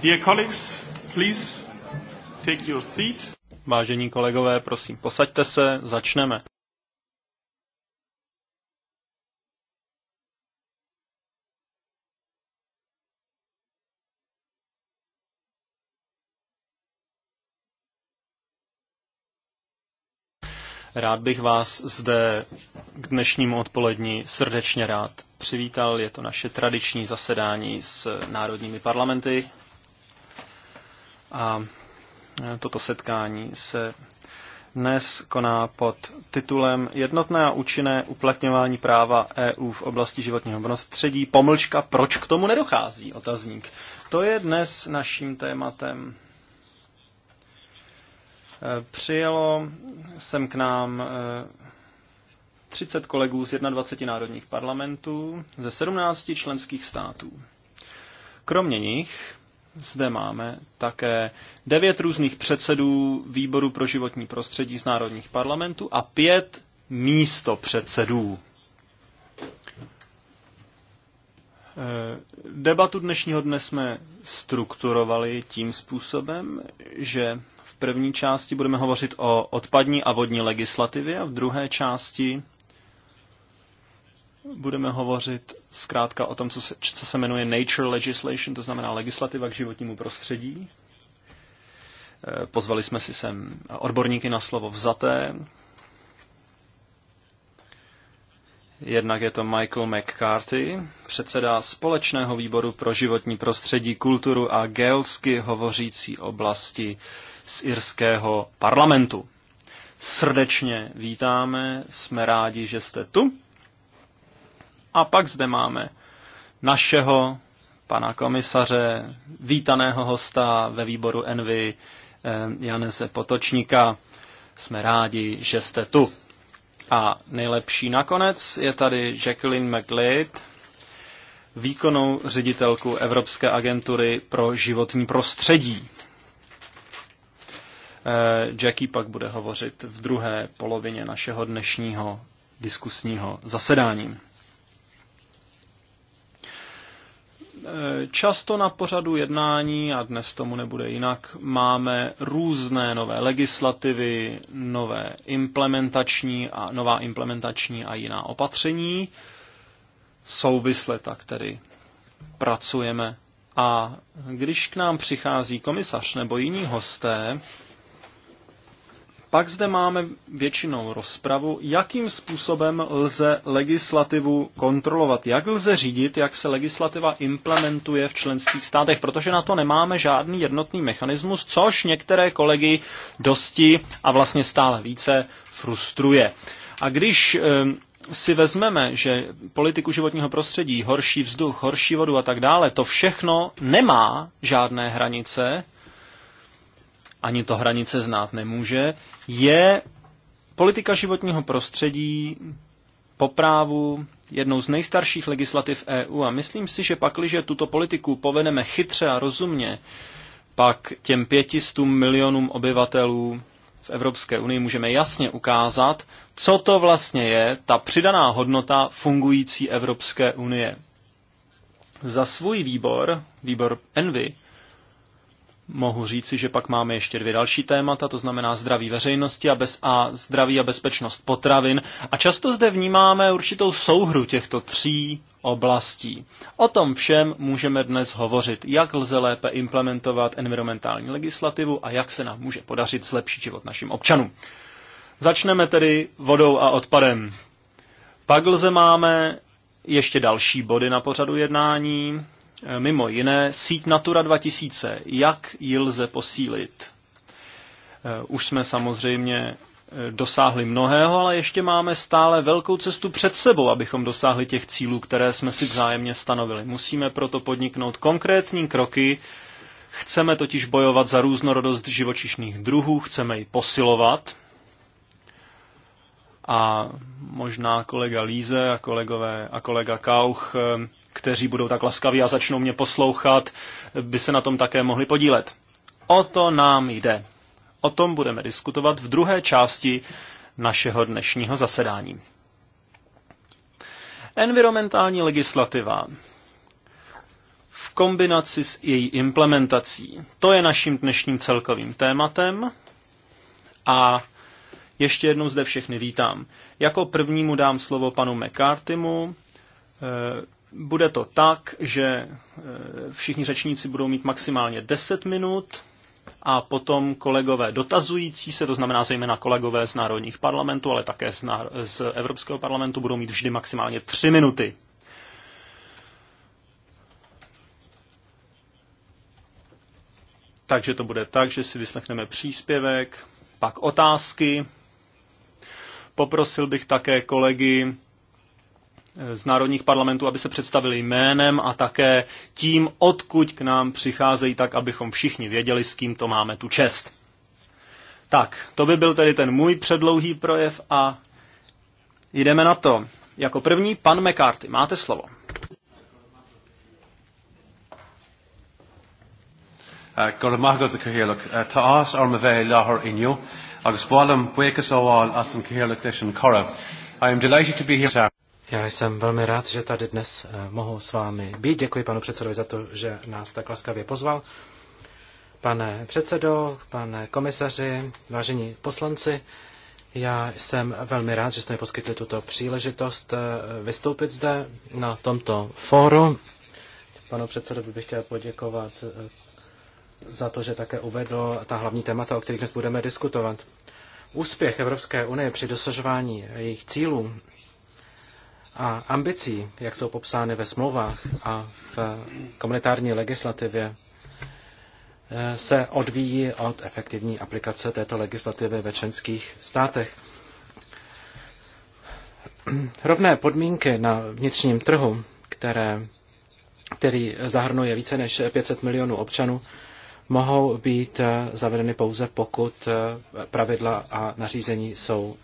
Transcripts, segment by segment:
Dear colleagues, please take your seat. Vážení kolegové, prosím, posaďte se, začneme. Rád bych vás zde k dnešnímu odpolední srdečně rád přivítal. Je to naše tradiční zasedání s národními parlamenty, a e, toto setkání se dnes koná pod titulem Jednotné a účinné uplatňování práva EU v oblasti životního prostředí. Pomlčka, proč k tomu nedochází? Otazník. To je dnes naším tématem. E, přijelo sem k nám 30 e, kolegů z 21 národních parlamentů ze 17 členských států. Kromě nich zde máme také devět různých předsedů výboru pro životní prostředí z národních parlamentů a pět místo předsedů. Eh, debatu dnešního dne jsme strukturovali tím způsobem, že v první části budeme hovořit o odpadní a vodní legislativě a v druhé části budeme hovořit zkrátka o tom, co se, co se jmenuje nature legislation, to znamená legislativa k životnímu prostředí. E, pozvali jsme si sem odborníky na slovo vzaté. Jednak je to Michael McCarthy, předseda Společného výboru pro životní prostředí, kulturu a gelsky hovořící oblasti z irského parlamentu. Srdečně vítáme, jsme rádi, že jste tu. A pak zde máme našeho pana komisaře, vítaného hosta ve výboru Envy, eh, Janese Potočníka. Jsme rádi, že jste tu. A nejlepší nakonec je tady Jacqueline McLeod, výkonnou ředitelku Evropské agentury pro životní prostředí. Eh, Jackie pak bude hovořit v druhé polovině našeho dnešního diskusního zasedání. Eh, často na pořadu jednání, a dnes tomu nebude jinak, máme různé nové legislativy, nové implementační a nová implementační a jiná opatření. Souvisle tak tedy pracujeme. A když k nám přichází komisař nebo jiní hosté, pak zde máme většinou rozpravu, jakým způsobem lze legislativu kontrolovat, jak lze řídit, jak se legislativa implementuje v členských státech, protože na to nemáme žádný jednotný mechanismus, což některé kolegy dosti a vlastně stále více frustruje. A když ehm, si vezmeme, že politiku životního prostředí, horší vzduch, horší vodu a tak dále, to všechno nemá žádné hranice, ani to hranice znát nemůže, je politika životního prostředí po právu jednou z nejstarších legislativ EU a myslím si, že pakliže tuto politiku povedeme chytře a rozumně, pak těm 500 milionům obyvatelů v Evropské unii můžeme jasně ukázat, co to vlastně je ta přidaná hodnota fungující Evropské unie. Za svůj výbor, výbor Envy, mohu říci, že pak máme ještě dvě další témata, to znamená zdraví veřejnosti a, bez, a zdraví a bezpečnost potravin. A často zde vnímáme určitou souhru těchto tří oblastí. O tom všem můžeme dnes hovořit, jak lze lépe implementovat environmentální legislativu a jak se nám může podařit zlepšit život našim občanům. Začneme tedy vodou a odpadem. Pak lze máme ještě další body na pořadu jednání, Eh, mimo jiné síť Natura 2000. Jak ji lze posílit? Eh, už jsme samozřejmě eh, dosáhli mnohého, ale ještě máme stále velkou cestu před sebou, abychom dosáhli těch cílů, které jsme si vzájemně stanovili. Musíme proto podniknout konkrétní kroky. Chceme totiž bojovat za různorodost živočišných druhů, chceme ji posilovat. A možná kolega Líze a, kolegové, a kolega Kauch kteří budou tak laskaví a začnou mě poslouchat, by se na tom také mohli podílet. O to nám jde. O tom budeme diskutovat v druhé části našeho dnešního zasedání. Environmentální legislativa v kombinaci s její implementací. To je naším dnešním celkovým tématem a ještě jednou zde všechny vítám. Jako prvnímu dám slovo panu McCartimu. Eh, bude to tak, že e, všichni řečníci budou mít maximálně 10 minut a potom kolegové dotazující se, to znamená zejména kolegové z národních parlamentů, ale také z, náro... z Evropského parlamentu, budou mít vždy maximálně 3 minuty. Takže to bude tak, že si vyslechneme příspěvek, pak otázky. Poprosil bych také kolegy, z národních parlamentů, aby se představili jménem a také tím, odkud k nám přicházejí, tak abychom všichni věděli, s kým to máme tu čest. Tak, to by byl tedy ten můj předlouhý projev a jdeme na to. Jako první, pan McCarthy, máte slovo. Uh, Gor uh, I am delighted to be here. Já jsem velmi rád, že tady dnes eh, mohu s vámi být. Děkuji panu předsedovi za to, že nás tak laskavě pozval. Pane předsedo, pane komisaři, vážení poslanci, já jsem velmi rád, že jste mi poskytli tuto příležitost eh, vystoupit zde na tomto fóru. Panu předsedovi bych chtěl poděkovat eh, za to, že také uvedl ta hlavní témata, o kterých dnes budeme diskutovat. Úspěch Evropské unie při dosažování jejich cílů a ambicí, jak jsou popsány ve smlouvách a v komunitární legislativě, eh, se odvíjí od efektivní aplikace této legislativy ve členských státech. Rovné podmínky na vnitřním trhu, které, který zahrnuje více než 500 milionů občanů, mohou být eh, zavedeny pouze, pokud eh, pravidla a nařízení jsou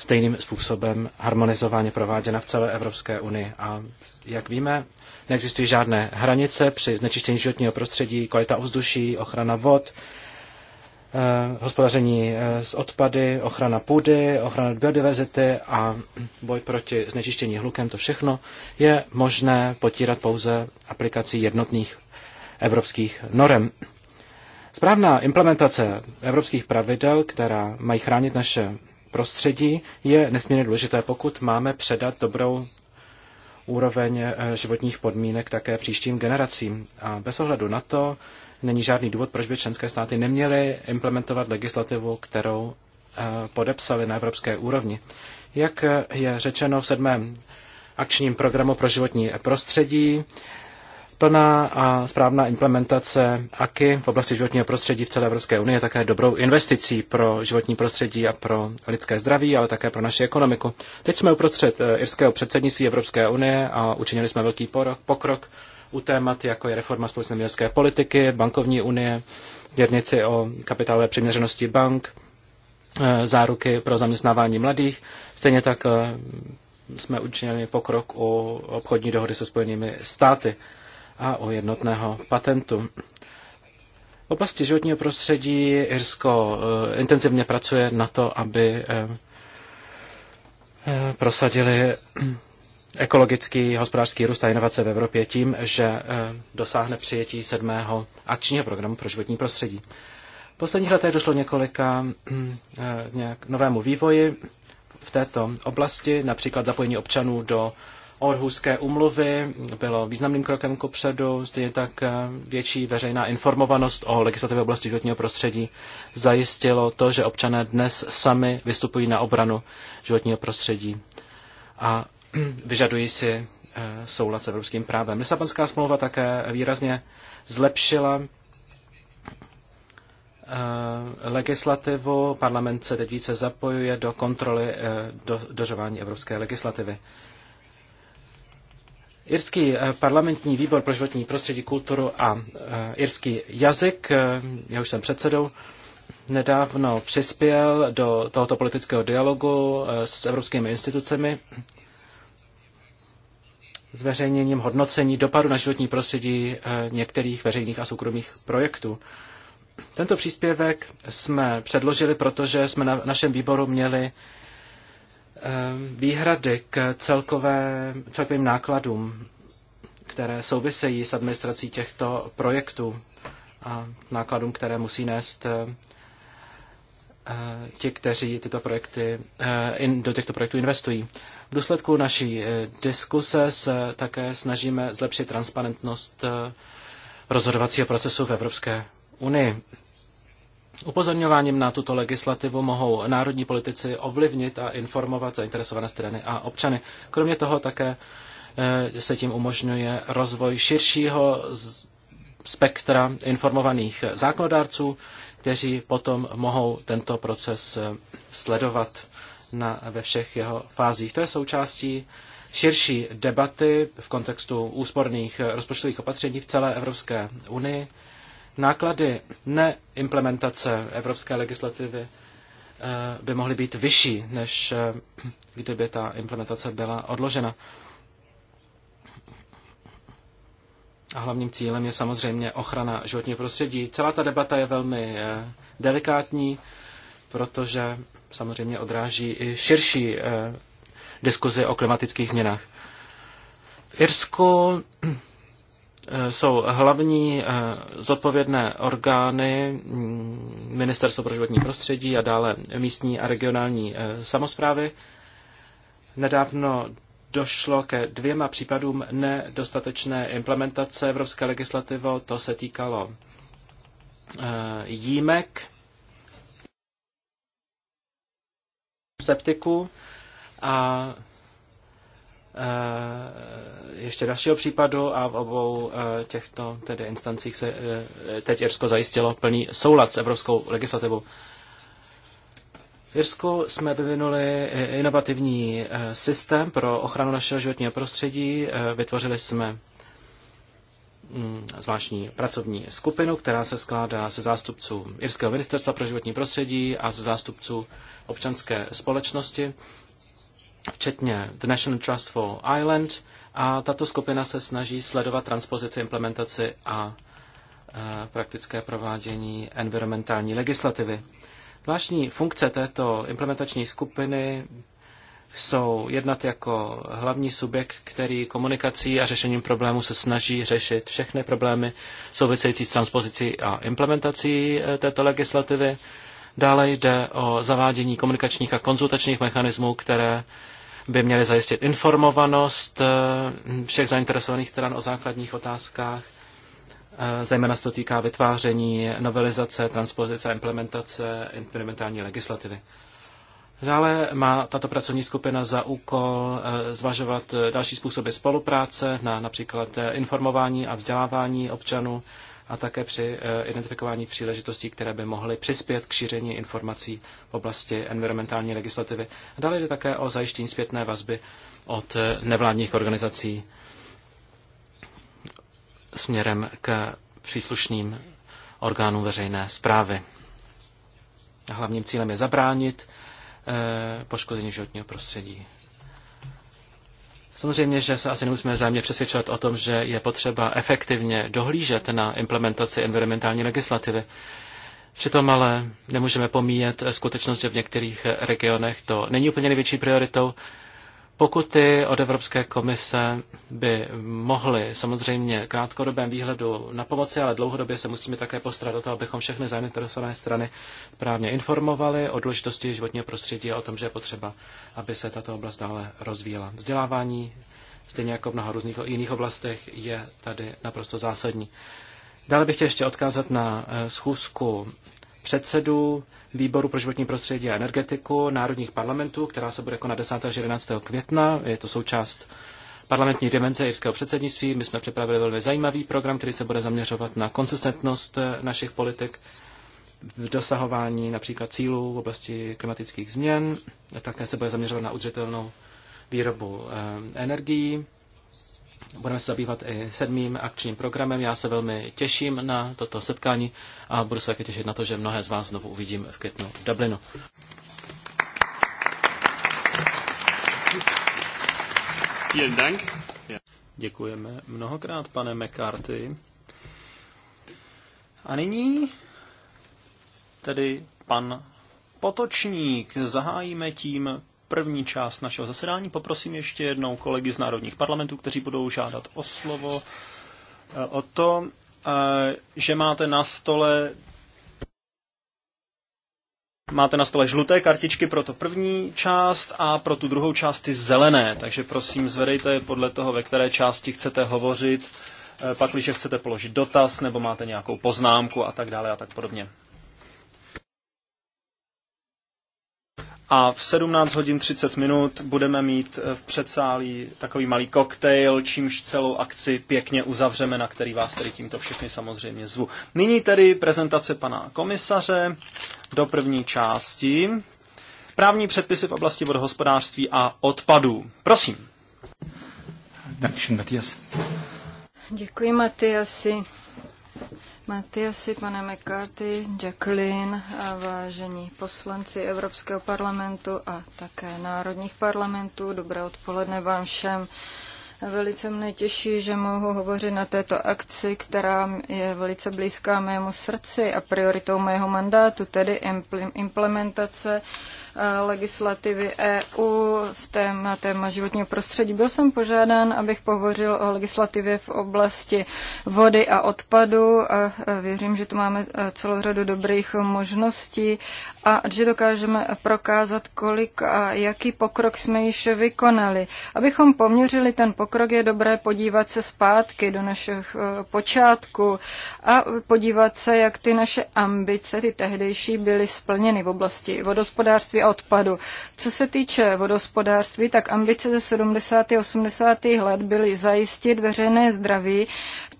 stejným způsobem harmonizovaně prováděna v celé Evropské unii. A jak víme, neexistují žádné hranice při znečištění životního prostředí, kvalita ovzduší, ochrana vod, eh, hospodaření eh, s odpady, ochrana půdy, ochrana biodiverzity a boj proti znečištění hlukem, to všechno je možné potírat pouze aplikací jednotných evropských norem. Správná implementace evropských pravidel, která mají chránit naše prostředí je nesmírně důležité, pokud máme předat dobrou úroveň eh, životních podmínek také příštím generacím. A bez ohledu na to není žádný důvod, proč by členské státy neměly implementovat legislativu, kterou eh, podepsali na evropské úrovni. Jak eh, je řečeno v sedmém akčním programu pro životní prostředí, plná a správná implementace AKY v oblasti životního prostředí v celé Evropské unii je také dobrou investicí pro životní prostředí a pro lidské zdraví, ale také pro naši ekonomiku. Teď jsme uprostřed eh, irského předsednictví Evropské unie a učinili jsme velký pokrok u témat, jako je reforma společné městské politiky, bankovní unie, věrnici o kapitálové přiměřenosti bank, eh, záruky pro zaměstnávání mladých. Stejně tak eh, jsme učinili pokrok o obchodní dohody se Spojenými státy a u jednotného patentu. V oblasti životního prostředí Irsko eh, intenzivně pracuje na to, aby eh, eh, prosadili ekologický hospodářský růst a inovace v Evropě tím, že dosáhne přijetí sedmého akčního programu pro životní prostředí. V posledních letech došlo několika hm, nějak novému vývoji v této oblasti, například zapojení občanů do Orhuské umluvy bylo významným krokem ku předu, stejně tak eh, větší veřejná informovanost o legislativě oblasti životního prostředí zajistilo to, že občané dnes sami vystupují na obranu životního prostředí a vyžadují si eh, soulad s evropským právem. Lisabonská smlouva také výrazně zlepšila eh, legislativu. Parlament se teď více zapojuje do kontroly do, dožování evropské legislativy. Irský eh, parlamentní výbor pro životní prostředí, kulturu a eh, irský jazyk, eh, já už jsem předsedou, nedávno přispěl do tohoto politického dialogu s evropskými institucemi zveřejněním hodnocení dopadu na životní prostředí některých veřejných a soukromých projektů. Tento příspěvek jsme předložili, protože jsme na našem výboru měli Ehm, výhrady k celkové, celkovým nákladům, které souvisejí s administrací těchto projektů a nákladům, které musí nést ehm, eh, ti, kteří tyto projekty, eh, do těchto projektů investují. V důsledku naší eh, diskuse se také snažíme zlepšit transparentnost rozhodovacího procesu v Evropské unii. Upozorňováním na tuto legislativu mohou národní politici ovlivnit a informovat zainteresované strany a občany. Kromě toho také eh, se tím umožňuje rozvoj širšího spektra informovaných zákonodárců, kteří potom mohou tento proces eh, sledovat na, ve všech jeho fázích. To je součástí širší debaty v kontextu úsporných eh, rozpočtových opatření v celé Evropské unii náklady neimplementace evropské legislativy eh, by mohly být vyšší, než eh, kdyby ta implementace byla odložena. A hlavním cílem je samozřejmě ochrana životního prostředí. Celá ta debata je velmi eh, delikátní, protože samozřejmě odráží i širší diskuzi o klimatických změnách. V Irsku jsou hlavní eh, zodpovědné orgány mm, Ministerstvo pro životní prostředí a dále místní a regionální eh, samozprávy. Nedávno došlo ke dvěma případům nedostatečné implementace evropské legislativy. To se týkalo eh, jímek, septiku a Eh, ještě dalšího případu a v obou eh, těchto tedy instancích se eh, teď Irsko zajistilo plný soulad s evropskou legislativou. V Irsku jsme vyvinuli inovativní systém pro ochranu našeho životního prostředí. Vytvořili jsme mm, zvláštní pracovní skupinu, která se skládá ze zástupců Irského ministerstva pro životní prostředí a se zástupců občanské společnosti včetně The National Trust for Ireland, a tato skupina se snaží sledovat transpozici, implementaci a e, praktické provádění environmentální legislativy. Zvláštní funkce této implementační skupiny jsou jednat jako hlavní subjekt, který komunikací a řešením problémů se snaží řešit všechny problémy související s transpozicí a implementací e, této legislativy. Dále jde o zavádění komunikačních a konzultačních mechanismů, které by měly zajistit informovanost eh, všech zainteresovaných stran o základních otázkách. Eh, zejména se to týká vytváření, novelizace, transpozice a implementace implementální legislativy. Dále má tato pracovní skupina za úkol eh, zvažovat další způsoby spolupráce na například informování a vzdělávání občanů a také při eh, identifikování příležitostí, které by mohly přispět k šíření informací v oblasti environmentální legislativy. Dále jde také o zajištění zpětné vazby od eh, nevládních organizací směrem k příslušným orgánům veřejné zprávy. Hlavním cílem je zabránit eh, poškození životního prostředí Samozřejmě, že se asi nemusíme zájemně přesvědčovat o tom, že je potřeba efektivně dohlížet na implementaci environmentální legislativy. Přitom ale nemůžeme pomíjet skutečnost, že v některých regionech to není úplně největší prioritou Pokuty od Evropské komise by mohly samozřejmě krátkodobém výhledu na pomoci, ale dlouhodobě se musíme také postarat o to, abychom všechny zainteresované strany právně informovali o důležitosti životního prostředí a o tom, že je potřeba, aby se tato oblast dále rozvíjela. Vzdělávání, stejně jako v mnoha různých jiných oblastech, je tady naprosto zásadní. Dále bych chtěl ještě odkázat na eh, schůzku předsedů výboru pro životní prostředí a energetiku národních parlamentů, která se bude konat 10. až 11. května. Je to součást parlamentní dimenze jirského předsednictví. My jsme připravili velmi zajímavý program, který se bude zaměřovat na konsistentnost eh, našich politik v dosahování například cílů v oblasti klimatických změn. Také se bude zaměřovat na udržitelnou výrobu eh, energií. Budeme se zabývat i sedmým akčním programem. Já se velmi těším na toto setkání a budu se také těšit na to, že mnohé z vás znovu uvidím v květnu v Dublinu. Děkujeme mnohokrát, pane McCarthy. A nyní tedy pan Potočník. Zahájíme tím první část našeho zasedání. Poprosím ještě jednou kolegy z národních parlamentů, kteří budou žádat o slovo eh, o to, že máte na stole Máte na stole žluté kartičky pro to první část a pro tu druhou část ty zelené, takže prosím zvedejte je podle toho, ve které části chcete hovořit, eh, pakliže chcete položit dotaz nebo máte nějakou poznámku a tak dále a tak podobně. A v 17 hodin 30 minut budeme mít eh, v předsálí takový malý koktejl, čímž celou akci pěkně uzavřeme, na který vás tedy tímto všechny samozřejmě zvu. Nyní tedy prezentace pana komisaře do první části. Právní předpisy v oblasti vodohospodářství a odpadů. Prosím. Děkuji, Matiasi. Matiasi, pane McCarthy, Jacqueline a vážení poslanci Evropského parlamentu a také národních parlamentů, dobré odpoledne vám všem. Velice mne těší, že mohu hovořit na této akci, která je velice blízká mému srdci a prioritou mého mandátu, tedy implementace Eh, legislativy EU v téma, téma životního prostředí. Byl jsem požádán, abych pohovořil o legislativě v oblasti vody a odpadu. A věřím, že tu máme eh, celou řadu dobrých možností a že dokážeme prokázat, kolik a jaký pokrok jsme již vykonali. Abychom poměřili ten pokrok, je dobré podívat se zpátky do našich eh, počátků a podívat se, jak ty naše ambice, ty tehdejší, byly splněny v oblasti vodospodářství a odpadu. Co se týče vodospodářství, tak ambice ze 70. a 80. let byly zajistit veřejné zdraví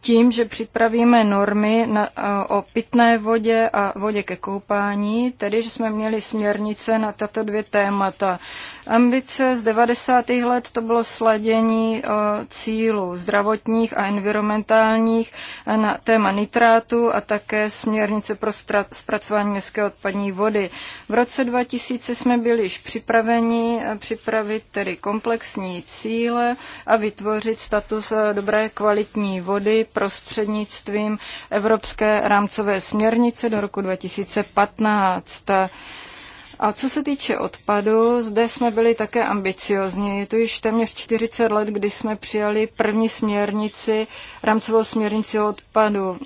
tím, že připravíme normy na, o pitné vodě a vodě ke koupání, tedy že jsme měli směrnice na tato dvě témata. Ambice z 90. let to bylo sladění eh, cílů zdravotních a environmentálních eh, na téma nitrátu a také směrnice pro zpracování městské odpadní vody. V roce 2000 jsme byli již připraveni eh, připravit tedy komplexní cíle a vytvořit status dobré kvalitní vody prostřednictvím Evropské rámcové směrnice do roku 2015. 2015. A co se týče odpadu, zde jsme byli také ambiciozní. Je to již téměř 40 let, kdy jsme přijali první směrnici, rámcovou směrnici o odpadu.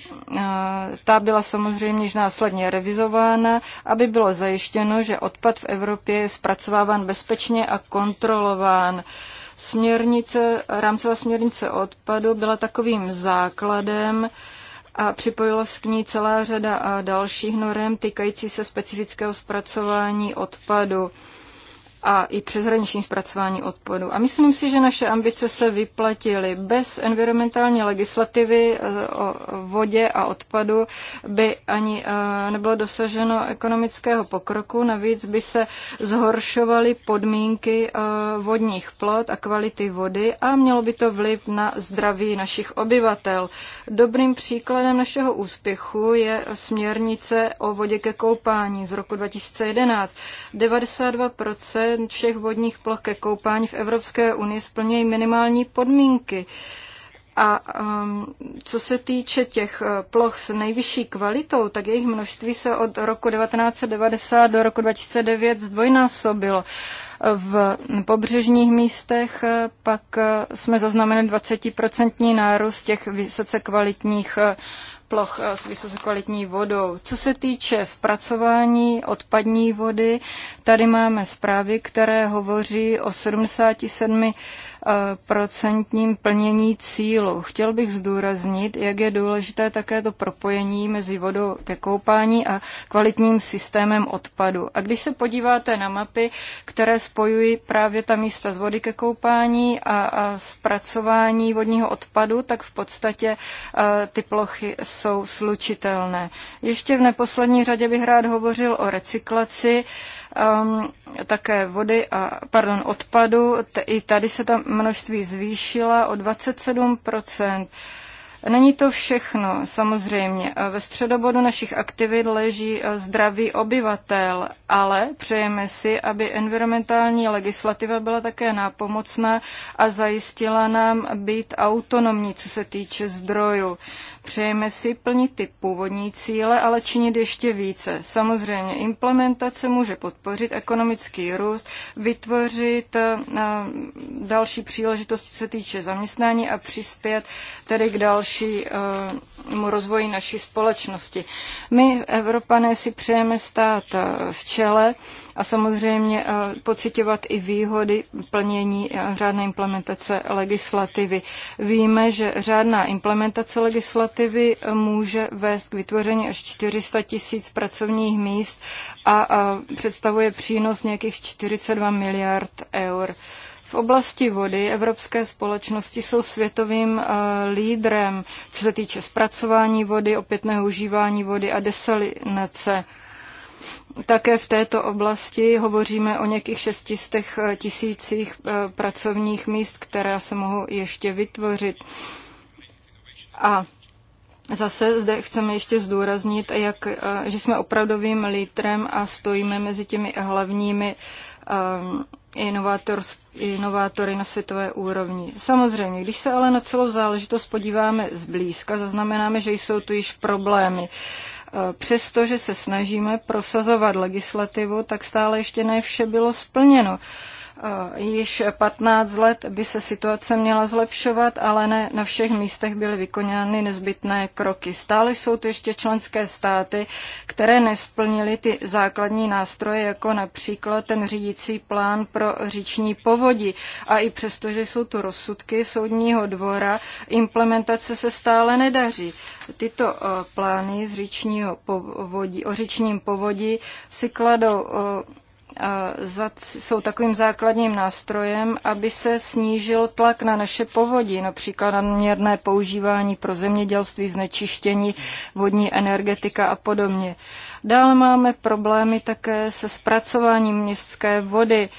Ta byla samozřejmě již následně revizována, aby bylo zajištěno, že odpad v Evropě je zpracováván bezpečně a kontrolován směrnice, rámcová směrnice odpadu byla takovým základem, a připojila se k ní celá řada dalších norem týkající se specifického zpracování odpadu a i přeshraniční zpracování odpadu. A myslím si, že naše ambice se vyplatily. Bez environmentální legislativy eh, o vodě a odpadu by ani eh, nebylo dosaženo ekonomického pokroku. Navíc by se zhoršovaly podmínky eh, vodních plot a kvality vody a mělo by to vliv na zdraví našich obyvatel. Dobrým příkladem našeho úspěchu je směrnice o vodě ke koupání z roku 2011. 92 všech vodních ploch ke koupání v Evropské unii splňují minimální podmínky. A um, co se týče těch uh, ploch s nejvyšší kvalitou, tak jejich množství se od roku 1990 do roku 2009 zdvojnásobilo. V pobřežních místech uh, pak uh, jsme zaznamenali 20% nárůst těch vysoce kvalitních ploch eh, s vysokokvalitní vodou. Co se týče zpracování odpadní vody, tady máme zprávy, které hovoří o 77 procentním plnění cílu. Chtěl bych zdůraznit, jak je důležité také to propojení mezi vodou ke koupání a kvalitním systémem odpadu. A když se podíváte na mapy, které spojují právě ta místa z vody ke koupání a, a zpracování vodního odpadu, tak v podstatě e, ty plochy jsou slučitelné. Ještě v neposlední řadě bych rád hovořil o recyklaci um, také vody a pardon, odpadu. T- I tady se ta množství zvýšila o 27 Není to všechno, samozřejmě. Eh, ve středobodu našich aktivit leží eh, zdravý obyvatel, ale přejeme si, aby environmentální legislativa byla také nápomocná a zajistila nám být autonomní, co se týče zdrojů. Přejeme si plnit ty původní cíle, ale činit ještě více. Samozřejmě implementace může podpořit ekonomický růst, vytvořit eh, další příležitosti, co se týče zaměstnání a přispět tedy k dalšímu eh, rozvoji naší společnosti. My, Evropané, si přejeme stát eh, v čele a samozřejmě pocitovat i výhody plnění řádné implementace legislativy. Víme, že řádná implementace legislativy legislativy může vést k vytvoření až 400 tisíc pracovních míst a, a představuje přínos nějakých 42 miliard eur. V oblasti vody evropské společnosti jsou světovým eh, lídrem, co se týče zpracování vody, opětného užívání vody a desalinace. Také v této oblasti hovoříme o nějakých 600 eh, tisících eh, pracovních míst, která se mohou ještě vytvořit. A Zase zde chceme ještě zdůraznit, jak, eh, že jsme opravdovým lídrem a stojíme mezi těmi hlavními um, eh, inovátor, inovátory na světové úrovni. Samozřejmě, když se ale na celou záležitost podíváme zblízka, zaznamenáme, že jsou tu již problémy. Eh, přestože se snažíme prosazovat legislativu, tak stále ještě ne vše bylo splněno. Uh, Již 15 let by se situace měla zlepšovat, ale ne na všech místech byly vykonány nezbytné kroky. Stále jsou to ještě členské státy, které nesplnily ty základní nástroje, jako například ten řídící plán pro říční povodí. A i přesto, že jsou tu rozsudky soudního dvora, implementace se stále nedaří. Tyto eh, plány z říčního povodí, o říčním povodí si kladou eh, jsou takovým základním nástrojem, aby se snížil tlak na naše povodí, například na měrné používání pro zemědělství, znečištění, vodní energetika a podobně. Dále máme problémy také se zpracováním městské vody.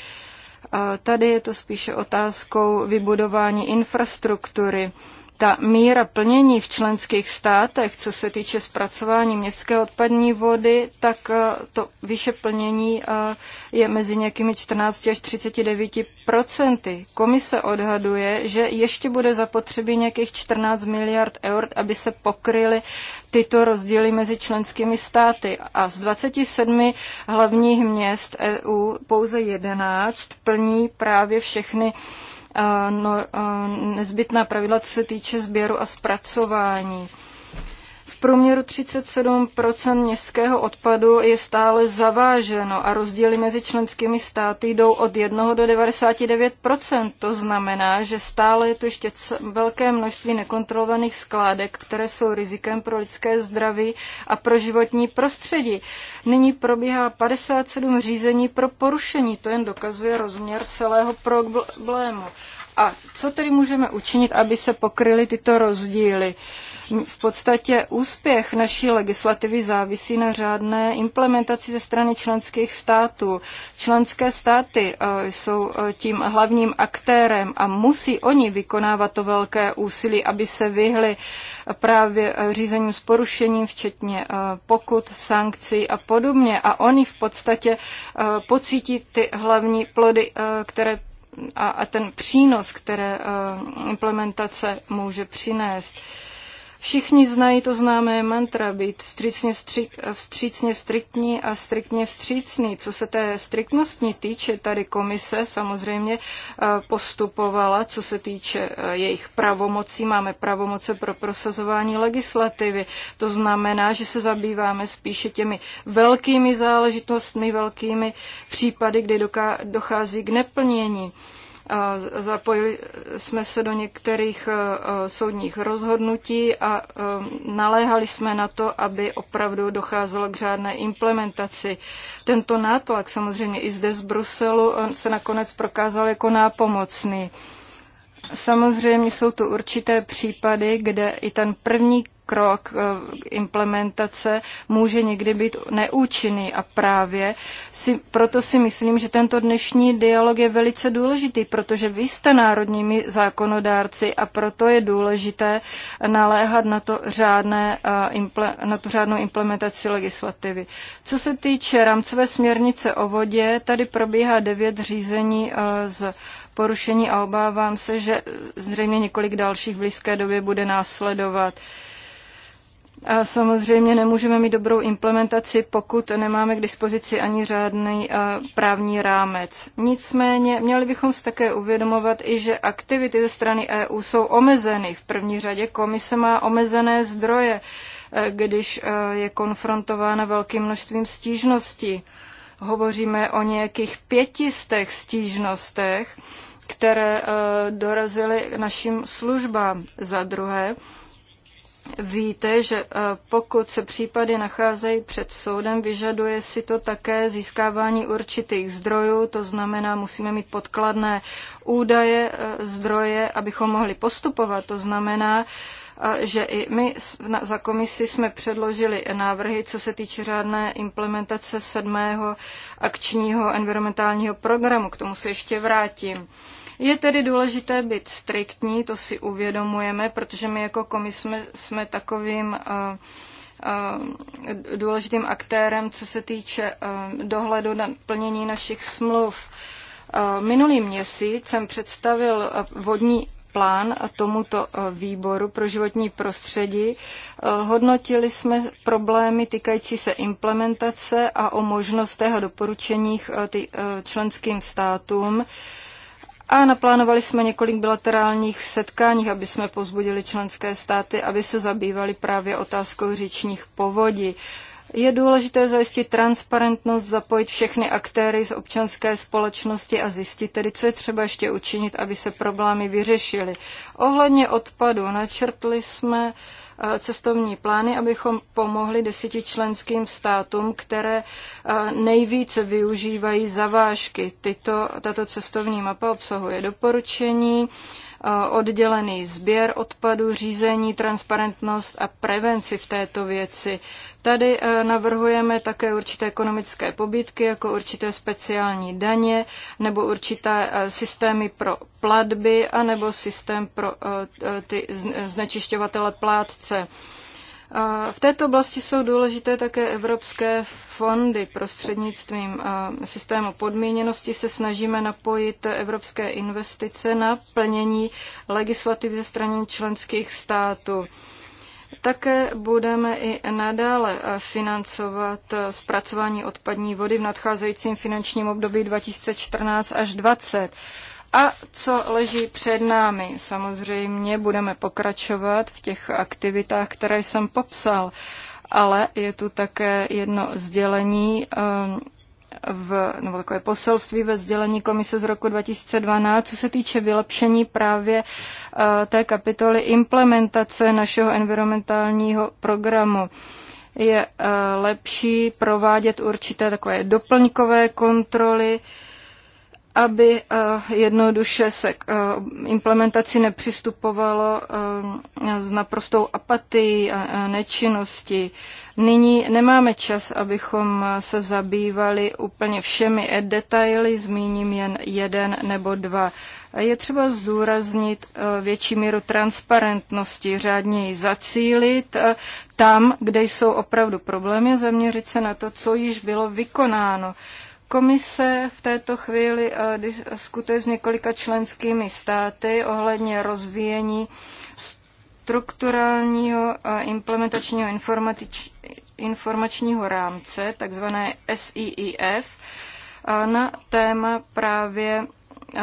tady je to spíše otázkou vybudování infrastruktury ta míra plnění v členských státech, co se týče zpracování městské odpadní vody, tak eh, to vyše plnění eh, je mezi nějakými 14 až 39 procenty. Komise odhaduje, že ještě bude zapotřebí nějakých 14 miliard eur, aby se pokryly tyto rozdíly mezi členskými státy. A z 27 hlavních měst EU pouze 11 plní právě všechny no, nezbytná pravidla, co se týče sběru a zpracování průměru 37 městského odpadu je stále zaváženo a rozdíly mezi členskými státy jdou od 1 do 99 To znamená, že stále je tu ještě velké množství nekontrolovaných skládek, které jsou rizikem pro lidské zdraví a pro životní prostředí. Nyní probíhá 57 řízení pro porušení. To jen dokazuje rozměr celého problému. A co tedy můžeme učinit, aby se pokryly tyto rozdíly? Uh, v podstatě úspěch naší legislativy závisí na řádné implementaci ze strany členských států. Členské státy eh, jsou eh, tím hlavním aktérem a musí oni vykonávat to velké úsilí, aby se vyhly právě eh, řízením s porušením, včetně pokut, sankcí a podobně. A oni v podstatě pocítí ty hlavní plody, které a, a ten přínos, které implementace může přinést. Všichni znají to známé mantra být vstřícně, stři, vstřícně striktní a striktně vstřícný. Co se té striktnosti týče, tady komise samozřejmě eh, postupovala, co se týče eh, jejich pravomocí. Máme pravomoce pro prosazování legislativy. To znamená, že se zabýváme spíše těmi velkými záležitostmi, velkými případy, kdy dochází k neplnění. Zapojili jsme se do některých e, soudních rozhodnutí a e, naléhali jsme na to, aby opravdu docházelo k řádné implementaci. Tento nátlak samozřejmě i zde z Bruselu e, se nakonec prokázal jako nápomocný. Samozřejmě jsou tu určité případy, kde i ten první krok eh, implementace může někdy být neúčinný a právě si, proto si myslím, že tento dnešní dialog je velice důležitý, protože vy jste národními zákonodárci a proto je důležité naléhat na, to řádné, eh, na tu řádnou implementaci legislativy. Co se týče rámcové směrnice o vodě, tady probíhá devět řízení eh, z porušení a obávám se, že zřejmě několik dalších v blízké době bude následovat. A samozřejmě nemůžeme mít dobrou implementaci, pokud nemáme k dispozici ani řádný eh, právní rámec. Nicméně měli bychom se také uvědomovat i, že aktivity ze strany EU jsou omezeny. V první řadě komise má omezené zdroje, eh, když eh, je konfrontována velkým množstvím stížností. Hovoříme o nějakých pětistech stížnostech, které dorazily našim službám. Za druhé, Víte, že eh, pokud se případy nacházejí před soudem, vyžaduje si to také získávání určitých zdrojů, to znamená, musíme mít podkladné údaje, eh, zdroje, abychom mohli postupovat. To znamená, eh, že i my za komisi jsme předložili návrhy, co se týče řádné implementace sedmého akčního environmentálního programu. K tomu se ještě vrátím. Je tedy důležité být striktní, to si uvědomujeme, protože my jako komis jsme, jsme takovým uh, důležitým aktérem, co se týče eh, dohledu na plnění našich smluv. Minulý měsíc jsem představil vodní plán tomuto výboru pro životní prostředí. Hodnotili jsme problémy týkající se implementace a o možnostech a doporučeních členským státům a naplánovali jsme několik bilaterálních setkání, aby jsme pozbudili členské státy, aby se zabývali právě otázkou říčních povodí. Je důležité zajistit transparentnost, zapojit všechny aktéry z občanské společnosti a zjistit tedy, co je třeba ještě učinit, aby se problémy vyřešily. Ohledně odpadu načrtli jsme uh, Eh, cestovní plány, abychom pomohli deseti členským státům, které eh, nejvíce využívají zavážky. Tyto, tato cestovní mapa obsahuje doporučení, Eh, oddělený sběr odpadu, řízení, transparentnost a prevenci v této věci. Tady eh, navrhujeme také určité ekonomické pobídky, jako určité speciální daně, nebo určité eh, systémy pro platby, anebo systém pro ty znečišťovatele plátce. V této oblasti jsou důležité také evropské fondy. Prostřednictvím systému podmíněnosti se snažíme napojit evropské investice na plnění legislativy ze strany členských států. Také budeme i nadále financovat zpracování odpadní vody v nadcházejícím finančním období 2014 až 2020 a co leží před námi. Samozřejmě budeme pokračovat v těch aktivitách, které jsem popsal, ale je tu také jedno sdělení ehm, v, nebo takové poselství ve sdělení komise z roku 2012, co se týče vylepšení právě eh, té kapitoly implementace našeho environmentálního programu. Je eh, lepší provádět určité takové doplňkové kontroly, aby eh, jednoduše se k eh, implementaci nepřistupovalo eh, s naprostou apatií a nečinností. Nyní nemáme čas, abychom se zabývali úplně všemi e detaily, zmíním jen jeden nebo dva. Je třeba zdůraznit větší míru transparentnosti, řádněji zacílit tam, kde jsou opravdu problémy, zaměřit se na to, co již bylo vykonáno. Komise v této chvíli eh, diskutuje s několika členskými státy ohledně rozvíjení strukturálního a implementačního informačního rámce, takzvané SEEF, na téma právě eh,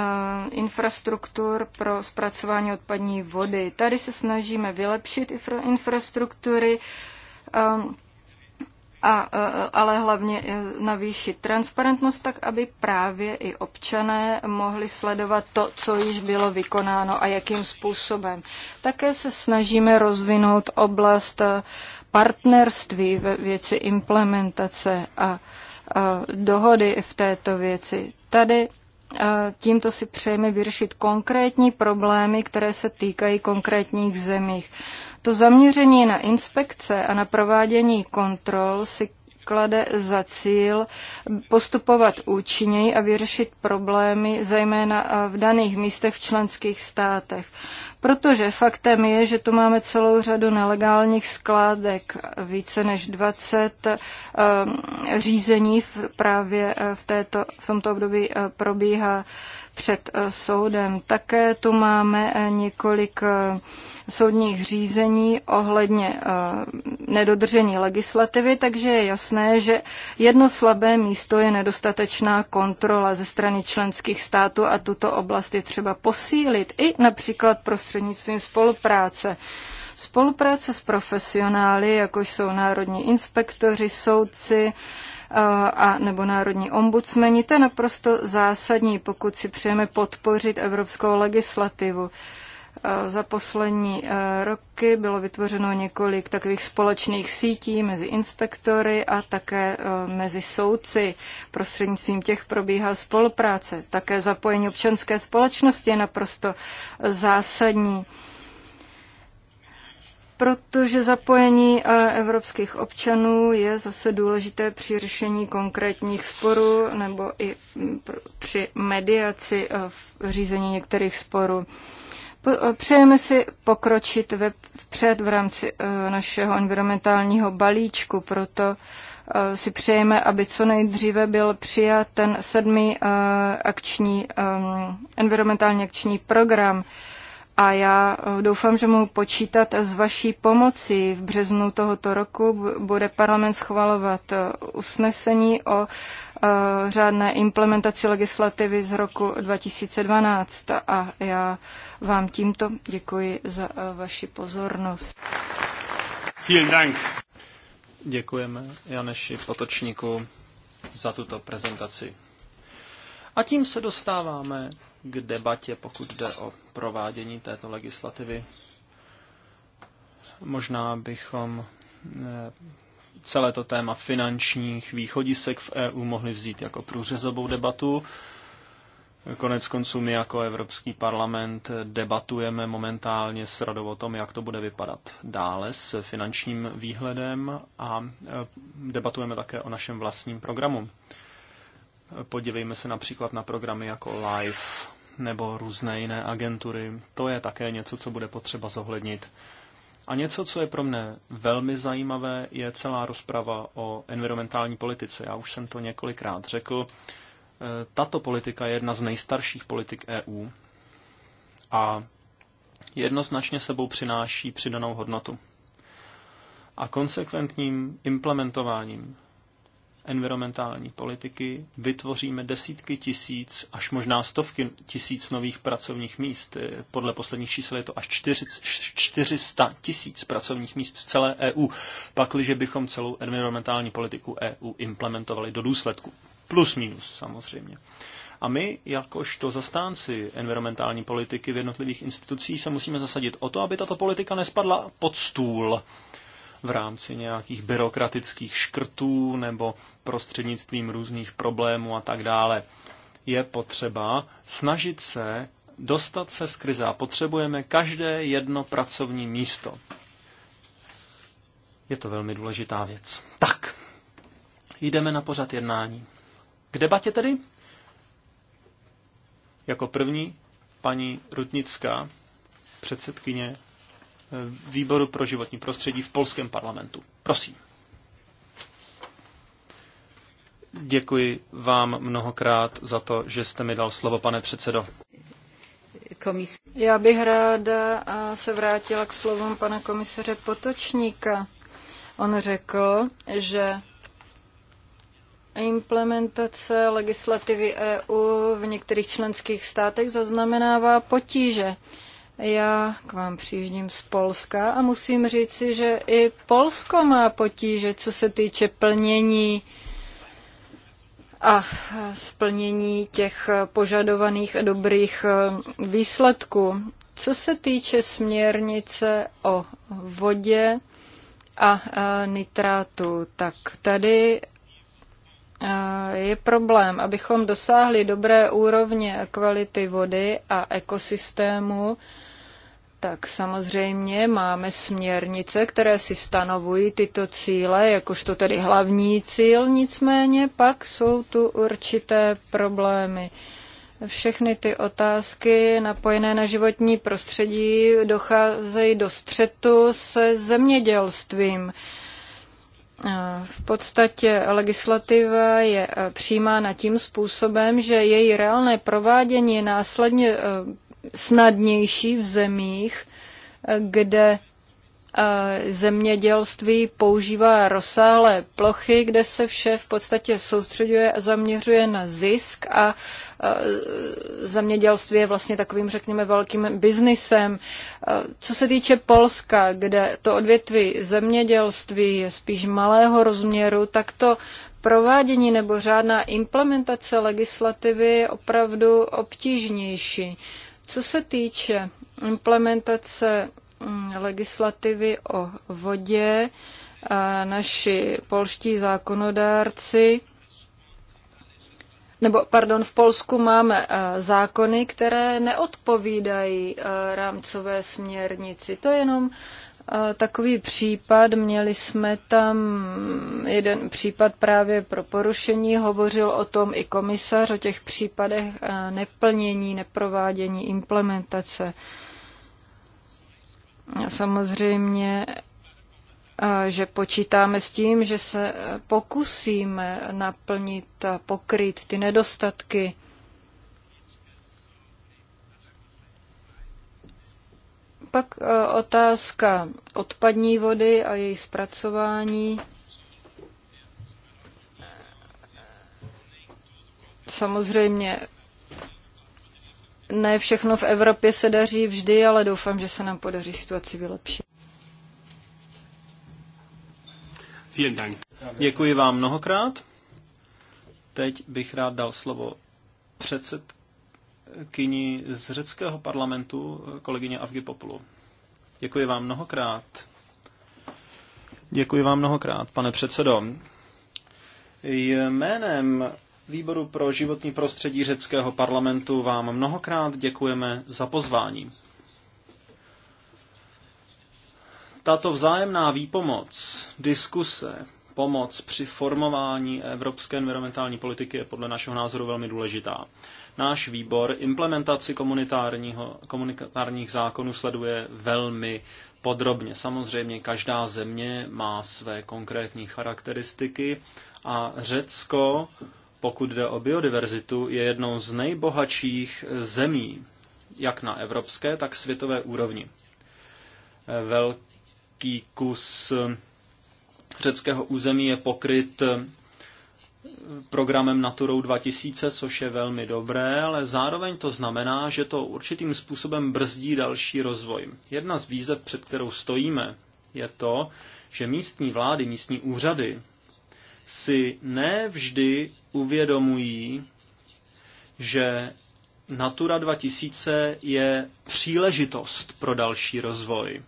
infrastruktur pro zpracování odpadní vody. Tady se snažíme vylepšit infrastruktury, eh, a, ale hlavně e, navýšit transparentnost tak, aby právě i občané mohli sledovat to, co již bylo vykonáno a jakým způsobem. Také se snažíme rozvinout oblast e, partnerství ve věci implementace a, a dohody v této věci. Tady e, Tímto si přejeme vyřešit konkrétní problémy, které se týkají konkrétních zemích. To zaměření na inspekce a na provádění kontrol si klade za cíl postupovat účinněji a vyřešit problémy, zejména v daných místech v členských státech. Protože faktem je, že tu máme celou řadu nelegálních skládek, více než 20 eh, řízení v, právě eh, v, této, v tomto období eh, probíhá před soudem. Také tu máme několik soudních řízení ohledně eh, nedodržení legislativy, takže je jasné, že jedno slabé místo je nedostatečná kontrola ze strany členských států a tuto oblast je třeba posílit i například prostřednictvím spolupráce. Spolupráce s profesionály, jako jsou národní inspektoři, soudci, eh, a nebo národní ombudsmeni, to je naprosto zásadní, pokud si přejeme podpořit evropskou legislativu. Za poslední e, roky bylo vytvořeno několik takových společných sítí mezi inspektory a také e, mezi soudci. Prostřednictvím těch probíhá spolupráce. Také zapojení občanské společnosti je naprosto zásadní protože zapojení e, evropských občanů je zase důležité při řešení konkrétních sporů nebo i při mediaci v řízení některých sporů. Eh, přejeme si pokročit vpřed v rámci eh, našeho environmentálního balíčku, proto eh, si přejeme, aby co nejdříve byl přijat ten sedmý akční, ehm, environmentální akční program. A já doufám, že mohu počítat s vaší pomocí. V březnu tohoto roku bude parlament schvalovat usnesení o řádné implementaci legislativy z roku 2012. A já vám tímto děkuji za eh, vaši pozornost. Vielen Dank. Děkujeme Janeši Potočníku za tuto prezentaci. A tím se dostáváme k debatě, pokud jde o provádění této legislativy. Možná bychom eh, celé to téma finančních východisek v EU mohli vzít jako průřezovou debatu. Konec konců my jako Evropský parlament debatujeme momentálně s radou o tom, jak to bude vypadat dále s finančním výhledem a e, debatujeme také o našem vlastním programu. Podívejme se například na programy jako LIFE nebo různé jiné agentury. To je také něco, co bude potřeba zohlednit a něco, co je pro mne velmi zajímavé, je celá rozprava o environmentální politice. Já už jsem to několikrát řekl. E, tato politika je jedna z nejstarších politik EU a jednoznačně sebou přináší přidanou hodnotu. A konsekventním implementováním environmentální politiky vytvoříme desítky tisíc až možná stovky tisíc nových pracovních míst. Eh, podle posledních čísel je to až 400 tisíc pracovních míst v celé EU, pakliže bychom celou environmentální politiku EU implementovali do důsledku. Plus minus samozřejmě. A my, jakožto zastánci environmentální politiky v jednotlivých institucích, se musíme zasadit o to, aby tato politika nespadla pod stůl v rámci nějakých byrokratických škrtů nebo prostřednictvím různých problémů a tak dále. Je potřeba snažit se dostat se z krize a potřebujeme každé jedno pracovní místo. Je to velmi důležitá věc. Tak, jdeme na pořad jednání. K debatě tedy? Jako první paní Rutnická, předsedkyně výboru pro životní prostředí v polském parlamentu. Prosím. Děkuji vám mnohokrát za to, že jste mi dal slovo, pane předsedo. Já bych ráda se vrátila k slovům pana komisaře Potočníka. On řekl, že implementace legislativy EU v některých členských státech zaznamenává potíže. Já k vám přijíždím z Polska a musím říci, že i Polsko má potíže, co se týče plnění a splnění těch požadovaných dobrých eh, výsledků. Co se týče směrnice o vodě a eh, nitrátu, tak tady eh, je problém, abychom dosáhli dobré úrovně a kvality vody a ekosystému, tak samozřejmě máme směrnice, které si stanovují tyto cíle, jakožto tedy hlavní cíl, nicméně pak jsou tu určité problémy. Všechny ty otázky napojené na životní prostředí docházejí do střetu se zemědělstvím. V podstatě legislativa je přijímána tím způsobem, že její reálné provádění je následně snadnější v zemích, kde eh, zemědělství používá rozsáhlé plochy, kde se vše v podstatě soustředuje a zaměřuje na zisk a eh, zemědělství je vlastně takovým, řekněme, velkým biznisem. Eh, co se týče Polska, kde to odvětví zemědělství je spíš malého rozměru, tak to provádění nebo řádná implementace legislativy je opravdu obtížnější. Co se týče implementace mm, legislativy o vodě, naši polští zákonodárci nebo pardon, v Polsku máme zákony, které neodpovídají rámcové směrnici. To je jenom takový případ. Měli jsme tam jeden případ právě pro porušení. Hovořil o tom i komisař, o těch případech e, neplnění, neprovádění, implementace. Samozřejmě, e, že počítáme s tím, že se e, pokusíme naplnit a pokryt ty nedostatky Pak e, otázka odpadní vody a její zpracování. Samozřejmě ne všechno v Evropě se daří vždy, ale doufám, že se nám podaří situaci vylepšit. Děkuji vám mnohokrát. Teď bych rád dal slovo předsedky Kyní z řeckého parlamentu, kolegyně Avgipopulu. Děkuji vám mnohokrát. Děkuji vám mnohokrát, pane předsedo. Jménem Výboru pro životní prostředí řeckého parlamentu vám mnohokrát děkujeme za pozvání. Tato vzájemná výpomoc, diskuse, pomoc při formování evropské environmentální politiky je podle našeho názoru velmi důležitá. Náš výbor implementaci komunitárního, komunitárních zákonů sleduje velmi podrobně. Samozřejmě každá země má své konkrétní charakteristiky a Řecko, pokud jde o biodiverzitu, je jednou z nejbohatších zemí, jak na evropské, tak světové úrovni. Velký kus řeckého území je pokryt eh, programem Naturou 2000, což je velmi dobré, ale zároveň to znamená, že to určitým způsobem brzdí další rozvoj. Jedna z výzev, před kterou stojíme, je to, že místní vlády, místní úřady si nevždy uvědomují, že Natura 2000 je příležitost pro další rozvoj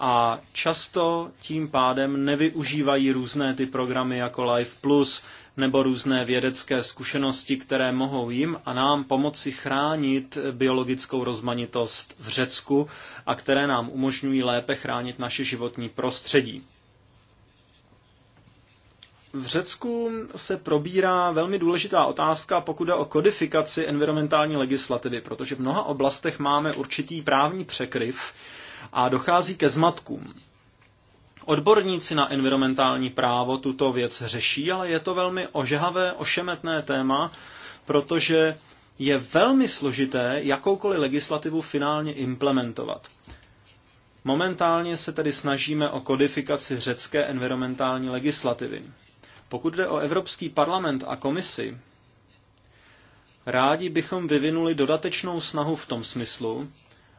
a často tím pádem nevyužívají různé ty programy jako Life Plus nebo různé vědecké zkušenosti, které mohou jim a nám pomoci chránit biologickou rozmanitost v Řecku a které nám umožňují lépe chránit naše životní prostředí. V Řecku se probírá velmi důležitá otázka, pokud je o kodifikaci environmentální legislativy, protože v mnoha oblastech máme určitý právní překryv, a dochází ke zmatkům. Odborníci na environmentální právo tuto věc řeší, ale je to velmi ožehavé, ošemetné téma, protože je velmi složité jakoukoliv legislativu finálně implementovat. Momentálně se tedy snažíme o kodifikaci řecké environmentální legislativy. Pokud jde o Evropský parlament a komisi, rádi bychom vyvinuli dodatečnou snahu v tom smyslu,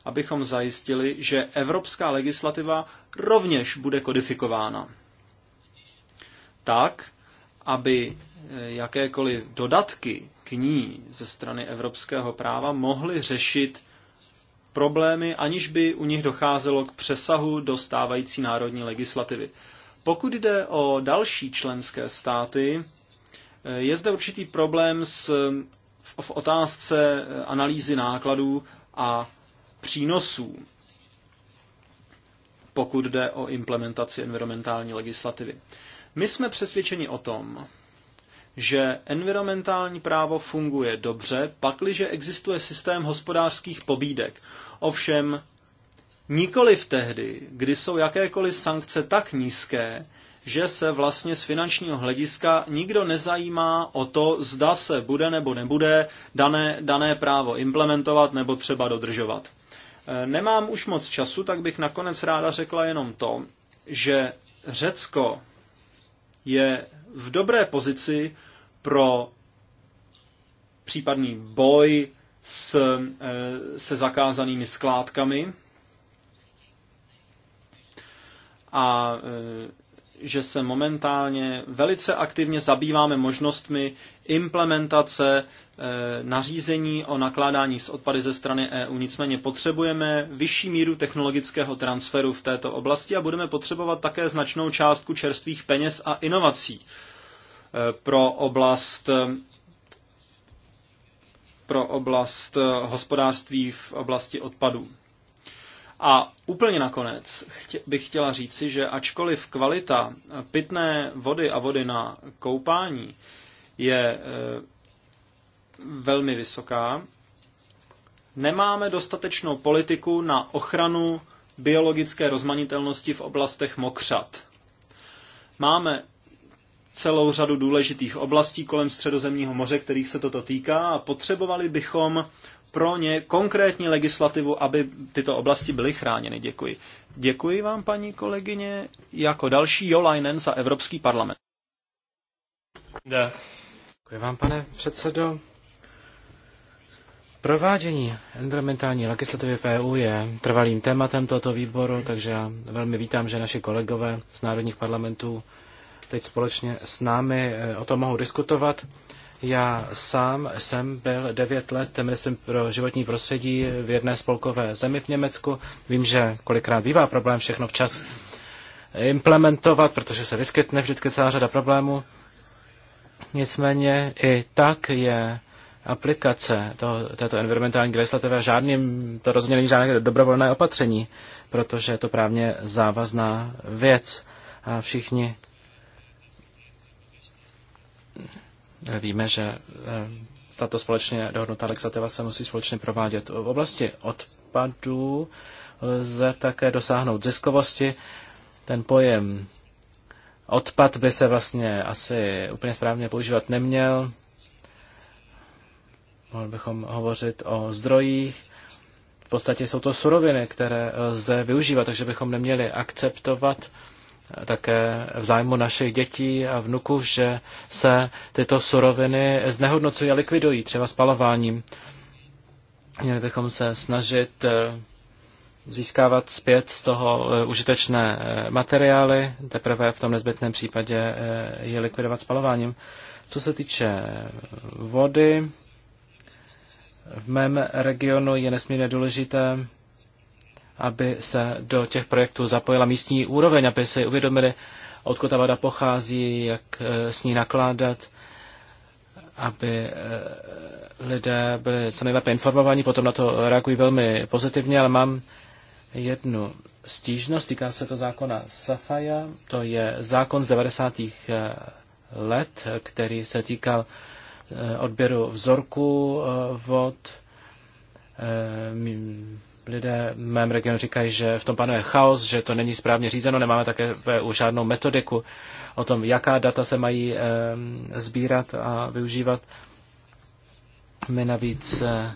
abychom zajistili, že evropská legislativa rovněž bude kodifikována. Tak, aby eh, jakékoliv dodatky k ní ze strany evropského práva mohly řešit problémy, aniž by u nich docházelo k přesahu do stávající národní legislativy. Pokud jde o další členské státy, eh, je zde určitý problém s, v, v otázce eh, analýzy nákladů a přínosů, pokud jde o implementaci environmentální legislativy. My jsme přesvědčeni o tom, že environmentální právo funguje dobře, pakliže existuje systém hospodářských pobídek. Ovšem, nikoli v tehdy, kdy jsou jakékoliv sankce tak nízké, že se vlastně z finančního hlediska nikdo nezajímá o to, zda se bude nebo nebude dané, dané právo implementovat nebo třeba dodržovat. Nemám už moc času, tak bych nakonec ráda řekla jenom to, že Řecko je v dobré pozici pro případný boj s, eh, se zakázanými skládkami. A eh, že se momentálně velice aktivně zabýváme možnostmi implementace eh, nařízení o nakládání s odpady ze strany EU. Nicméně potřebujeme vyšší míru technologického transferu v této oblasti a budeme potřebovat také značnou částku čerstvých peněz a inovací eh, pro oblast pro oblast eh, hospodářství v oblasti odpadů. A úplně nakonec bych chtěla říci, že ačkoliv kvalita pitné vody a vody na koupání je e, velmi vysoká, nemáme dostatečnou politiku na ochranu biologické rozmanitelnosti v oblastech mokřat. Máme celou řadu důležitých oblastí kolem Středozemního moře, kterých se toto týká a potřebovali bychom pro ně konkrétní legislativu, aby tyto oblasti byly chráněny. Děkuji. Děkuji vám, paní kolegyně, jako další Jolajnen za Evropský parlament. Děkuji vám, pane předsedo. Provádění environmentální legislativy v EU je trvalým tématem tohoto výboru, takže já velmi vítám, že naši kolegové z národních parlamentů teď společně s námi eh, o tom mohou diskutovat. Já sám jsem byl devět let ministrem pro životní prostředí v jedné spolkové zemi v Německu. Vím, že kolikrát bývá problém všechno včas implementovat, protože se vyskytne vždycky celá řada problémů. Nicméně i tak je aplikace toho, této environmentální legislativy a žádným, to rozhodně není žádné dobrovolné opatření, protože je to právně závazná věc a všichni Víme, že eh, tato společně dohodnutá legislativa se musí společně provádět. V oblasti odpadů lze také dosáhnout ziskovosti. Ten pojem odpad by se vlastně asi úplně správně používat neměl. Mohl bychom hovořit o zdrojích. V podstatě jsou to suroviny, které lze využívat, takže bychom neměli akceptovat uh, také v zájmu našich dětí a vnuků, že se tyto suroviny znehodnocují a likvidují, třeba spalováním. Měli bychom se snažit eh, získávat zpět z toho eh, užitečné eh, materiály, teprve v tom nezbytném případě je likvidovat spalováním. Co se týče vody, v mém regionu je nesmírně důležité aby se do těch projektů zapojila místní úroveň, aby si uvědomili, odkud ta voda pochází, jak eh, s ní nakládat, aby eh, lidé byli co nejlépe informováni, potom na to reagují velmi pozitivně, ale mám jednu stížnost, týká se to zákona Safaja, to je zákon z 90. Eh, let, který se týkal odběru vzorku vod, lidé v mém regionu říkají, že v tom panuje chaos, že to není správně řízeno, nemáme také už žádnou metodiku o tom, jaká data se mají e, sbírat a využívat. My navíc e,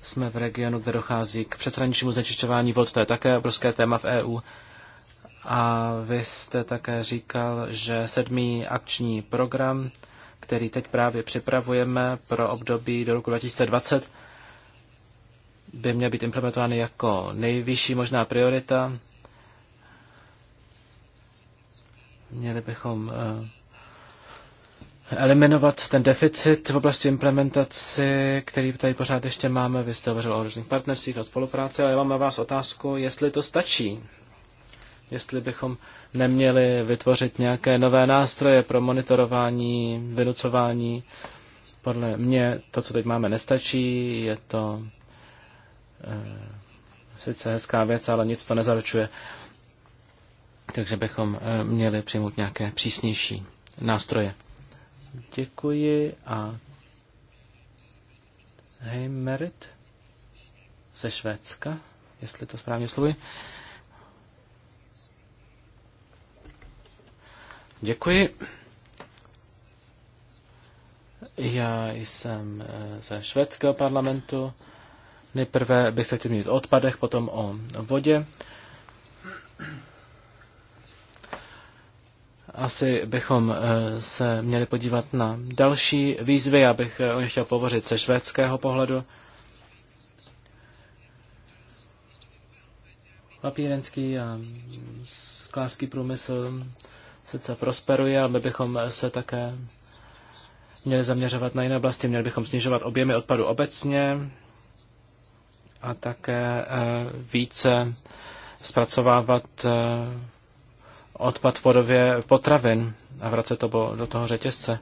jsme v regionu, kde dochází k přeshraničnímu znečišťování vod, to je také obrovské téma v EU. A vy jste také říkal, že sedmý akční program, který teď právě připravujeme pro období do roku 2020, by měl být implementován jako nejvyšší možná priorita. Měli bychom eh, eliminovat ten deficit v oblasti implementaci, který tady pořád ještě máme. Vy jste hovořil o různých partnerstvích, A spolupráci, ale já mám na vás otázku, jestli to stačí. Jestli bychom neměli vytvořit nějaké nové nástroje pro monitorování, vynucování. Podle mě to, co teď máme, nestačí. Je to Eh, sice hezká věc, ale nic to nezaručuje. Takže bychom eh, měli přijmout nějaké přísnější nástroje. Děkuji a Heimerit ze Švédska, jestli to správně slovuji. Děkuji. Já jsem eh, ze švédského parlamentu. Nejprve bych se chtěl mít o odpadech, potom o vodě. Asi bychom eh, se měli podívat na další výzvy, já bych eh, o ně chtěl povořit ze švédského pohledu. Papírenský a sklářský průmysl sice prosperuje, ale my bychom se také měli zaměřovat na jiné oblasti, měli bychom snižovat objemy odpadu obecně, a také eh, více zpracovávat eh, odpad v podobě potravin a vracet to do toho řetězce.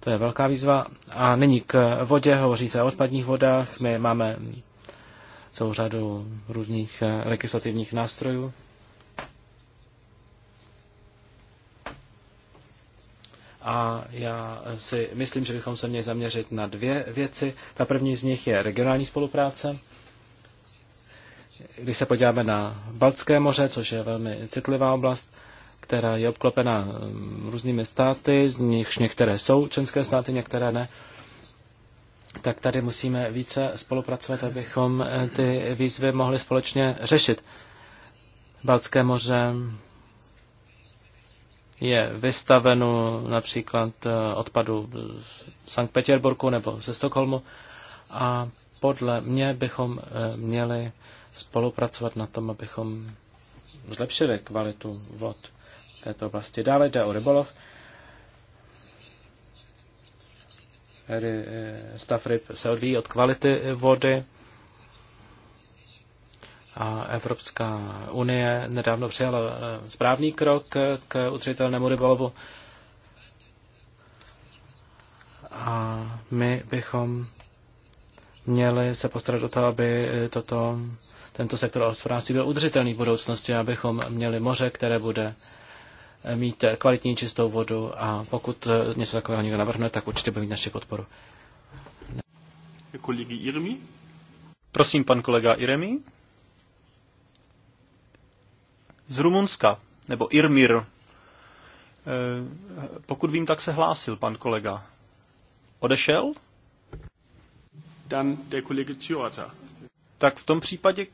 To je velká výzva. A nyní k vodě, hovoří se o odpadních vodách. My máme celou řadu různých eh, legislativních nástrojů. A já si myslím, že bychom se měli zaměřit na dvě věci. Ta první z nich je regionální spolupráce. Když se podíváme na Baltské moře, což je velmi citlivá oblast, která je obklopena mm, různými státy, z nichž některé jsou členské státy, některé ne, tak tady musíme více spolupracovat, abychom eh, ty výzvy mohli společně řešit. Baltské moře je vystaveno například eh, odpadu z Sankt Petersburgu nebo ze Stockholmu a podle mě bychom eh, měli spolupracovat na tom, abychom zlepšili kvalitu vod v této oblasti. Dále jde o rybolov. Eh, stav ryb se odvíjí od kvality vody a Evropská unie nedávno přijala eh, správný krok eh, k udržitelnému rybolovu. A my bychom měli se postarat o to, aby toto tento sektor hospodářství byl udržitelný v budoucnosti, abychom měli moře, které bude mít kvalitní čistou vodu a pokud něco takového někdo navrhne, tak určitě bude mít naši podporu. Kolegy Irmi? Prosím, pan kolega Iremi. Z Rumunska, nebo Irmir. Eh, pokud vím, tak se hlásil pan kolega. Odešel? Dan der Kollege Tak v tom případě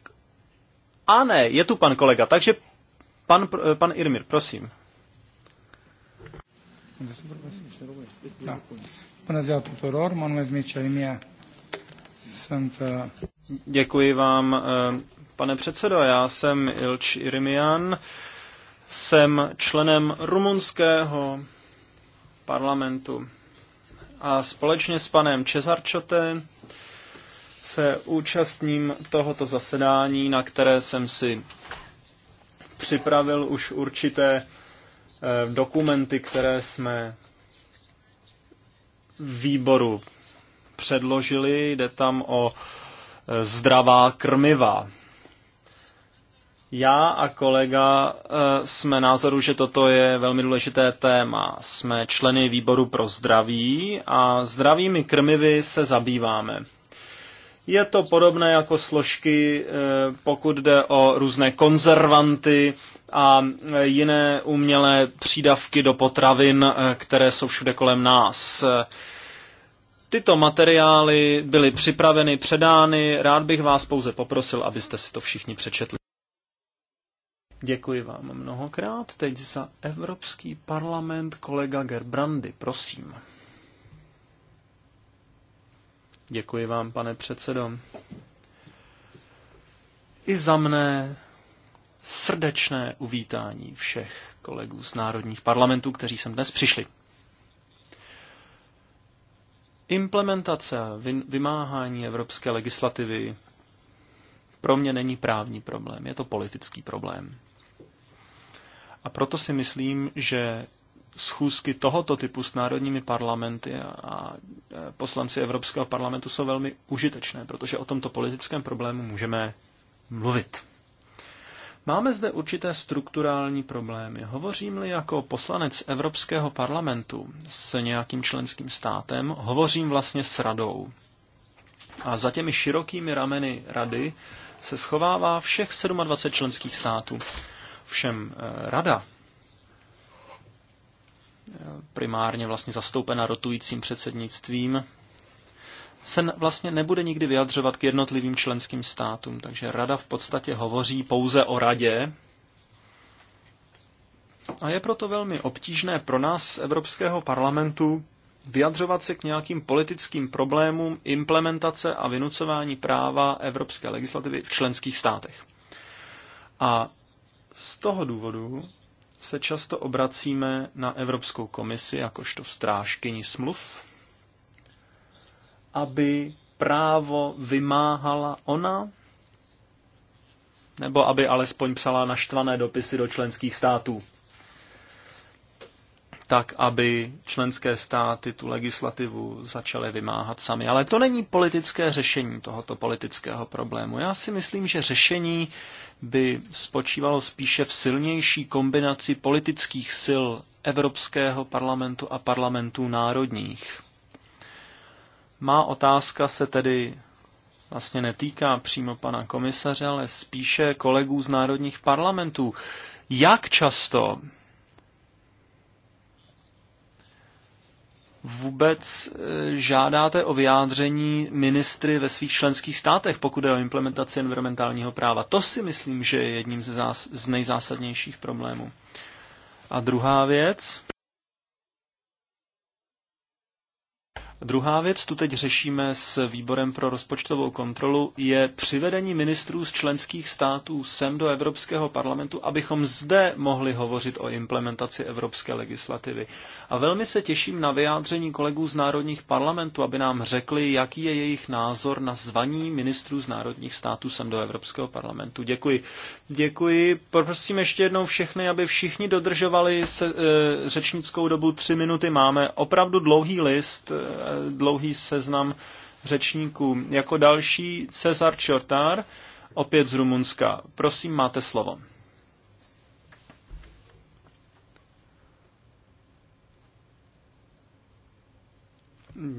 a ne, je tu pan kolega, takže pan, eh, pan Irmir, prosím. Eh, Děkuji vám, eh, pane předsedo. Já jsem Ilč Irmian, jsem členem rumunského parlamentu a společně s panem Čezarčotem se účastním tohoto zasedání, na které jsem si připravil už určité eh, dokumenty, které jsme výboru předložili. Jde tam o eh, zdravá krmiva. Já a kolega eh, jsme názoru, že toto je velmi důležité téma. Jsme členy výboru pro zdraví a zdravými krmivy se zabýváme. Je to podobné jako složky, eh, pokud jde o různé konzervanty a eh, jiné umělé přídavky do potravin, eh, které jsou všude kolem nás. Tyto materiály byly připraveny, předány. Rád bych vás pouze poprosil, abyste si to všichni přečetli. Děkuji vám mnohokrát. Teď za Evropský parlament kolega Gerbrandy, prosím. Děkuji vám, pane předsedo. I za mne srdečné uvítání všech kolegů z národních parlamentů, kteří sem dnes přišli. Implementace, vymáhání evropské legislativy pro mě není právní problém, je to politický problém. A proto si myslím, že schůzky tohoto typu s národními parlamenty a poslanci Evropského parlamentu jsou velmi užitečné, protože o tomto politickém problému můžeme mluvit. Máme zde určité strukturální problémy. Hovořím-li jako poslanec Evropského parlamentu s nějakým členským státem, hovořím vlastně s radou. A za těmi širokými rameny rady se schovává všech 27 členských států. Všem eh, rada primárně vlastně zastoupena rotujícím předsednictvím, se vlastně nebude nikdy vyjadřovat k jednotlivým členským státům, takže rada v podstatě hovoří pouze o radě. A je proto velmi obtížné pro nás z Evropského parlamentu vyjadřovat se k nějakým politickým problémům implementace a vynucování práva evropské legislativy v členských státech. A z toho důvodu se často obracíme na Evropskou komisi jakožto strážkyni smluv, aby právo vymáhala ona, nebo aby alespoň psala naštvané dopisy do členských států tak aby členské státy tu legislativu začaly vymáhat sami. Ale to není politické řešení tohoto politického problému. Já si myslím, že řešení by spočívalo spíše v silnější kombinaci politických sil Evropského parlamentu a parlamentů národních. Má otázka se tedy vlastně netýká přímo pana komisaře, ale spíše kolegů z národních parlamentů. Jak často vůbec eh, žádáte o vyjádření ministry ve svých členských státech, pokud je o implementaci environmentálního práva. To si myslím, že je jedním z, zás- z nejzásadnějších problémů. A druhá věc, Druhá věc, tu teď řešíme s výborem pro rozpočtovou kontrolu, je přivedení ministrů z členských států sem do Evropského parlamentu, abychom zde mohli hovořit o implementaci evropské legislativy. A velmi se těším na vyjádření kolegů z národních parlamentů, aby nám řekli, jaký je jejich názor na zvaní ministrů z národních států sem do Evropského parlamentu. Děkuji. Děkuji. Prosím ještě jednou všechny, aby všichni dodržovali se, e, řečnickou dobu tři minuty. Máme opravdu dlouhý list dlouhý seznam řečníků. Jako další Cezar Čortár, opět z Rumunska. Prosím, máte slovo.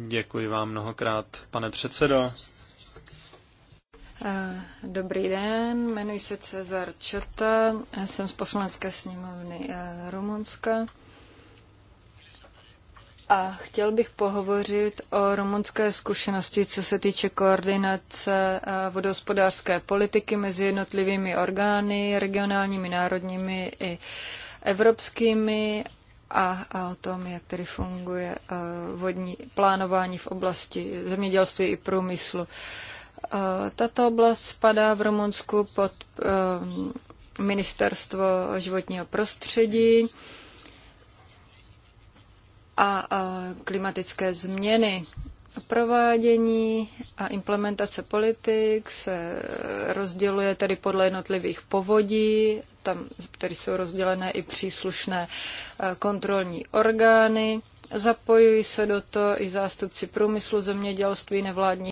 Děkuji vám mnohokrát, pane předsedo. Eh, dobrý den, jmenuji se Cezar Čota, jsem z poslanecké sněmovny eh, Rumunska. A chtěl bych pohovořit o rumunské zkušenosti, co se týče koordinace eh, vodohospodářské politiky mezi jednotlivými orgány, regionálními, národními i evropskými a, a o tom, jak tedy funguje eh, vodní plánování v oblasti zemědělství i průmyslu. Eh, tato oblast spadá v Rumunsku pod ministerstvo životního prostředí a klimatické změny. Provádění a implementace politik se rozděluje tedy podle jednotlivých povodí, tam tedy jsou rozdělené i příslušné e, kontrolní orgány. Zapojují se do toho i zástupci průmyslu, zemědělství, nevládní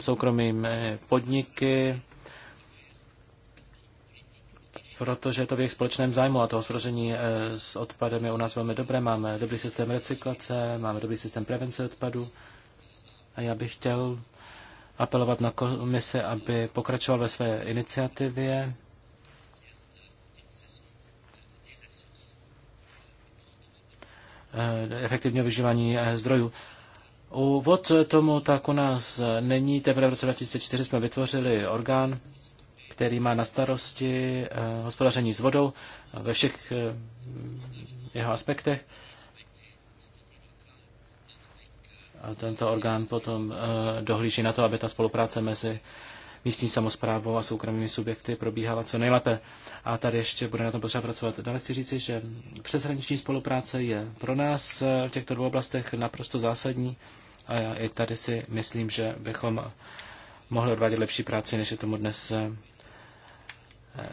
soukromými podniky, protože je to v jejich společném zájmu a to hospodaření eh, s odpadem je u nás velmi dobré. Máme dobrý systém recyklace, máme dobrý systém prevence odpadu a já bych chtěl apelovat na komise, aby pokračoval ve své iniciativě. Eh, efektivního využívání eh, zdrojů. Úvod tomu tak u nás není. Teprve v roce 2004 jsme vytvořili orgán, který má na starosti eh, hospodaření s vodou ve všech eh, jeho aspektech. A tento orgán potom eh, dohlíží na to, aby ta spolupráce mezi místní samozprávou a soukromými subjekty probíhala co nejlépe. A tady ještě bude na tom potřeba pracovat. Dále chci říci, že přeshraniční spolupráce je pro nás v těchto dvou oblastech naprosto zásadní. A já i tady si myslím, že bychom mohli odvádět lepší práci, než je tomu dnes. Eh, eh,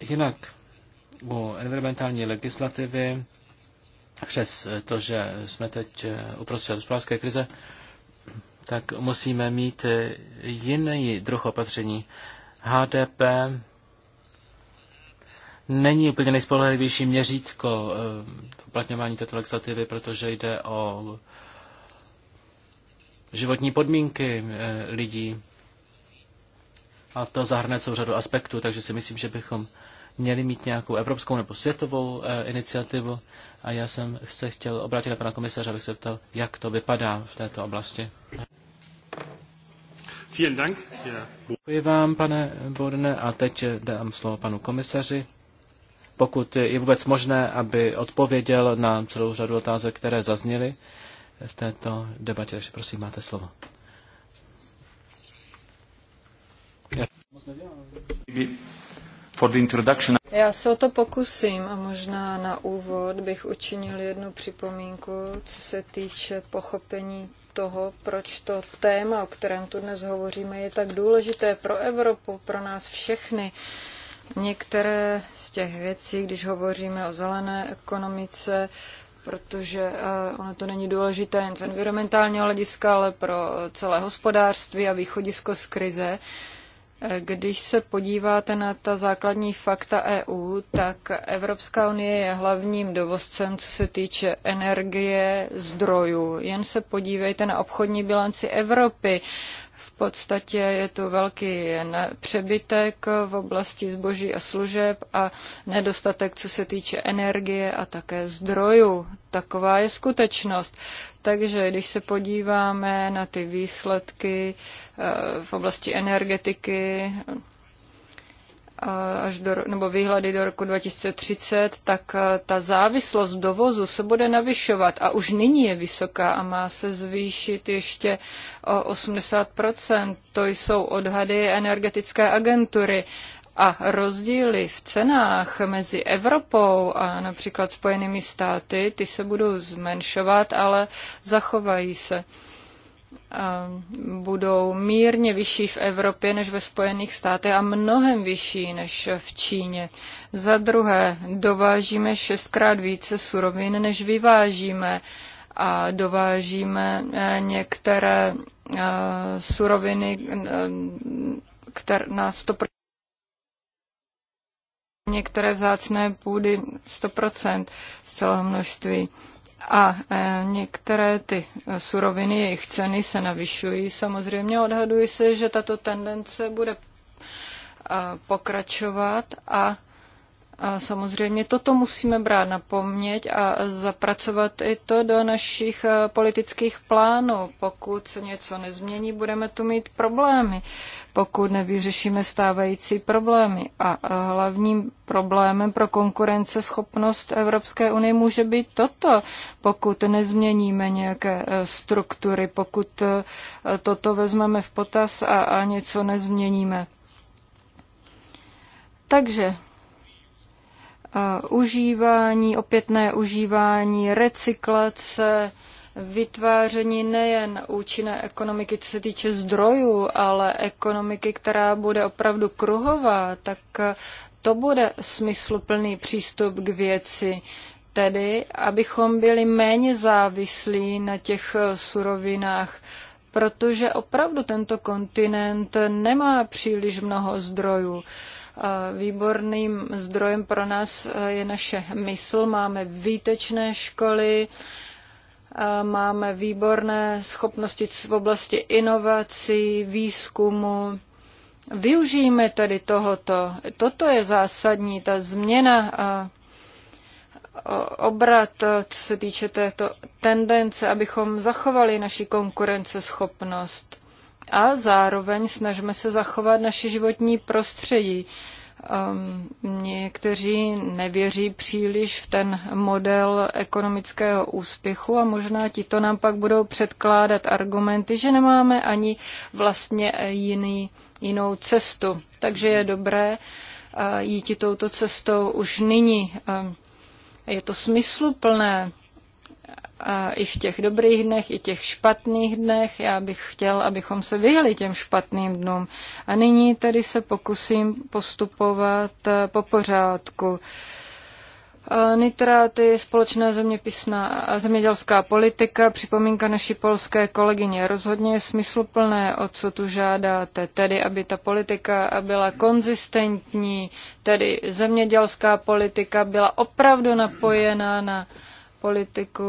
jinak u environmentální legislativy, přes to, že jsme teď eh, uprostřed hospodářské krize, tak musíme mít jiný druh opatření. HDP není úplně nejspolehlivější měřítko eh, uplatňování této legislativy, protože jde o životní podmínky eh, lidí. A to zahrne celou řadu aspektů, takže si myslím, že bychom měli mít nějakou evropskou nebo světovou eh, iniciativu. A já jsem se chtěl obrátit na pana komisaře, abych se ptal, jak to vypadá v této oblasti. Vielen Dank. Děkuji vám, pane Borne, a teď dám slovo panu komisaři pokud je vůbec možné, aby odpověděl na celou řadu otázek, které zazněly v této debatě. Takže prosím, máte slovo. Já se o to pokusím a možná na úvod bych učinil jednu připomínku, co se týče pochopení toho, proč to téma, o kterém tu dnes hovoříme, je tak důležité pro Evropu, pro nás všechny. Některé těch věcí, když hovoříme o zelené ekonomice, protože eh, ono to není důležité jen z environmentálního hlediska, ale pro celé hospodářství a východisko z krize. Eh, když se podíváte na ta základní fakta EU, tak Evropská unie je hlavním dovozcem, co se týče energie, zdrojů. Jen se podívejte na obchodní bilanci Evropy podstatě je tu velký přebytek v oblasti zboží a služeb a nedostatek, co se týče energie a také zdrojů. Taková je skutečnost. Takže když se podíváme na ty výsledky eh, v oblasti energetiky, až do, nebo výhledy do roku 2030, tak eh, ta závislost dovozu se bude navyšovat a už nyní je vysoká a má se zvýšit ještě o 80 To jsou odhady energetické agentury. A rozdíly v cenách mezi Evropou a například Spojenými státy, ty se budou zmenšovat, ale zachovají se budou mírně vyšší v Evropě než ve Spojených státech a mnohem vyšší než v Číně. Za druhé, dovážíme šestkrát více surovin, než vyvážíme a dovážíme eh, některé eh, suroviny, eh, které na 100%, některé vzácné půdy 100% z celého množství. A e, některé ty e, suroviny, jejich ceny se navyšují. Samozřejmě odhaduji se, že tato tendence bude e, pokračovat a a samozřejmě toto musíme brát na paměť a zapracovat i to do našich eh, politických plánů. Pokud se něco nezmění, budeme tu mít problémy, pokud nevyřešíme stávající problémy. A eh, hlavním problémem pro konkurenceschopnost Evropské unie může být toto, pokud nezměníme nějaké eh, struktury, pokud toto vezmeme v potaz a, a něco nezměníme. Takže užívání, opětné užívání, recyklace, vytváření nejen účinné ekonomiky, co se týče zdrojů, ale ekonomiky, která bude opravdu kruhová, tak to bude smysluplný přístup k věci. Tedy, abychom byli méně závislí na těch surovinách, protože opravdu tento kontinent nemá příliš mnoho zdrojů. Výborným zdrojem pro nás e, je naše mysl. Máme výtečné školy, e, máme výborné schopnosti v oblasti inovací, výzkumu. Využijeme tedy tohoto. Toto je zásadní, ta změna e, obrat, co se týče této tendence, abychom zachovali naši konkurenceschopnost a zároveň snažíme se zachovat naše životní prostředí. Um, někteří nevěří příliš v ten model ekonomického úspěchu a možná ti to nám pak budou předkládat argumenty, že nemáme ani vlastně jiný, jinou cestu. Takže je dobré uh, jít touto cestou už nyní. Um, je to smysluplné i v těch dobrých dnech, i těch špatných dnech. Já bych chtěl, abychom se vyhli těm špatným dnům. A nyní tedy se pokusím postupovat eh, po pořádku. Eh, nitráty, společná zeměpisná a zemědělská politika, připomínka naší polské kolegyně. Rozhodně je smysluplné, o co tu žádáte, tedy aby ta politika byla konzistentní, tedy zemědělská politika byla opravdu napojená na politiku,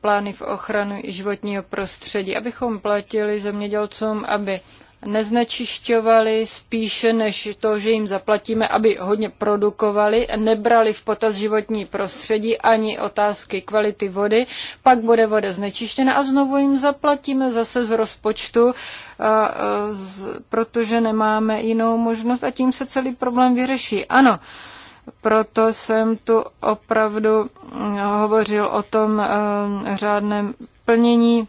plány v ochranu životního prostředí, abychom platili zemědělcům, aby neznečišťovali spíše než to, že jim zaplatíme, aby hodně produkovali, nebrali v potaz životní prostředí ani otázky kvality vody, pak bude voda znečištěna a znovu jim zaplatíme zase z rozpočtu, protože nemáme jinou možnost a tím se celý problém vyřeší. Ano, proto jsem tu opravdu mm, hovořil o tom eh, řádném plnění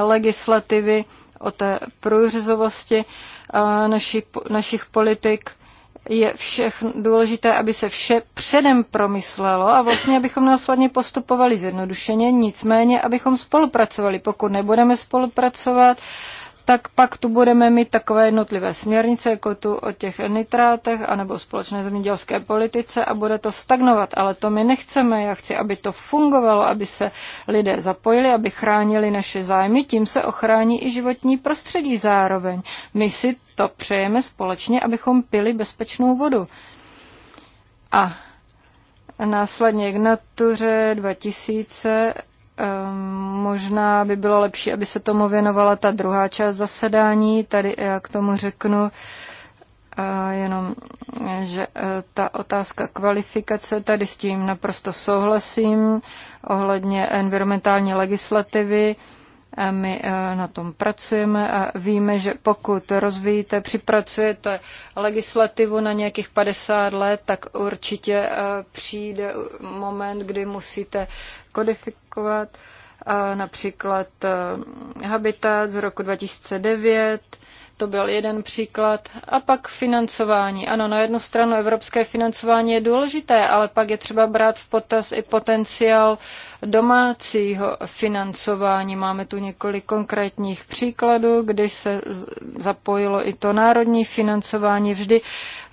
legislativy, o té průřezovosti eh, naši, našich politik je všech důležité, aby se vše předem promyslelo a vlastně, abychom následně postupovali zjednodušeně, nicméně, abychom spolupracovali. Pokud nebudeme spolupracovat, tak pak tu budeme mít takové jednotlivé směrnice, jako tu o těch nitrátech, anebo společné zemědělské politice a bude to stagnovat. Ale to my nechceme. Já chci, aby to fungovalo, aby se lidé zapojili, aby chránili naše zájmy. Tím se ochrání i životní prostředí zároveň. My si to přejeme společně, abychom pili bezpečnou vodu. A následně k natuře 2000 Ehm, možná by bylo lepší, aby se tomu věnovala ta druhá část zasedání. Tady já k tomu řeknu eh, jenom, že eh, ta otázka kvalifikace, tady s tím naprosto souhlasím ohledně environmentální legislativy. Eh, my na tom pracujeme a víme, že pokud rozvíjíte, připracujete legislativu na nějakých 50 let, tak určitě přijde moment, kdy musíte kodifikovat, například eh, Habitat z roku 2009, to byl jeden příklad. A pak financování. Ano, na jednu stranu evropské financování je důležité, ale pak je třeba brát v potaz i potenciál domácího financování. Máme tu několik konkrétních příkladů, kdy se zapojilo i to národní financování. Vždy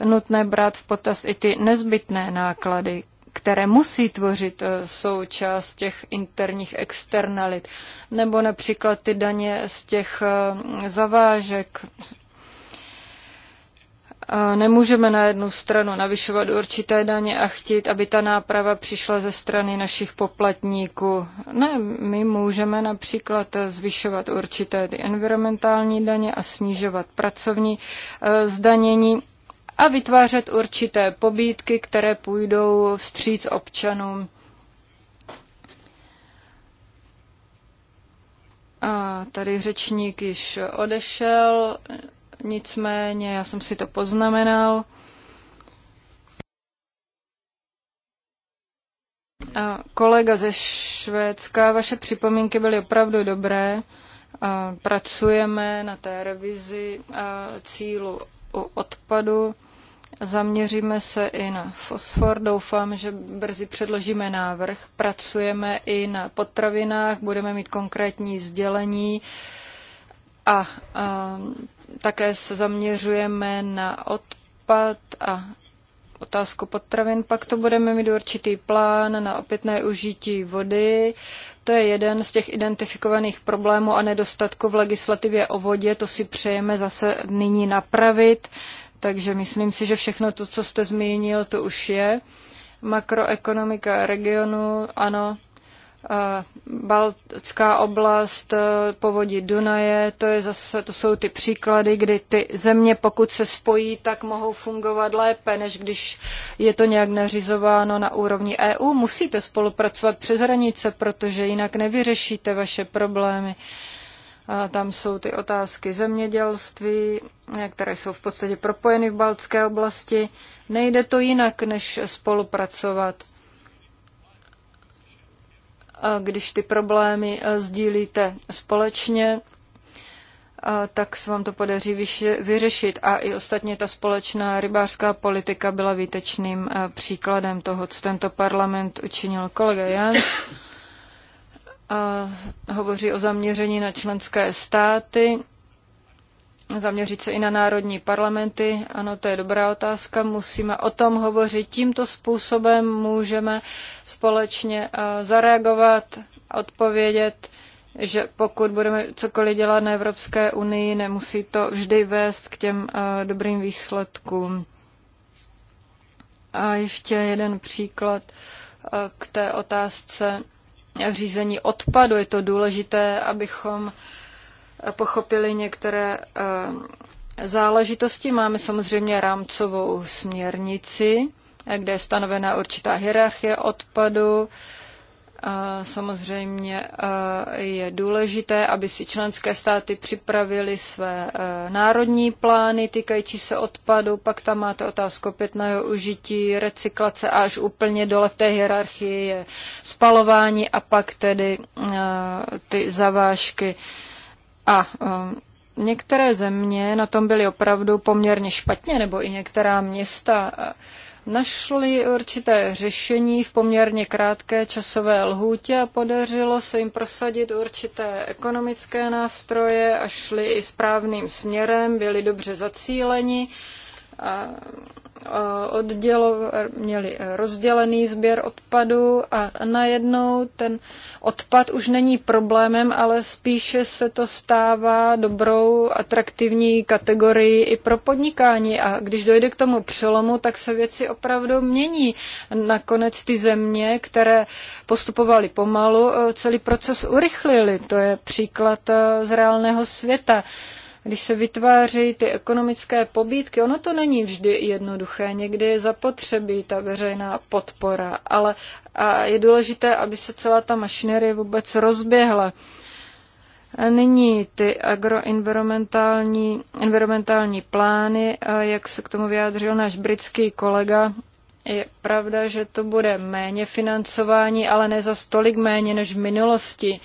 nutné brát v potaz i ty nezbytné náklady, které musí tvořit e, součást těch interních externalit, nebo například ty daně z těch e, zavážek. E, nemůžeme na jednu stranu navyšovat určité daně a chtít, aby ta náprava přišla ze strany našich poplatníků. Ne, my můžeme například zvyšovat určité ty environmentální daně a snižovat pracovní zdanění a vytvářet určité pobídky, které půjdou vstříc občanům. A tady řečník již odešel, nicméně já jsem si to poznamenal. A kolega ze Švédska, vaše připomínky byly opravdu dobré. A pracujeme na té revizi cílu o odpadu. Zaměříme se i na fosfor. Doufám, že brzy předložíme návrh. Pracujeme i na potravinách, budeme mít konkrétní sdělení a, a také se zaměřujeme na odpad a otázku potravin. Pak to budeme mít určitý plán na opětné užití vody. To je jeden z těch identifikovaných problémů a nedostatku v legislativě o vodě. To si přejeme zase nyní napravit. Takže myslím si, že všechno to, co jste zmínil, to už je. Makroekonomika regionu, ano. Baltská oblast, e, povodí Dunaje, to, je zase, to jsou ty příklady, kdy ty země, pokud se spojí, tak mohou fungovat lépe, než když je to nějak nařizováno na úrovni EU. Musíte spolupracovat přes hranice, protože jinak nevyřešíte vaše problémy. Uh, tam jsou ty otázky zemědělství, které jsou v podstatě propojeny v Baltské oblasti. Nejde to jinak, než spolupracovat. Když ty problémy eh, sdílíte společně, tak se vám to podaří vyřešit. A i ostatně ta společná rybářská politika byla výtečným eh, příkladem toho, co tento parlament učinil kolega Jans hovoří o zaměření na členské státy, zaměřit se i na národní parlamenty. Ano, to je dobrá otázka, musíme o tom hovořit. Tímto způsobem můžeme společně zareagovat, odpovědět, že pokud budeme cokoliv dělat na Evropské unii, nemusí to vždy vést k těm dobrým výsledkům. A ještě jeden příklad k té otázce řízení odpadu. Je to důležité, abychom pochopili některé eh, záležitosti. Máme samozřejmě rámcovou směrnici, eh, kde je stanovena určitá hierarchie odpadu, Samozřejmě e, je důležité, aby si členské státy připravili své e, národní plány týkající se odpadu, pak tam máte otázku pětného užití, recyklace a až úplně dole v té hierarchii je spalování a pak tedy e, ty zavážky. A některé země na tom byly opravdu poměrně špatně, nebo i některá města našli určité řešení v poměrně krátké časové lhůtě a podařilo se jim prosadit určité ekonomické nástroje a šli i správným směrem, byli dobře zacíleni. A Eh, oddělo, měli rozdělený sběr odpadu a najednou ten odpad už není problémem, ale spíše se to stává dobrou, atraktivní kategorii i pro podnikání. A když dojde k tomu přelomu, tak se věci opravdu mění. Nakonec ty země, které postupovaly pomalu, eh, celý proces urychlili. To je příklad eh, z reálného světa když se vytvářejí ty ekonomické pobídky, ono to není vždy jednoduché, někdy je zapotřebí ta veřejná podpora, ale a je důležité, aby se celá ta mašinerie vůbec rozběhla. A nyní ty agroenvironmentální environmentální plány, jak se k tomu vyjádřil náš britský kolega, je pravda, že to bude méně financování, ale ne za stolik méně než v minulosti.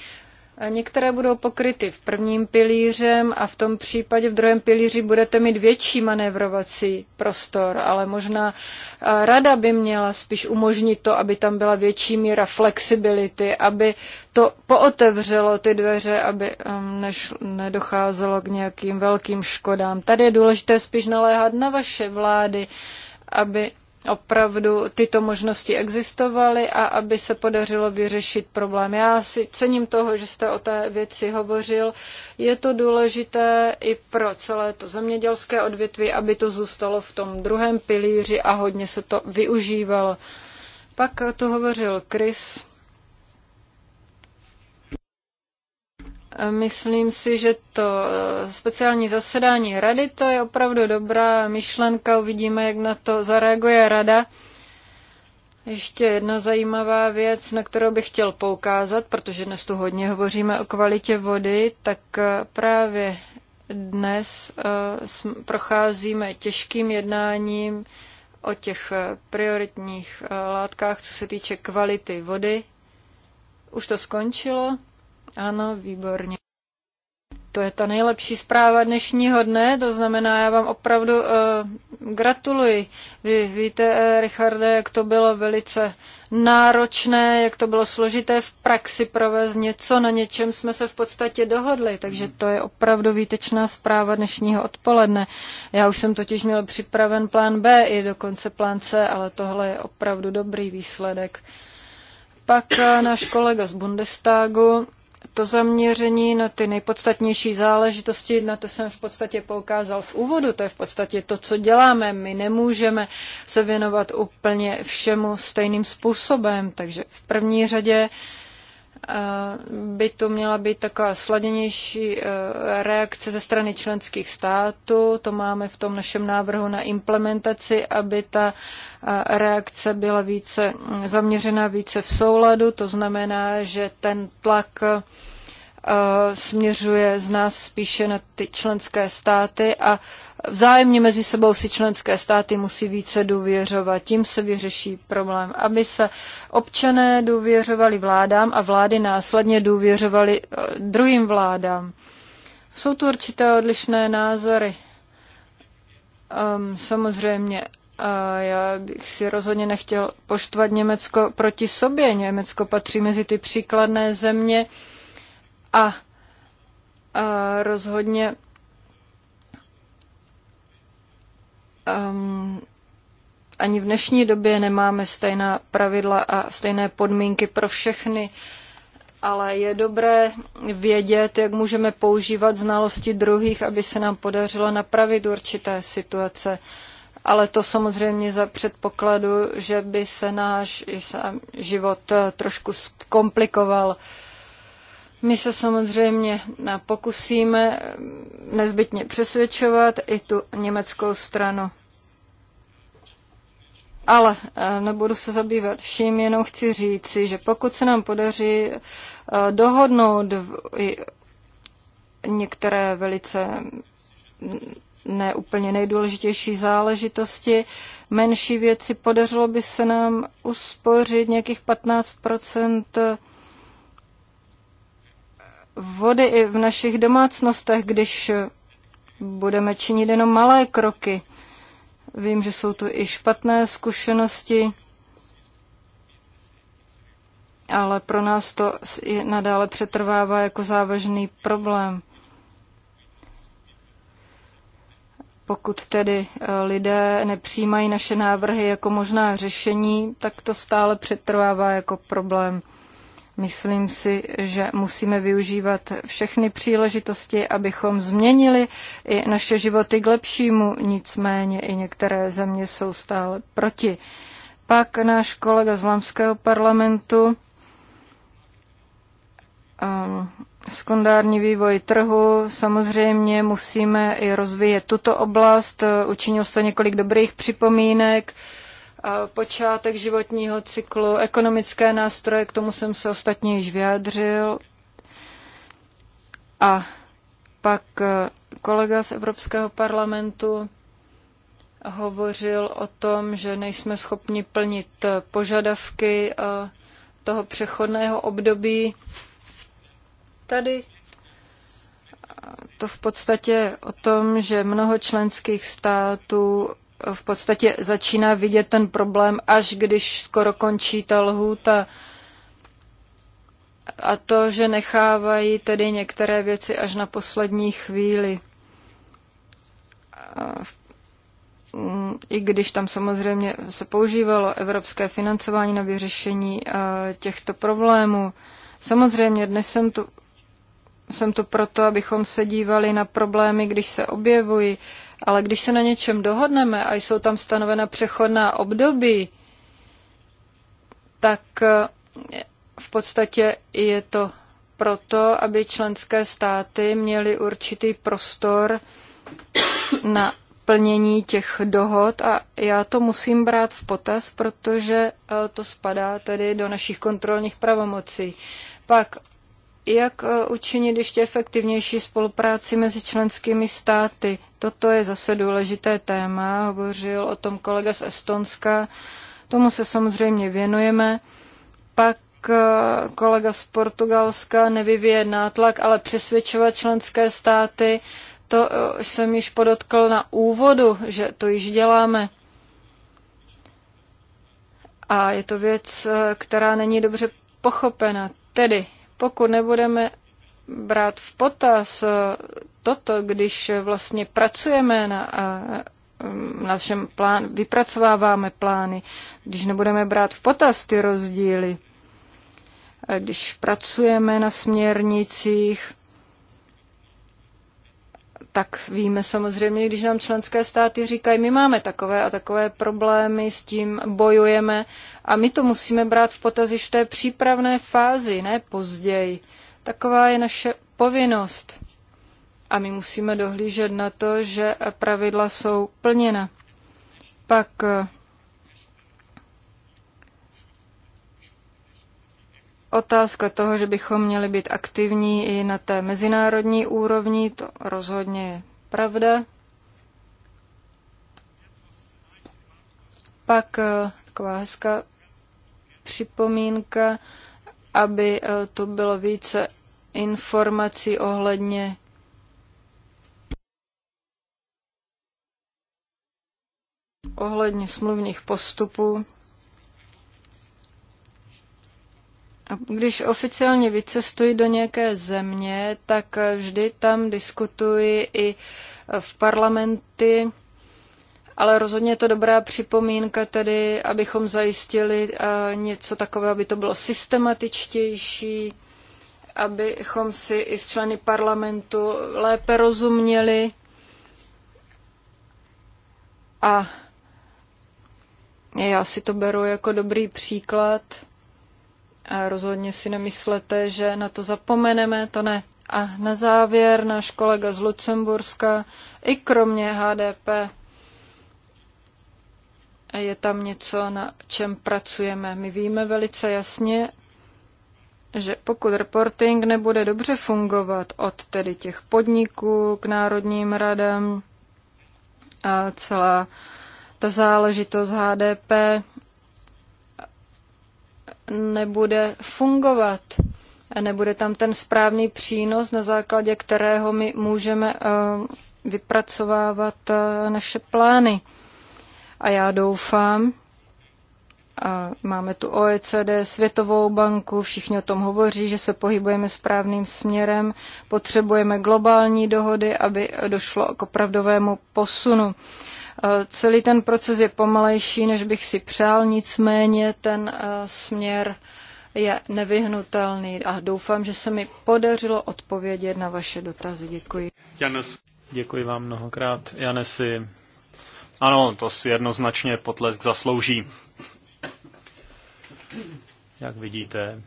Některé budou pokryty v prvním pilířem a v tom případě v druhém pilíři budete mít větší manévrovací prostor, ale možná eh, rada by měla spíš umožnit to, aby tam byla větší míra flexibility, aby to pootevřelo ty dveře, aby ehm, než nedocházelo k nějakým velkým škodám. Tady je důležité spíš naléhat na vaše vlády, aby opravdu tyto možnosti existovaly a aby se podařilo vyřešit problém. Já si cením toho, že jste o té věci hovořil. Je to důležité i pro celé to zemědělské odvětví, aby to zůstalo v tom druhém pilíři a hodně se to využívalo. Pak to hovořil Chris Myslím si, že to eh, speciální zasedání rady, to je opravdu dobrá myšlenka, uvidíme, jak na to zareaguje rada. Ještě jedna zajímavá věc, na kterou bych chtěl poukázat, protože dnes tu hodně hovoříme o kvalitě vody, tak eh, právě dnes eh, procházíme těžkým jednáním o těch prioritních látkách, co se týče kvality vody. Už to skončilo, ano, výborně. To je ta nejlepší zpráva dnešního dne, to znamená, já vám opravdu uh, gratuluji. Vy víte, eh, Richarde, jak to bylo velice náročné, jak to bylo složité v praxi provést něco, na něčem jsme se v podstatě dohodli, takže to je opravdu výtečná zpráva dnešního odpoledne. Já už jsem totiž měl připraven plán B i dokonce plán C, ale tohle je opravdu dobrý výsledek. Pak eh, náš kolega z Bundestagu to zaměření na ty nejpodstatnější záležitosti, na to jsem v podstatě poukázal v úvodu, to je v podstatě to, co děláme. My nemůžeme se věnovat úplně všemu stejným způsobem, takže v první řadě uh, Eh, by to měla být taková sladěnější eh, reakce ze strany členských států. To máme v tom našem návrhu na implementaci, aby ta eh, reakce byla více mm, zaměřena více v souladu. To znamená, že ten tlak Eh, směřuje z nás spíše na ty členské státy a vzájemně mezi sebou si členské státy musí více důvěřovat. Tím se vyřeší problém, aby se občané důvěřovali vládám a vlády následně důvěřovali eh, druhým vládám. Jsou tu určité odlišné názory. Um, samozřejmě a eh, já bych si rozhodně nechtěl poštvat Německo proti sobě. Německo patří mezi ty příkladné země, a, a rozhodně um, ani v dnešní době nemáme stejná pravidla a stejné podmínky pro všechny, ale je dobré vědět, jak můžeme používat znalosti druhých, aby se nám podařilo napravit určité situace. Ale to samozřejmě za předpokladu, že by se náš život eh, trošku zkomplikoval. Uh, my se samozřejmě pokusíme nezbytně přesvědčovat i tu německou stranu. Ale eh, nebudu se zabývat vším, jenom chci říci, že pokud se nám podaří eh, dohodnout některé velice neúplně nejdůležitější záležitosti, menší věci, podařilo by se nám uspořit nějakých 15 vody i v našich domácnostech, když budeme činit jenom malé kroky. Vím, že jsou tu i špatné zkušenosti, ale pro nás to i nadále přetrvává jako závažný problém. Pokud tedy eh, lidé nepřijímají naše návrhy jako možná řešení, tak to stále přetrvává jako problém. Myslím si, že musíme využívat všechny příležitosti, abychom změnili i naše životy k lepšímu, nicméně i některé země jsou stále proti. Pak náš kolega z Lamského parlamentu um, sekundární vývoj trhu. Samozřejmě musíme i rozvíjet tuto oblast. Učinil jste několik dobrých připomínek počátek životního cyklu, ekonomické nástroje, k tomu jsem se ostatně již vyjádřil. A pak eh, kolega z Evropského parlamentu hovořil o tom, že nejsme schopni plnit požadavky eh, toho přechodného období. Tady eh, to v podstatě o tom, že mnoho členských států v podstatě začíná vidět ten problém, až když skoro končí ta lhůta. A to, že nechávají tedy některé věci až na poslední chvíli. Mm, I když tam samozřejmě se používalo evropské financování na vyřešení těchto problémů. Samozřejmě dnes jsem tu jsem to proto, abychom se dívali na problémy, když se objevují, ale když se na něčem dohodneme a jsou tam stanovena přechodná období, tak eh, v podstatě je to proto, aby členské státy měly určitý prostor na plnění těch dohod a já to musím brát v potaz, protože eh, to spadá tedy do našich kontrolních pravomocí. Pak jak eh, učinit ještě efektivnější spolupráci mezi členskými státy. Toto je zase důležité téma, hovořil o tom kolega z Estonska, tomu se samozřejmě věnujeme. Pak eh, kolega z Portugalska nevyvíje nátlak, ale přesvědčovat členské státy, to eh, jsem již podotkl na úvodu, že to již děláme. A je to věc, která není dobře pochopena. Tedy pokud nebudeme brát v potaz eh, toto, když vlastně pracujeme eh, na, našem plán, vypracováváme plány, když nebudeme brát v potaz ty rozdíly, eh, když pracujeme na směrnicích, tak víme samozřejmě, když nám členské státy říkají, my máme takové a takové problémy, s tím bojujeme a my to musíme brát v potaz v té přípravné fázi, ne později. Taková je naše povinnost. A my musíme dohlížet na to, že pravidla jsou plněna. Pak Otázka toho, že bychom měli být aktivní i na té mezinárodní úrovni, to rozhodně je pravda. Pak eh, taková hezká připomínka, aby eh, to bylo více informací ohledně ohledně smluvních postupů. Když oficiálně vycestuji do nějaké země, tak vždy tam diskutuji i v parlamenty, ale rozhodně je to dobrá připomínka tedy, abychom zajistili něco takového, aby to bylo systematičtější, abychom si i s členy parlamentu lépe rozuměli a já si to beru jako dobrý příklad a rozhodně si nemyslete, že na to zapomeneme, to ne. A na závěr náš kolega z Lucemburska, i kromě HDP, je tam něco, na čem pracujeme. My víme velice jasně, že pokud reporting nebude dobře fungovat od tedy těch podniků k národním radám a celá ta záležitost HDP, nebude fungovat. Nebude tam ten správný přínos, na základě kterého my můžeme eh, vypracovávat eh, naše plány. A já doufám, a máme tu OECD, Světovou banku, všichni o tom hovoří, že se pohybujeme správným směrem, potřebujeme globální dohody, aby došlo k opravdovému posunu. Eh, celý ten proces je pomalejší, než bych si přál, nicméně ten eh, směr je nevyhnutelný a doufám, že se mi podařilo odpovědět na vaše dotazy. Děkuji. Janes, děkuji vám mnohokrát. Janesi, ano, to si jednoznačně potlesk zaslouží. Jak vidíte,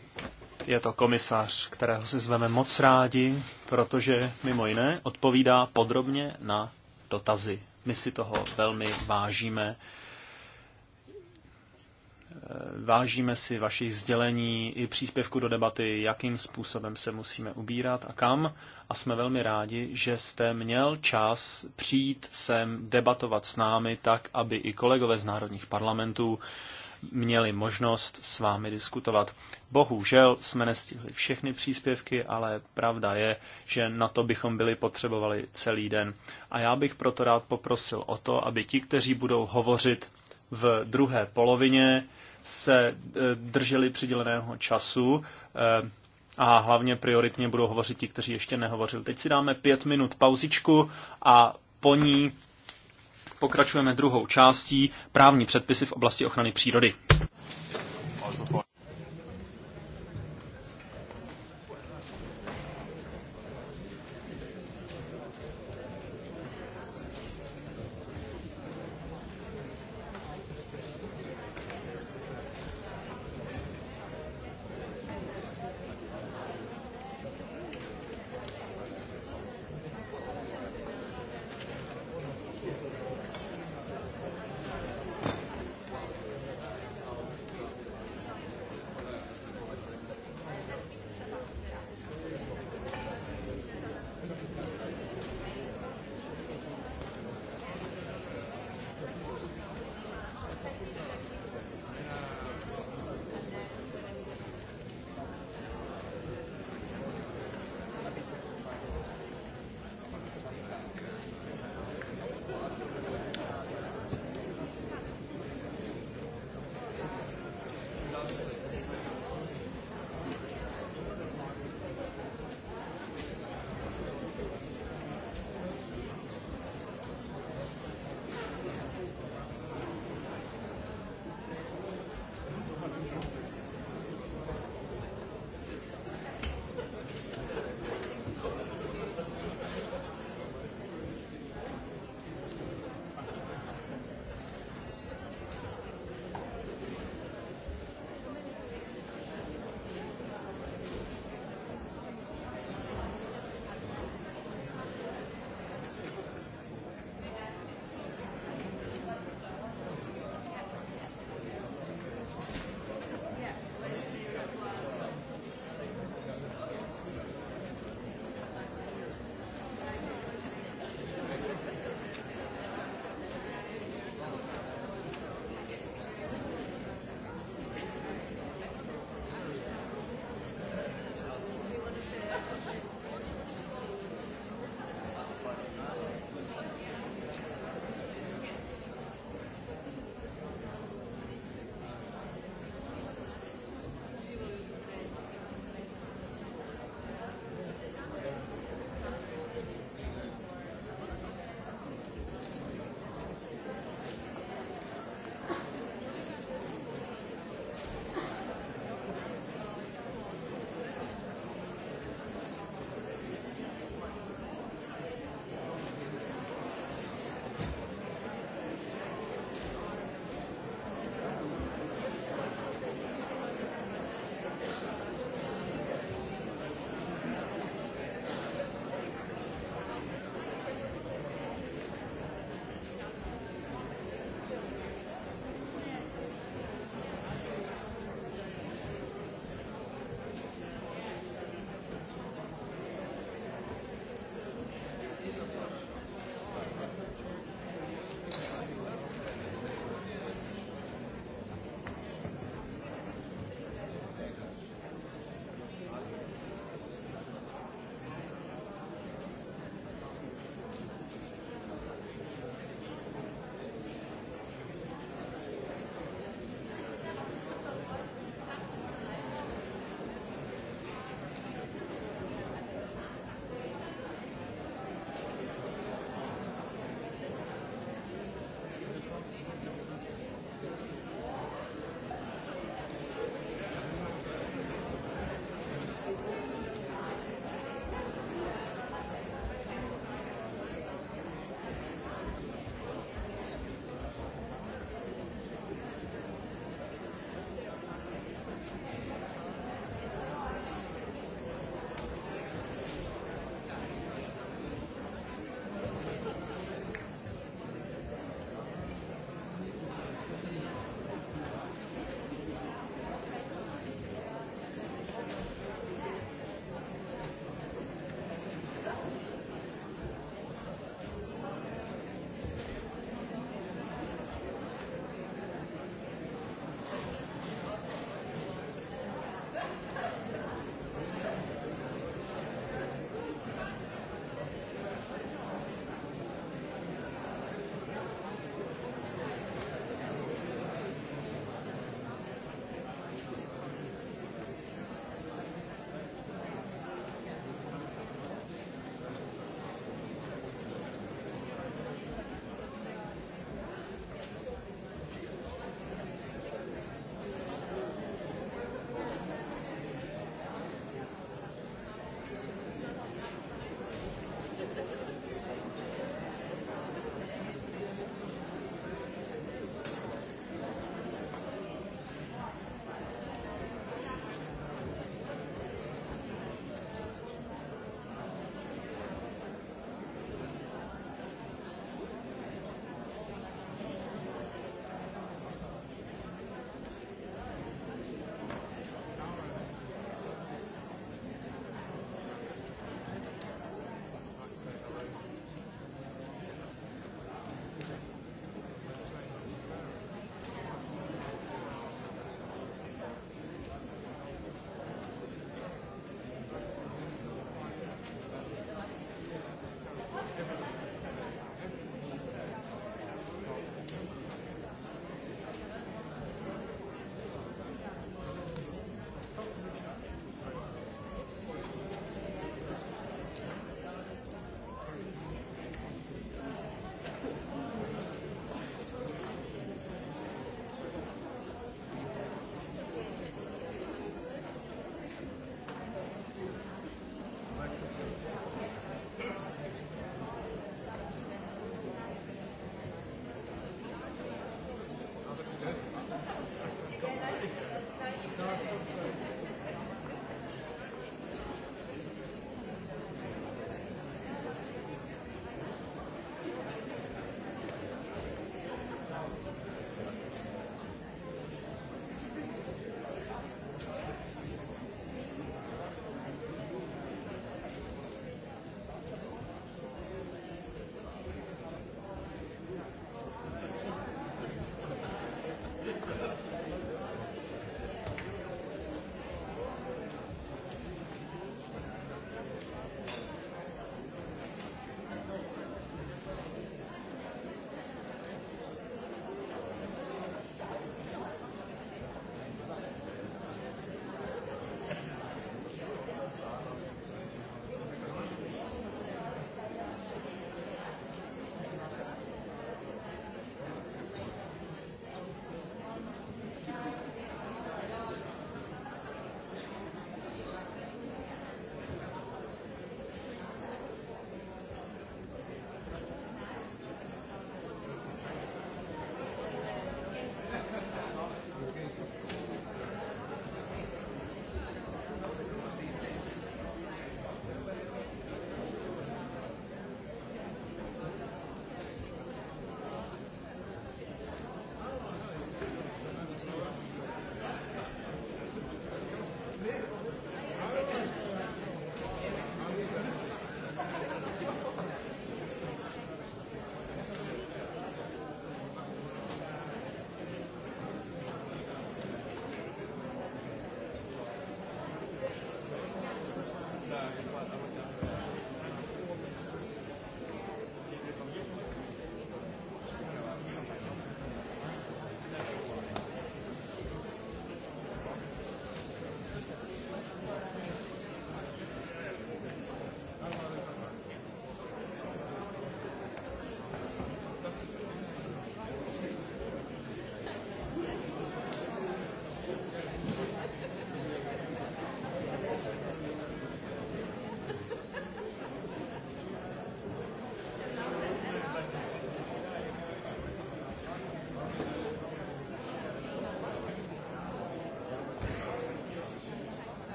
je to komisař, kterého si zveme moc rádi, protože mimo jiné odpovídá podrobně na dotazy my si toho velmi vážíme. Vážíme si vašich sdělení i příspěvku do debaty, jakým způsobem se musíme ubírat a kam. A jsme velmi rádi, že jste měl čas přijít sem debatovat s námi tak, aby i kolegové z národních parlamentů měli možnost s vámi diskutovat. Bohužel jsme nestihli všechny příspěvky, ale pravda je, že na to bychom byli potřebovali celý den. A já bych proto rád poprosil o to, aby ti, kteří budou hovořit v druhé polovině, se e, drželi přiděleného času e, a hlavně prioritně budou hovořit ti, kteří ještě nehovořili. Teď si dáme pět minut pauzičku a po ní Pokračujeme druhou částí právní předpisy v oblasti ochrany přírody.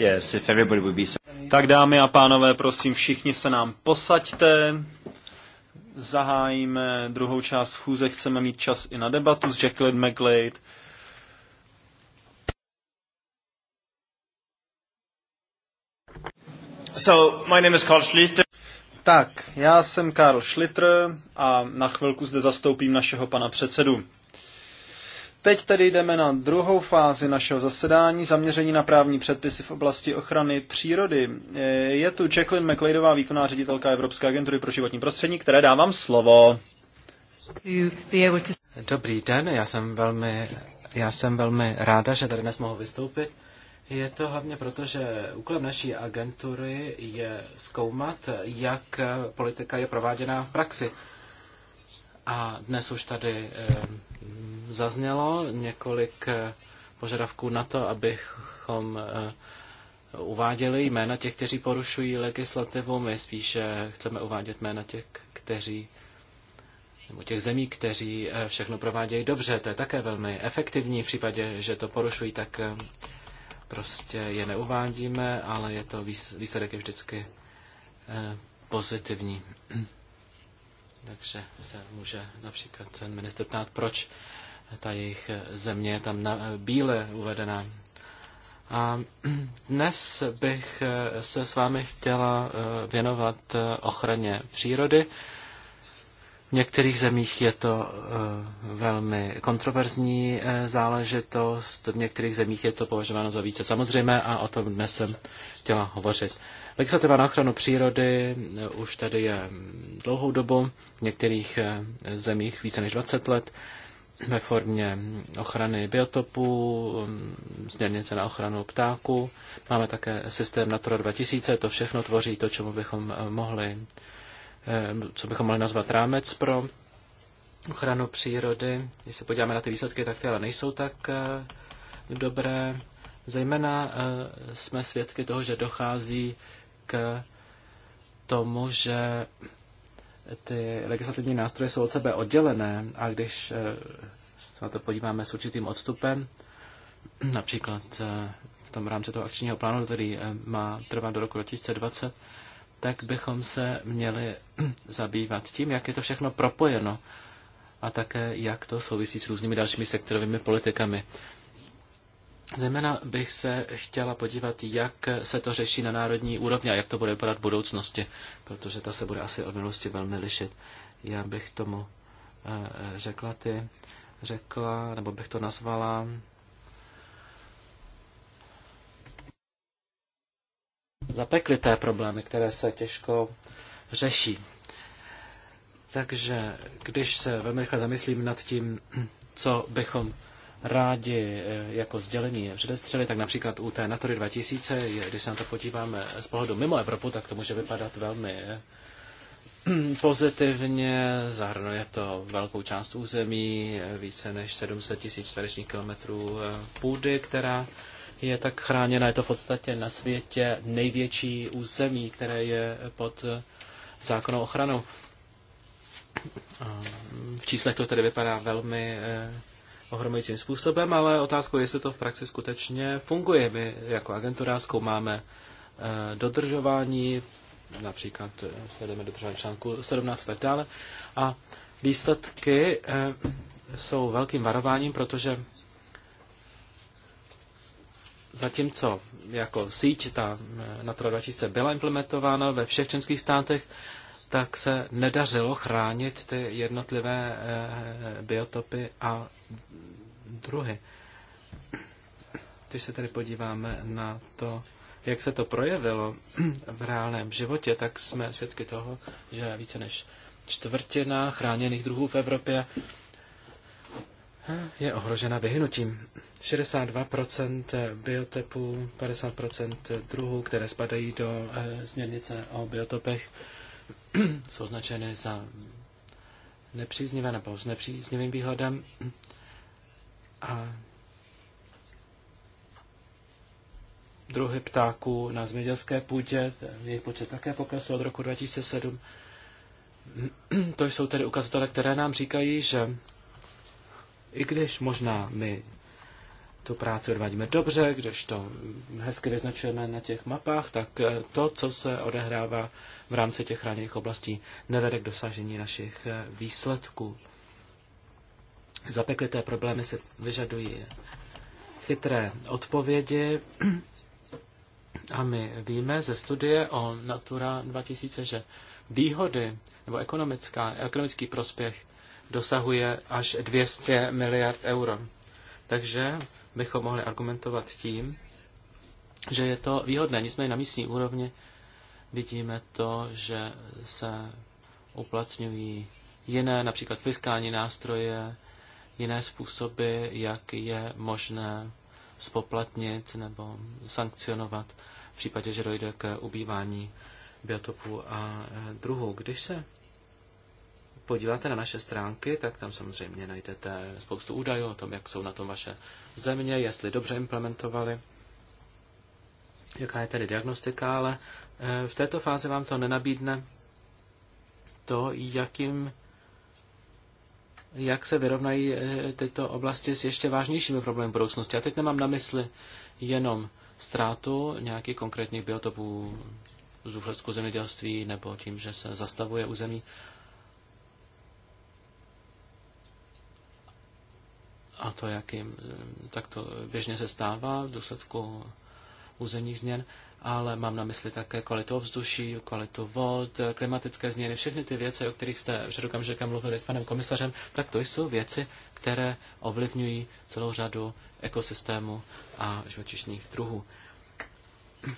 Yes, if everybody would be... Tak dámy a pánové, prosím, všichni se nám posaďte. Zahájíme druhou část schůze, chceme mít čas i na debatu s Jacqueline McLeod. So, my name is Karl Schlitter. Tak, já jsem Karl Schlitter a na chvilku zde zastoupím našeho pana předsedu. Teď tedy jdeme na druhou fázi našeho zasedání, zaměření na právní předpisy v oblasti ochrany přírody. Je tu Jacqueline McLeodová, výkonná ředitelka Evropské agentury pro životní prostředí, které dávám slovo. Dobrý den, já jsem velmi, já jsem velmi ráda, že tady dnes mohu vystoupit. Je to hlavně proto, že úkolem naší agentury je zkoumat, jak politika je prováděná v praxi. A dnes už tady eh, zaznělo několik eh, požadavků na to, abychom eh, uváděli jména těch, kteří porušují legislativu. My spíše chceme uvádět jména těch, kteří nebo těch zemí, kteří eh, všechno provádějí dobře. To je také velmi efektivní v případě, že to porušují, tak prostě je neuvádíme, ale je to výsledek je vždycky pozitivní. Takže se může například ten minister ptát, proč ta jejich země je tam na bíle uvedená. A dnes bych se s vámi chtěla eh, věnovat eh, ochraně přírody. V některých zemích je to eh, velmi kontroverzní záležitost, v některých zemích je to považováno za více samozřejmé a o tom dnes jsem chtěla hovořit. Legislativa na ochranu přírody už tady je dlouhou dobu, v některých zemích více než 20 let ve formě ochrany biotopů, um, směrnice na ochranu ptáků. Máme také systém Natura 2000, to všechno tvoří to, čemu bychom eh, mohli, eh, co bychom mohli nazvat rámec pro ochranu přírody. Když se podíváme na ty výsledky, tak ty ale nejsou tak eh, dobré. Zejména jsme svědky toho, že dochází k tomu, že ty legislativní nástroje jsou od sebe oddělené a když eh, se na to podíváme s určitým odstupem, například eh, v tom rámci toho akčního plánu, který eh, má trvat do roku 2020, tak bychom se měli zabývat tím, jak je to všechno propojeno a také jak to souvisí s různými dalšími sektorovými politikami. Zejména bych se chtěla podívat, jak se to řeší na národní úrovni a jak to bude vypadat v budoucnosti, protože ta se bude asi od minulosti velmi lišit. Já bych tomu eh, řekla ty, řekla, nebo bych to nazvala zapeklité problémy, které se těžko řeší. Takže když se velmi rychle zamyslím nad tím, co bychom rádi eh, jako sdělení předestřeli, tak například u té Natury 2000, když se na to podíváme eh, z pohledu mimo Evropu, tak to může vypadat velmi eh, pozitivně. Zahrnuje to velkou část území, více než 700 tisíc čtverečních kilometrů půdy, která je tak chráněna. Je to v podstatě na světě největší území, které je pod zákonnou ochranou. V číslech to tedy vypadá velmi ohromujícím způsobem, ale otázkou je, jestli to v praxi skutečně funguje. My jako agentura zkoumáme eh, dodržování, například eh, sledujeme dodržování článku 17 a tak dále. A výsledky eh, jsou velkým varováním, protože zatímco jako síť ta Natura 2000 byla implementována ve všech členských státech, tak se nedařilo chránit ty jednotlivé eh, biotopy a druhy. Když se tedy podíváme na to, jak se to projevilo v reálném životě, tak jsme svědky toho, že více než čtvrtina chráněných druhů v Evropě eh, je ohrožena vyhnutím. 62% biotopů, 50% druhů, které spadají do e, směrnice o biotopech, jsou označeny za nepříznivé nebo s nepříznivým výhledem. A druhy ptáků na zemědělské půdě, jejich počet také poklesl od roku 2007. To jsou tedy ukazatele, které nám říkají, že i když možná my tu práci odvádíme dobře, když to hezky vyznačujeme na těch mapách, tak eh, to, co se odehrává v rámci těch chráněných oblastí, nevede k dosažení našich eh, výsledků. Zapeklité problémy se vyžadují chytré odpovědi a my víme ze studie o Natura 2000, že výhody nebo ekonomická, ekonomický prospěch dosahuje až 200 miliard euro. Takže bychom mohli argumentovat tím, že je to výhodné. Nicméně na místní úrovni vidíme to, že se uplatňují jiné, například fiskální nástroje, jiné způsoby, jak je možné spoplatnit nebo sankcionovat v případě, že dojde k ubývání biotopů a eh, druhů. Když se podíváte na naše stránky, tak tam samozřejmě najdete spoustu údajů o tom, jak jsou na tom vaše země, jestli dobře implementovali, jaká je tedy diagnostika, ale eh, v této fázi vám to nenabídne to, jakým jak se vyrovnají eh, tyto oblasti s ještě vážnějšími problémy budoucnosti. A teď nemám na mysli jenom ztrátu nějakých konkrétních biotopů z důsledku zemědělství nebo tím, že se zastavuje území a to, jak jim eh, tak to běžně se stává v důsledku územních změn, ale mám na mysli také kvalitu ovzduší, kvalitu vod, klimatické změny, všechny ty věci, o kterých jste před okamžikem mluvili s panem komisařem, tak to jsou věci, které ovlivňují celou řadu ekosystému a živočišních druhů.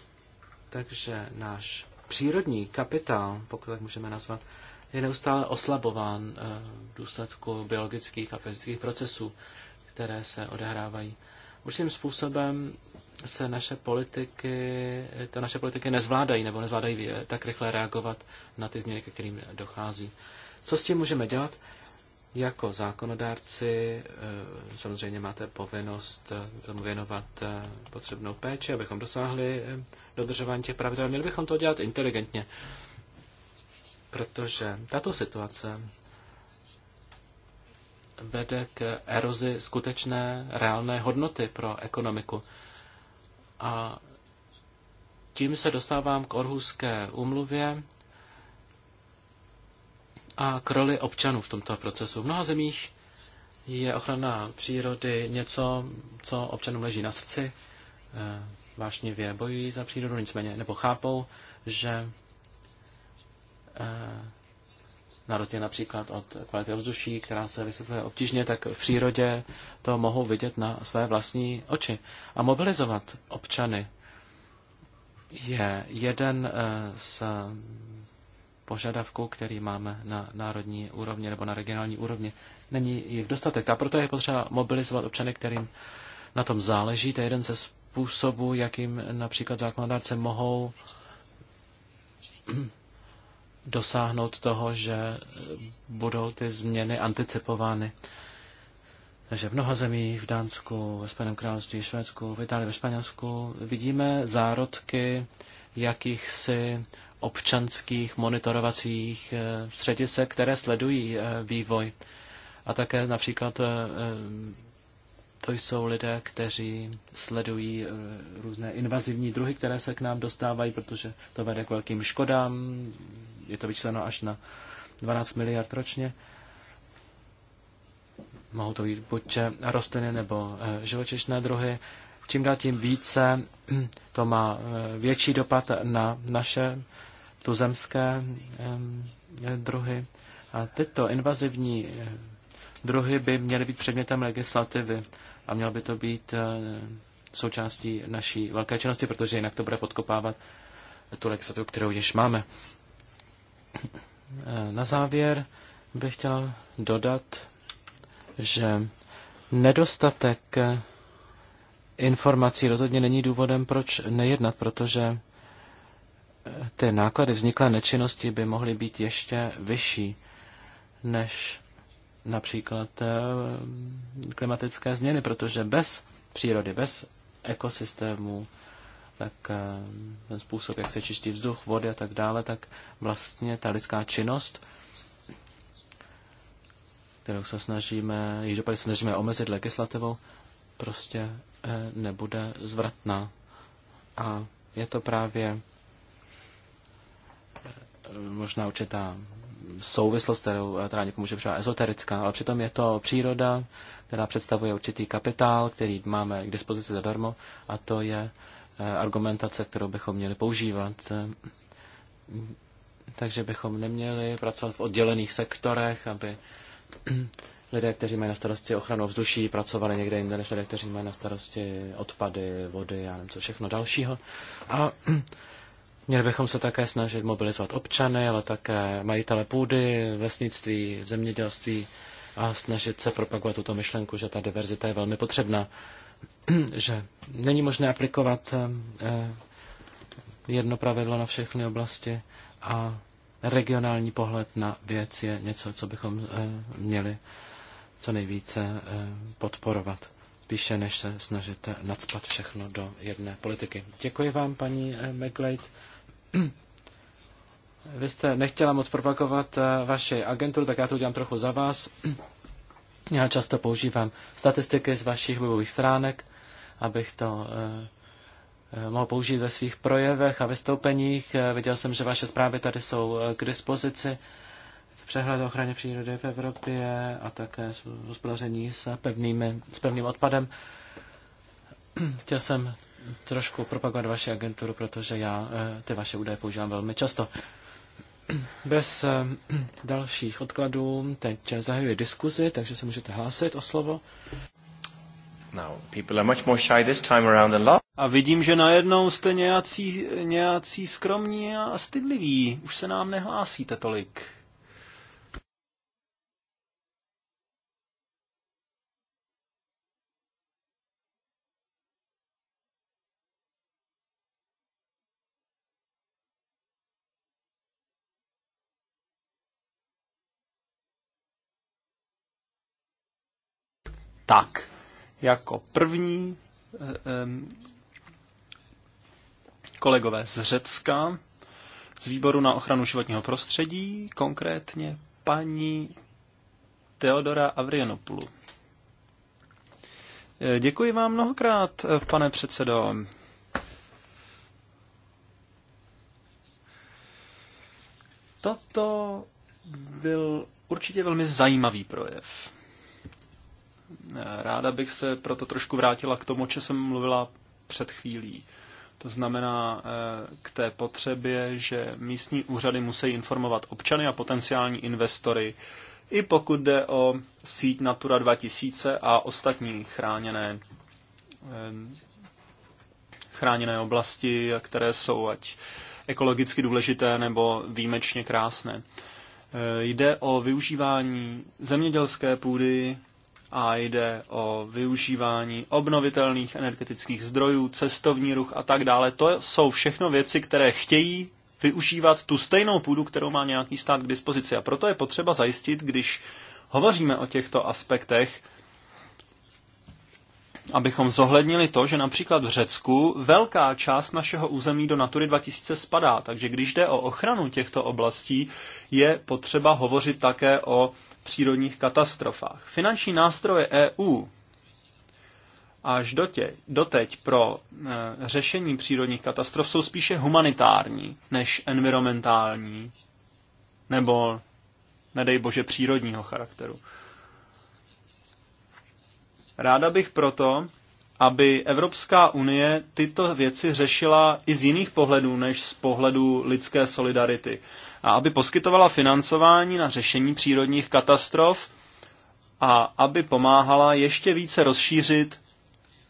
Takže náš přírodní kapitál, pokud tak můžeme nazvat, je neustále oslabován eh, v důsledku biologických a fyzických procesů které se odehrávají. Určitým způsobem se naše politiky, to naše politiky nezvládají nebo nezvládají tak rychle reagovat na ty změny, ke kterým dochází. Co s tím můžeme dělat? Jako zákonodárci eh, samozřejmě máte povinnost eh, tomu věnovat eh, potřebnou péči, abychom dosáhli dodržování těch pravidel. Měli bychom to dělat inteligentně, protože tato situace vede k erozi skutečné reálné hodnoty pro ekonomiku. A tím se dostávám k Orhuské umluvě a k roli občanů v tomto procesu. V mnoha zemích je ochrana přírody něco, co občanům leží na srdci, eh, vášnivě bojují za přírodu, nicméně nebo chápou, že eh, na rozdíl například od kvality ovzduší, která se vysvětluje obtížně, tak v přírodě to mohou vidět na své vlastní oči. A mobilizovat občany je jeden eh, z požadavků, který máme na národní úrovni nebo na regionální úrovni. Není jich dostatek a proto je potřeba mobilizovat občany, kterým na tom záleží. To je jeden ze způsobů, jakým například zákonodárce mohou dosáhnout toho, že budou ty změny anticipovány. Takže v mnoha zemích, v Dánsku, ve Spojeném království, Švédsku, v Itálii, ve Španělsku, vidíme zárodky jakýchsi občanských monitorovacích eh, středisek, které sledují eh, vývoj. A také například eh, to jsou lidé, kteří sledují různé invazivní druhy, které se k nám dostávají, protože to vede k velkým škodám, je to vyčleno až na 12 miliard ročně. Mohou to být buď eh, rostliny nebo eh, živočišné druhy. Čím dál tím více hm, to má eh, větší dopad na naše tuzemské druhy. A tyto invazivní druhy by měly být předmětem legislativy a mělo by to být součástí naší velké činnosti, protože jinak to bude podkopávat tu legislativu, kterou již máme. Eh, na závěr bych chtěl dodat, že nedostatek eh, informací rozhodně není důvodem, proč nejednat, protože eh, ty náklady vzniklé nečinnosti by mohly být ještě vyšší než například klimatické změny, protože bez přírody, bez ekosystému tak eh, ten způsob, jak se čistí vzduch, vody a tak dále, tak vlastně ta lidská činnost, kterou se snažíme, již dopady se snažíme omezit legislativou, prostě eh, nebude zvratná. A je to právě eh, možná určitá souvislost, kterou, teda někomu může třeba ezoterická, ale přitom je to příroda, která představuje určitý kapitál, který máme k dispozici zadarmo, a to je Eh, argumentace, kterou bychom měli používat. Eh, takže bychom neměli pracovat v oddělených sektorech, aby lidé, kteří mají na starosti ochranu vzduší, pracovali někde jinde než lidé, kteří mají na starosti odpady, vody a nevím co všechno dalšího. A měli bychom se také snažit mobilizovat občany, ale také majitele půdy, vesnictví, zemědělství a snažit se propagovat tuto myšlenku, že ta diverzita je velmi potřebná. že není možné aplikovat eh, eh, jedno pravidlo na všechny oblasti a regionální pohled na věc je něco, co bychom eh, měli co nejvíce podporovat, spíše než se snažit nadspat všechno do jedné politiky. Děkuji vám, paní McGlade. Vy jste nechtěla moc propagovat vaši agenturu, tak já to udělám trochu za vás. Já často používám statistiky z vašich webových stránek, abych to eh, eh mohl použít ve svých projevech a vystoupeních. Eh, viděl jsem, že vaše zprávy tady jsou eh, k dispozici v přehledu ochraně přírody v Evropě a také hospodaření s, pevnými, s pevným odpadem. Chtěl jsem trošku propagovat vaši agenturu, protože já eh, ty vaše údaje používám velmi často. Bez eh, dalších odkladů teď zahajuje diskuzi, takže se můžete hlásit o slovo. Now, people are much more shy this time around than last. A vidím, že najednou jste nějací, nějací skromní a stydliví. Už se nám nehlásíte tolik. tak. Jako první ehm, kolegové z Řecka, z výboru na ochranu životního prostředí, konkrétně paní Teodora Avrianopulu. Eh, děkuji vám mnohokrát, eh, pane předsedo. Toto byl určitě velmi zajímavý projev. Ráda bych se proto trošku vrátila k tomu, o čem jsem mluvila před chvílí. To znamená eh, k té potřebě, že místní úřady musí informovat občany a potenciální investory, i pokud jde o síť Natura 2000 a ostatní chráněné, eh, chráněné oblasti, které jsou ať ekologicky důležité nebo výjimečně krásné. Eh, jde o využívání zemědělské půdy a jde o využívání obnovitelných energetických zdrojů, cestovní ruch a tak dále. To jsou všechno věci, které chtějí využívat tu stejnou půdu, kterou má nějaký stát k dispozici. A proto je potřeba zajistit, když hovoříme o těchto aspektech, abychom zohlednili to, že například v Řecku velká část našeho území do Natury 2000 spadá, takže když jde o ochranu těchto oblastí, je potřeba hovořit také o přírodních katastrofách. Finanční nástroje EU až dotě, doteď pro e, řešení přírodních katastrof jsou spíše humanitární než environmentální nebo, nedej bože, přírodního charakteru. Ráda bych proto aby Evropská unie tyto věci řešila i z jiných pohledů než z pohledu lidské solidarity a aby poskytovala financování na řešení přírodních katastrof a aby pomáhala ještě více rozšířit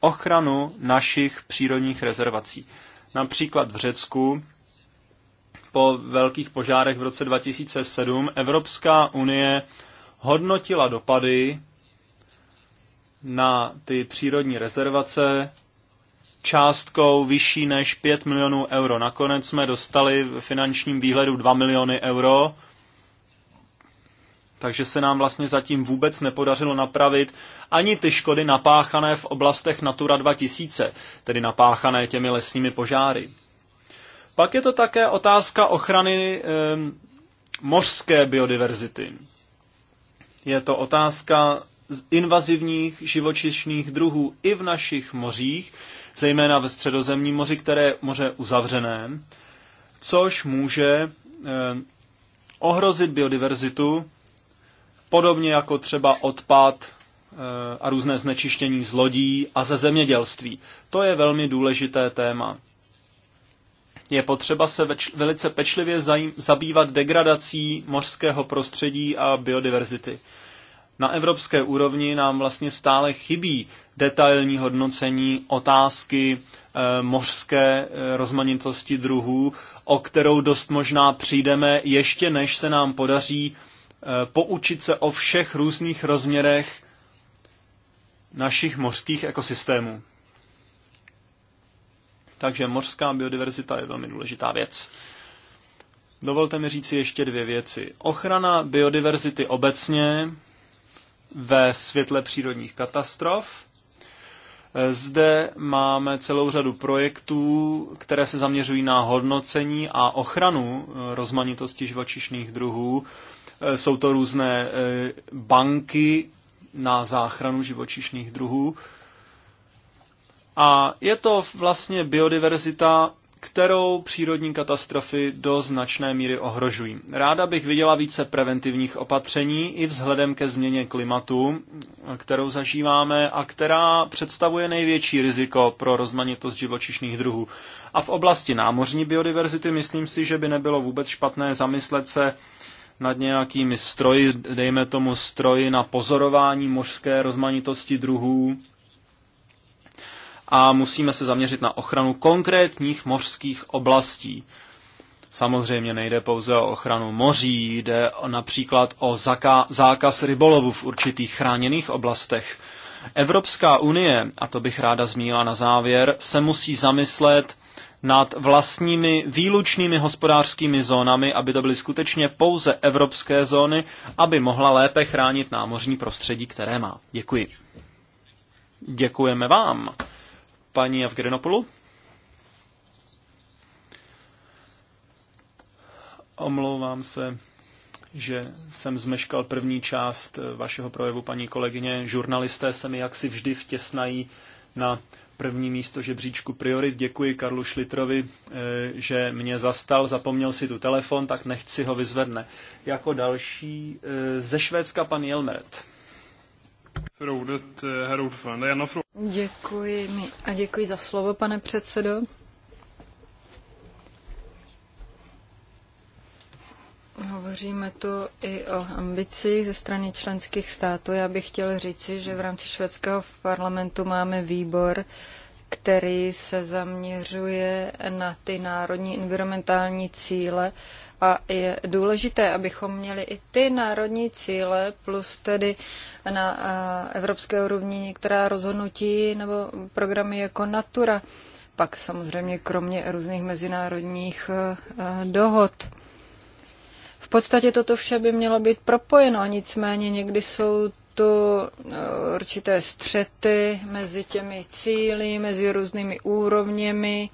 ochranu našich přírodních rezervací. Například v Řecku po velkých požárech v roce 2007 Evropská unie hodnotila dopady na ty přírodní rezervace částkou vyšší než 5 milionů euro. Nakonec jsme dostali v finančním výhledu 2 miliony euro, takže se nám vlastně zatím vůbec nepodařilo napravit ani ty škody napáchané v oblastech Natura 2000, tedy napáchané těmi lesními požáry. Pak je to také otázka ochrany eh, mořské biodiverzity. Je to otázka invazivních živočišných druhů i v našich mořích, zejména ve středozemním moři, které je moře uzavřené, což může eh, ohrozit biodiverzitu, podobně jako třeba odpad eh, a různé znečištění z lodí a ze zemědělství. To je velmi důležité téma. Je potřeba se več, velice pečlivě zabývat degradací mořského prostředí a biodiverzity na evropské úrovni nám vlastně stále chybí detailní hodnocení otázky e, mořské e, rozmanitosti druhů, o kterou dost možná přijdeme ještě než se nám podaří e, poučit se o všech různých rozměrech našich mořských ekosystémů. Takže mořská biodiverzita je velmi důležitá věc. Dovolte mi říci ještě dvě věci. Ochrana biodiverzity obecně ve světle přírodních katastrof. E, zde máme celou řadu projektů, které se zaměřují na hodnocení a ochranu e, rozmanitosti živočišných druhů. E, jsou to různé banky na záchranu živočišných druhů. A je to vlastně biodiverzita kterou přírodní katastrofy do značné míry ohrožují. Ráda bych viděla více preventivních opatření i vzhledem ke změně klimatu, kterou zažíváme a která představuje největší riziko pro rozmanitost živočišných druhů. A v oblasti námořní biodiverzity myslím si, že by nebylo vůbec špatné zamyslet se nad nějakými stroji, dejme tomu stroji na pozorování mořské rozmanitosti druhů, a musíme se zaměřit na ochranu konkrétních mořských oblastí. Samozřejmě nejde pouze o ochranu moří, jde například o zákaz rybolovu v určitých chráněných oblastech. Evropská unie, a to bych ráda zmínila na závěr, se musí zamyslet nad vlastními výlučnými hospodářskými zónami, aby to byly skutečně pouze evropské zóny, aby mohla lépe chránit námořní prostředí, které má. Děkuji. Děkujeme vám paní Avgrenopulu. Omlouvám se, že jsem zmeškal první část vašeho projevu, paní kolegyně. Žurnalisté se mi jaksi vždy vtěsnají na první místo žebříčku priorit. Děkuji Karlu Šlitrovi, eh, že mě zastal, zapomněl si tu telefon, tak nechci ho vyzvedne. Jako další eh, ze Švédska pan Jelmeret. Eh, děkuji mi a děkuji za slovo, pane předsedo. Hovoříme tu i o ambicích ze strany členských států. Já bych chtěl říci, že v rámci švédského parlamentu máme výbor, který se zaměřuje na ty národní environmentální cíle a je důležité, abychom měli i ty národní cíle, plus tedy na evropské úrovni některá rozhodnutí nebo programy jako Natura. Pak samozřejmě kromě různých mezinárodních dohod. V podstatě toto vše by mělo být propojeno, nicméně někdy jsou to e, určité střety mezi těmi cíly, mezi různými úrovněmi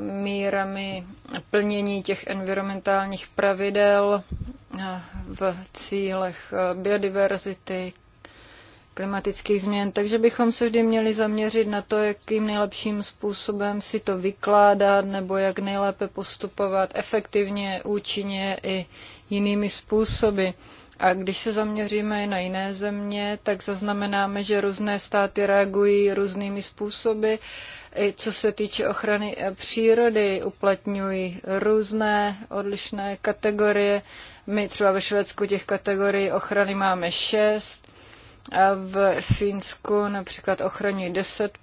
mírami plnění těch environmentálních pravidel v cílech biodiverzity, klimatických změn, takže bychom se vždy měli zaměřit na to, jakým nejlepším způsobem si to vykládat nebo jak nejlépe postupovat efektivně, účinně i jinými způsoby. A když se zaměříme na jiné země, tak zaznamenáme, že různé státy reagují různými způsoby. I co se týče ochrany eh, přírody, uplatňují různé odlišné kategorie. My třeba ve Švédsku těch kategorií ochrany máme šest v Finsku například ochraňují 10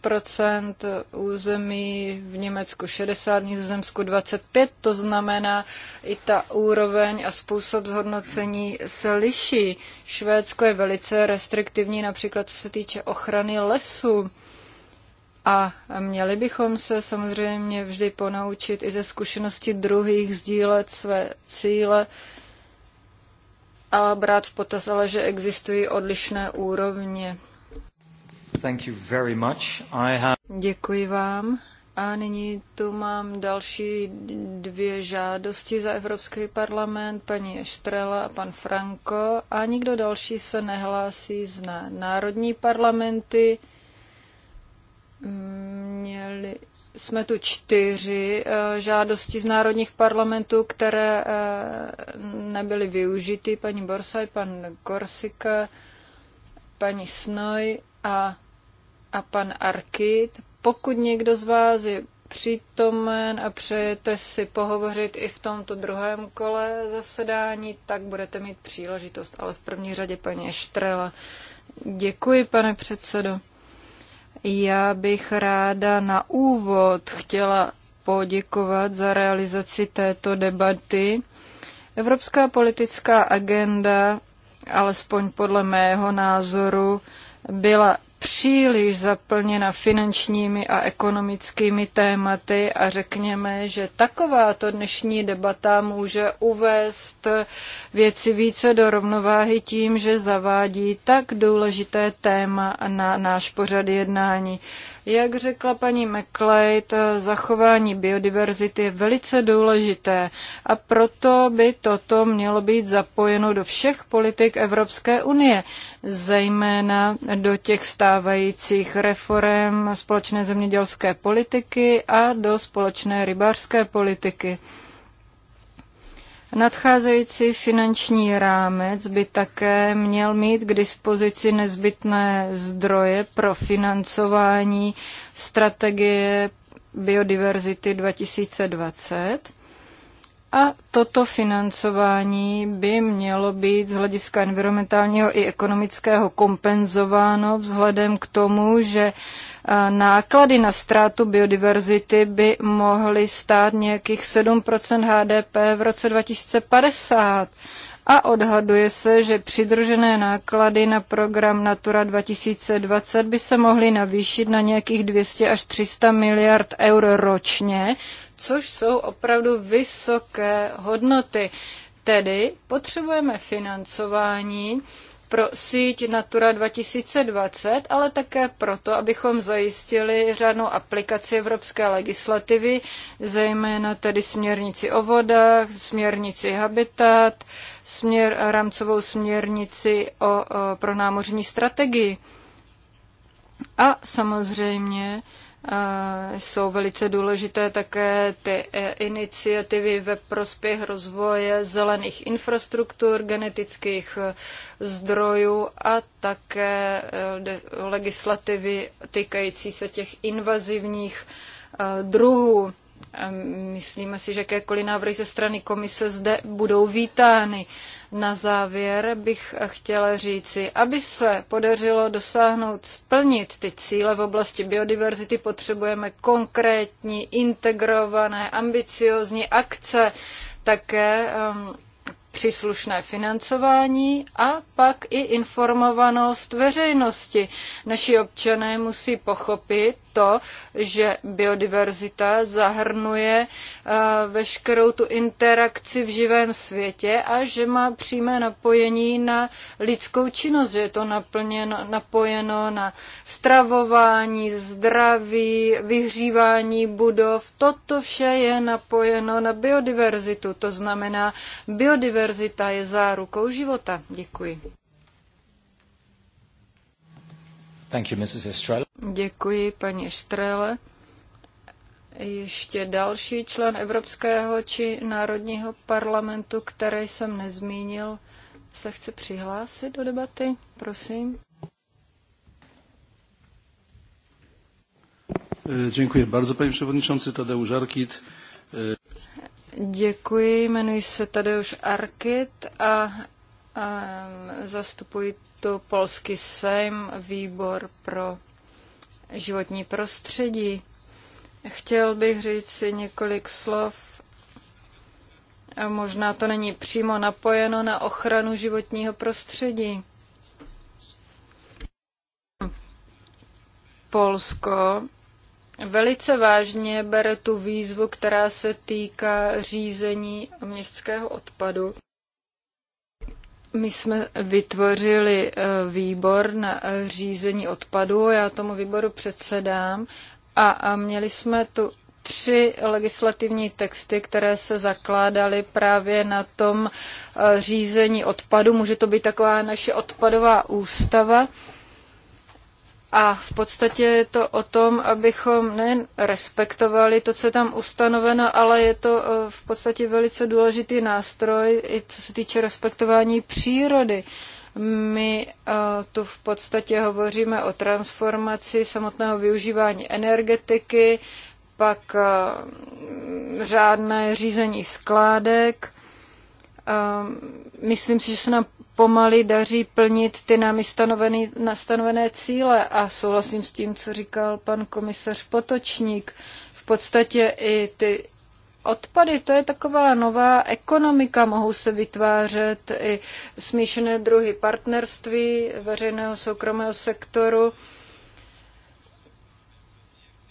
území, v Německu 60, v Nizozemsku 25. To znamená, i ta úroveň a způsob zhodnocení se liší. Švédsko je velice restriktivní, například co se týče ochrany lesu. A měli bychom se samozřejmě vždy ponaučit i ze zkušenosti druhých sdílet své cíle, a brát v potaz ale, že existují odlišné úrovně. Thank you very much. I have... Děkuji vám. A nyní tu mám další dvě žádosti za Evropský parlament, paní Eštrela a pan Franco. A nikdo další se nehlásí z národní parlamenty. Měli jsme tu čtyři eh, žádosti z národních parlamentů, které eh, nebyly využity. Paní Borsaj, pan Korsika, paní Snoj a, a pan Arkit. Pokud někdo z vás je přítomen a přejete si pohovořit i v tomto druhém kole zasedání, tak budete mít příležitost, ale v první řadě paní Štrela. Děkuji, pane předsedo. Já bych ráda na úvod chtěla poděkovat za realizaci této debaty. Evropská politická agenda, alespoň podle mého názoru, byla příliš zaplněna finančními a ekonomickými tématy a řekněme, že takováto dnešní debata může uvést věci více do rovnováhy tím, že zavádí tak důležité téma na náš pořad jednání. Jak řekla paní McLeod, zachování biodiverzity je velice důležité a proto by toto mělo být zapojeno do všech politik Evropské unie, zejména do těch stávajících reform společné zemědělské politiky a do společné rybářské politiky. Nadcházející finanční rámec by také měl mít k dispozici nezbytné zdroje pro financování strategie biodiverzity 2020 a toto financování by mělo být z hlediska environmentálního i ekonomického kompenzováno vzhledem k tomu, že náklady na ztrátu biodiverzity by mohly stát nějakých 7 HDP v roce 2050 a odhaduje se, že přidružené náklady na program Natura 2020 by se mohly navýšit na nějakých 200 až 300 miliard eur ročně, což jsou opravdu vysoké hodnoty. Tedy potřebujeme financování, pro síť Natura 2020, ale také proto, abychom zajistili řádnou aplikaci evropské legislativy, zejména tedy směrnici o vodách, směrnici habitat, směr, rámcovou směrnici o, o, pro námořní strategii. A samozřejmě jsou velice důležité také ty e, iniciativy ve prospěch rozvoje zelených infrastruktur, genetických e, zdrojů a také e, legislativy týkající se těch invazivních druhů. Myslíme si, že jakékoliv návrhy ze strany komise zde budou vítány. Na závěr bych chtěla říci, aby se podařilo dosáhnout, splnit ty cíle v oblasti biodiverzity, potřebujeme konkrétní, integrované, ambiciozní akce, také um, příslušné financování a pak i informovanost veřejnosti. Naši občané musí pochopit, to, že biodiverzita zahrnuje eh, veškerou tu interakci v živém světě a že má přímé napojení na lidskou činnost, že je to naplněno, napojeno na stravování, zdraví, vyhřívání budov. Toto vše je napojeno na biodiverzitu, to znamená, biodiverzita je zárukou života. Děkuji. Thank you, Mrs. Estrella. Děkuji, paní Štrele. Ještě další člen Evropského či Národního parlamentu, který jsem nezmínil, se chce přihlásit do debaty. Prosím. Děkuji bardzo, paní předsedající. Tadeusz Arkit. Děkuji, jmenuji se Tadeusz Arkit a, a zastupuji to polský sejm, výbor pro životní prostředí. Chtěl bych říct si několik slov. a Možná to není přímo napojeno na ochranu životního prostředí. Polsko velice vážně bere tu výzvu, která se týká řízení městského odpadu. My jsme vytvořili eh, výbor na eh, řízení odpadu, já tomu výboru předsedám, a, a měli jsme tu tři legislativní texty, které se zakládaly právě na tom eh, řízení odpadu. Může to být taková naše odpadová ústava. A v podstatě je to o tom, abychom nejen respektovali to, co je tam ustanoveno, ale je to eh, v podstatě velice důležitý nástroj, i co se týče respektování přírody. My eh, tu v podstatě hovoříme o transformaci samotného využívání energetiky, pak eh, řádné řízení skládek. Myslím si, že se nám pomaly daří plnit ty námi stanovený, nastanovené cíle a souhlasím s tím, co říkal pan komisař Potočník. V podstatě i ty odpady, to je taková nová ekonomika, mohou se vytvářet i smíšené druhy partnerství veřejného soukromého sektoru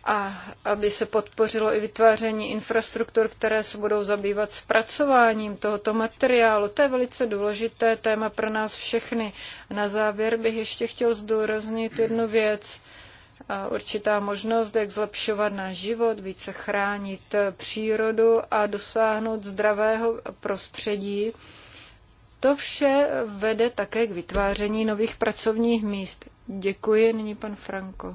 a aby se podpořilo i vytváření infrastruktur, které se budou zabývat zpracováním tohoto materiálu. To je velice důležité téma pro nás všechny. Na závěr bych ještě chtěl zdůraznit jednu věc. A určitá možnost, jak zlepšovat náš život, více chránit přírodu a dosáhnout zdravého prostředí. To vše vede také k vytváření nových pracovních míst. Děkuji, nyní pan Franko.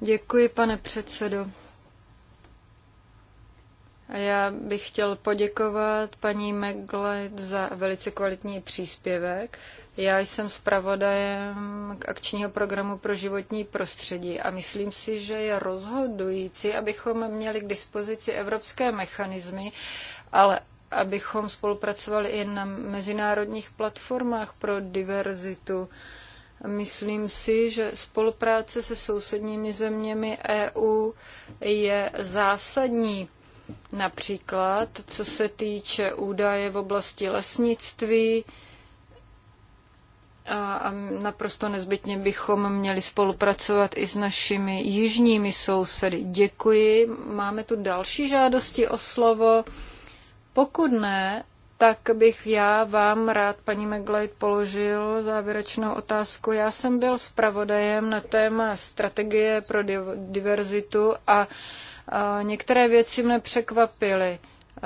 Děkuji, pane předsedo. A já bych chtěl poděkovat paní Megled za velice kvalitní příspěvek. Já jsem zpravodajem k akčního programu pro životní prostředí a myslím si, že je rozhodující, abychom měli k dispozici evropské mechanismy, ale abychom spolupracovali i na mezinárodních platformách pro diverzitu. Myslím si, že spolupráce se sousedními zeměmi EU je zásadní. Například, co se týče údaje v oblasti lesnictví, a naprosto nezbytně bychom měli spolupracovat i s našimi jižními sousedy. Děkuji. Máme tu další žádosti o slovo. Pokud ne, tak bych já vám rád, paní McGlade, položil závěrečnou otázku. Já jsem byl zpravodajem na téma strategie pro diverzitu a některé věci mne překvapily.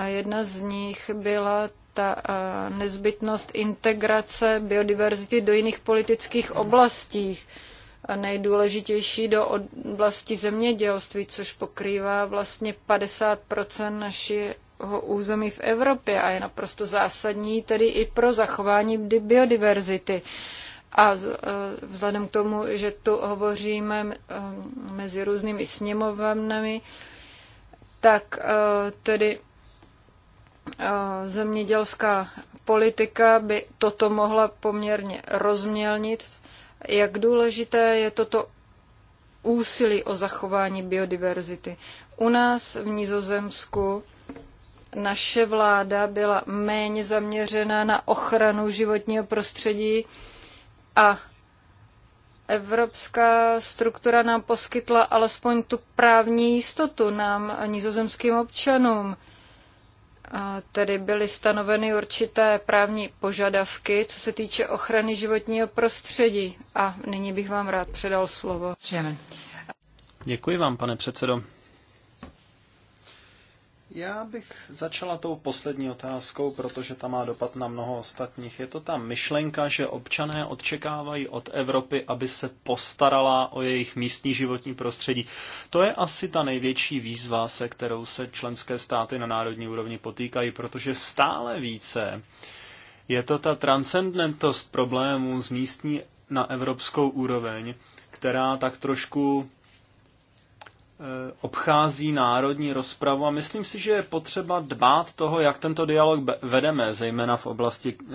jedna z nich byla ta nezbytnost integrace biodiverzity do jiných politických oblastí. A nejdůležitější do oblasti zemědělství, což pokrývá vlastně 50 naší území v Evropě a je naprosto zásadní tedy i pro zachování biodiverzity. A e, vzhledem k tomu, že tu hovoříme e, mezi různými sněmovnami, tak e, tedy zemědělská politika by toto mohla poměrně rozmělnit. Jak důležité je toto úsilí o zachování biodiverzity? U nás v Nizozemsku naše vláda byla méně zaměřena na ochranu životního prostředí a evropská struktura nám poskytla alespoň tu právní jistotu nám nizozemským občanům. A tedy byly stanoveny určité právní požadavky, co se týče ochrany životního prostředí. A nyní bych vám rád předal slovo. Děkuji vám, pane předsedo. Já bych začala tou poslední otázkou, protože ta má dopad na mnoho ostatních. Je to ta myšlenka, že občané očekávají od Evropy, aby se postarala o jejich místní životní prostředí. To je asi ta největší výzva, se kterou se členské státy na národní úrovni potýkají, protože stále více je to ta transcendentnost problémů z místní na evropskou úroveň, která tak trošku Eh, obchází národní rozpravu a myslím si, že je potřeba dbát toho, jak tento dialog vedeme, zejména v oblasti eh,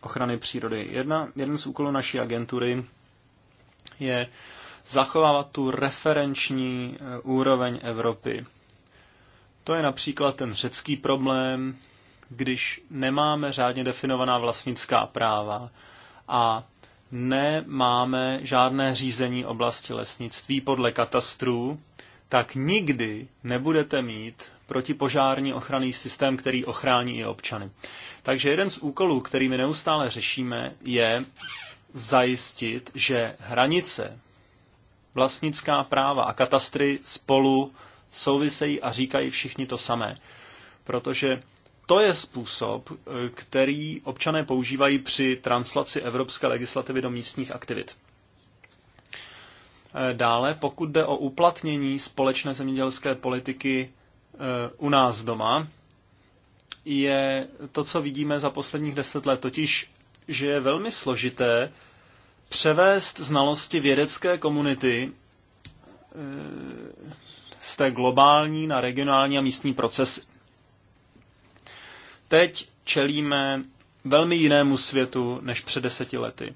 ochrany přírody. Jedna, jeden z úkolů naší agentury je zachovávat tu referenční eh, úroveň Evropy. To je například ten řecký problém, když nemáme řádně definovaná vlastnická práva a nemáme žádné řízení oblasti lesnictví podle katastrů, tak nikdy nebudete mít protipožární ochranný systém, který ochrání i občany. Takže jeden z úkolů, který my neustále řešíme, je zajistit, že hranice, vlastnická práva a katastry spolu souvisejí a říkají všichni to samé. Protože to je způsob, eh, který občané používají při translaci evropské legislativy do místních aktivit. Eh, dále, pokud jde o uplatnění společné zemědělské politiky eh, u nás doma, je to, co vidíme za posledních deset let, totiž, že je velmi složité převést znalosti vědecké komunity z té globální na regionální a místní proces Teď čelíme velmi jinému světu než před deseti lety.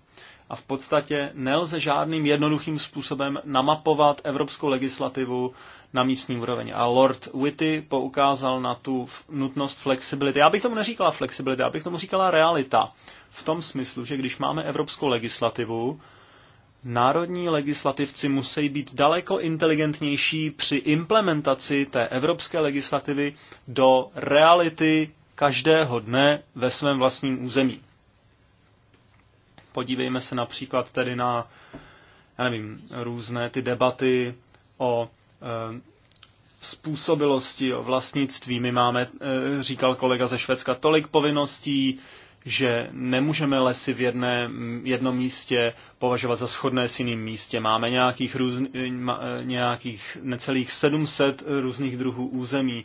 A v podstatě nelze žádným jednoduchým způsobem namapovat evropskou legislativu na místní úroveň. A Lord Whitty poukázal na tu nutnost flexibility. Já bych tomu neříkala flexibility, já bych tomu říkala realita. V tom smyslu, že když máme evropskou legislativu, národní legislativci musí být daleko inteligentnější při implementaci té evropské legislativy do reality každého dne ve svém vlastním území. Podívejme se například tedy na, já nevím, různé ty debaty o e, způsobilosti, o vlastnictví. My máme, e, říkal kolega ze Švédska, tolik povinností, že nemůžeme lesy v jedné, jednom místě považovat za shodné s jiným místě. Máme nějakých, růz, eh, nějakých necelých 700 různých druhů území.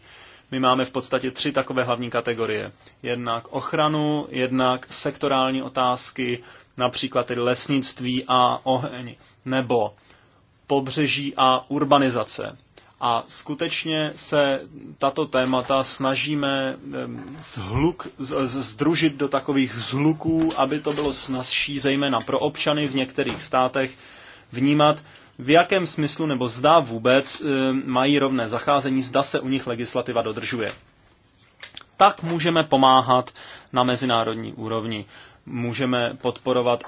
My máme v podstatě tři takové hlavní kategorie. Jednak ochranu, jednak sektorální otázky, například tedy lesnictví a oheň, nebo pobřeží a urbanizace. A skutečně se tato témata snažíme zhluk, združit do takových zhluků, aby to bylo snazší, zejména pro občany v některých státech, vnímat v jakém smyslu nebo zda vůbec eh, mají rovné zacházení, zda se u nich legislativa dodržuje. Tak můžeme pomáhat na mezinárodní úrovni. Můžeme podporovat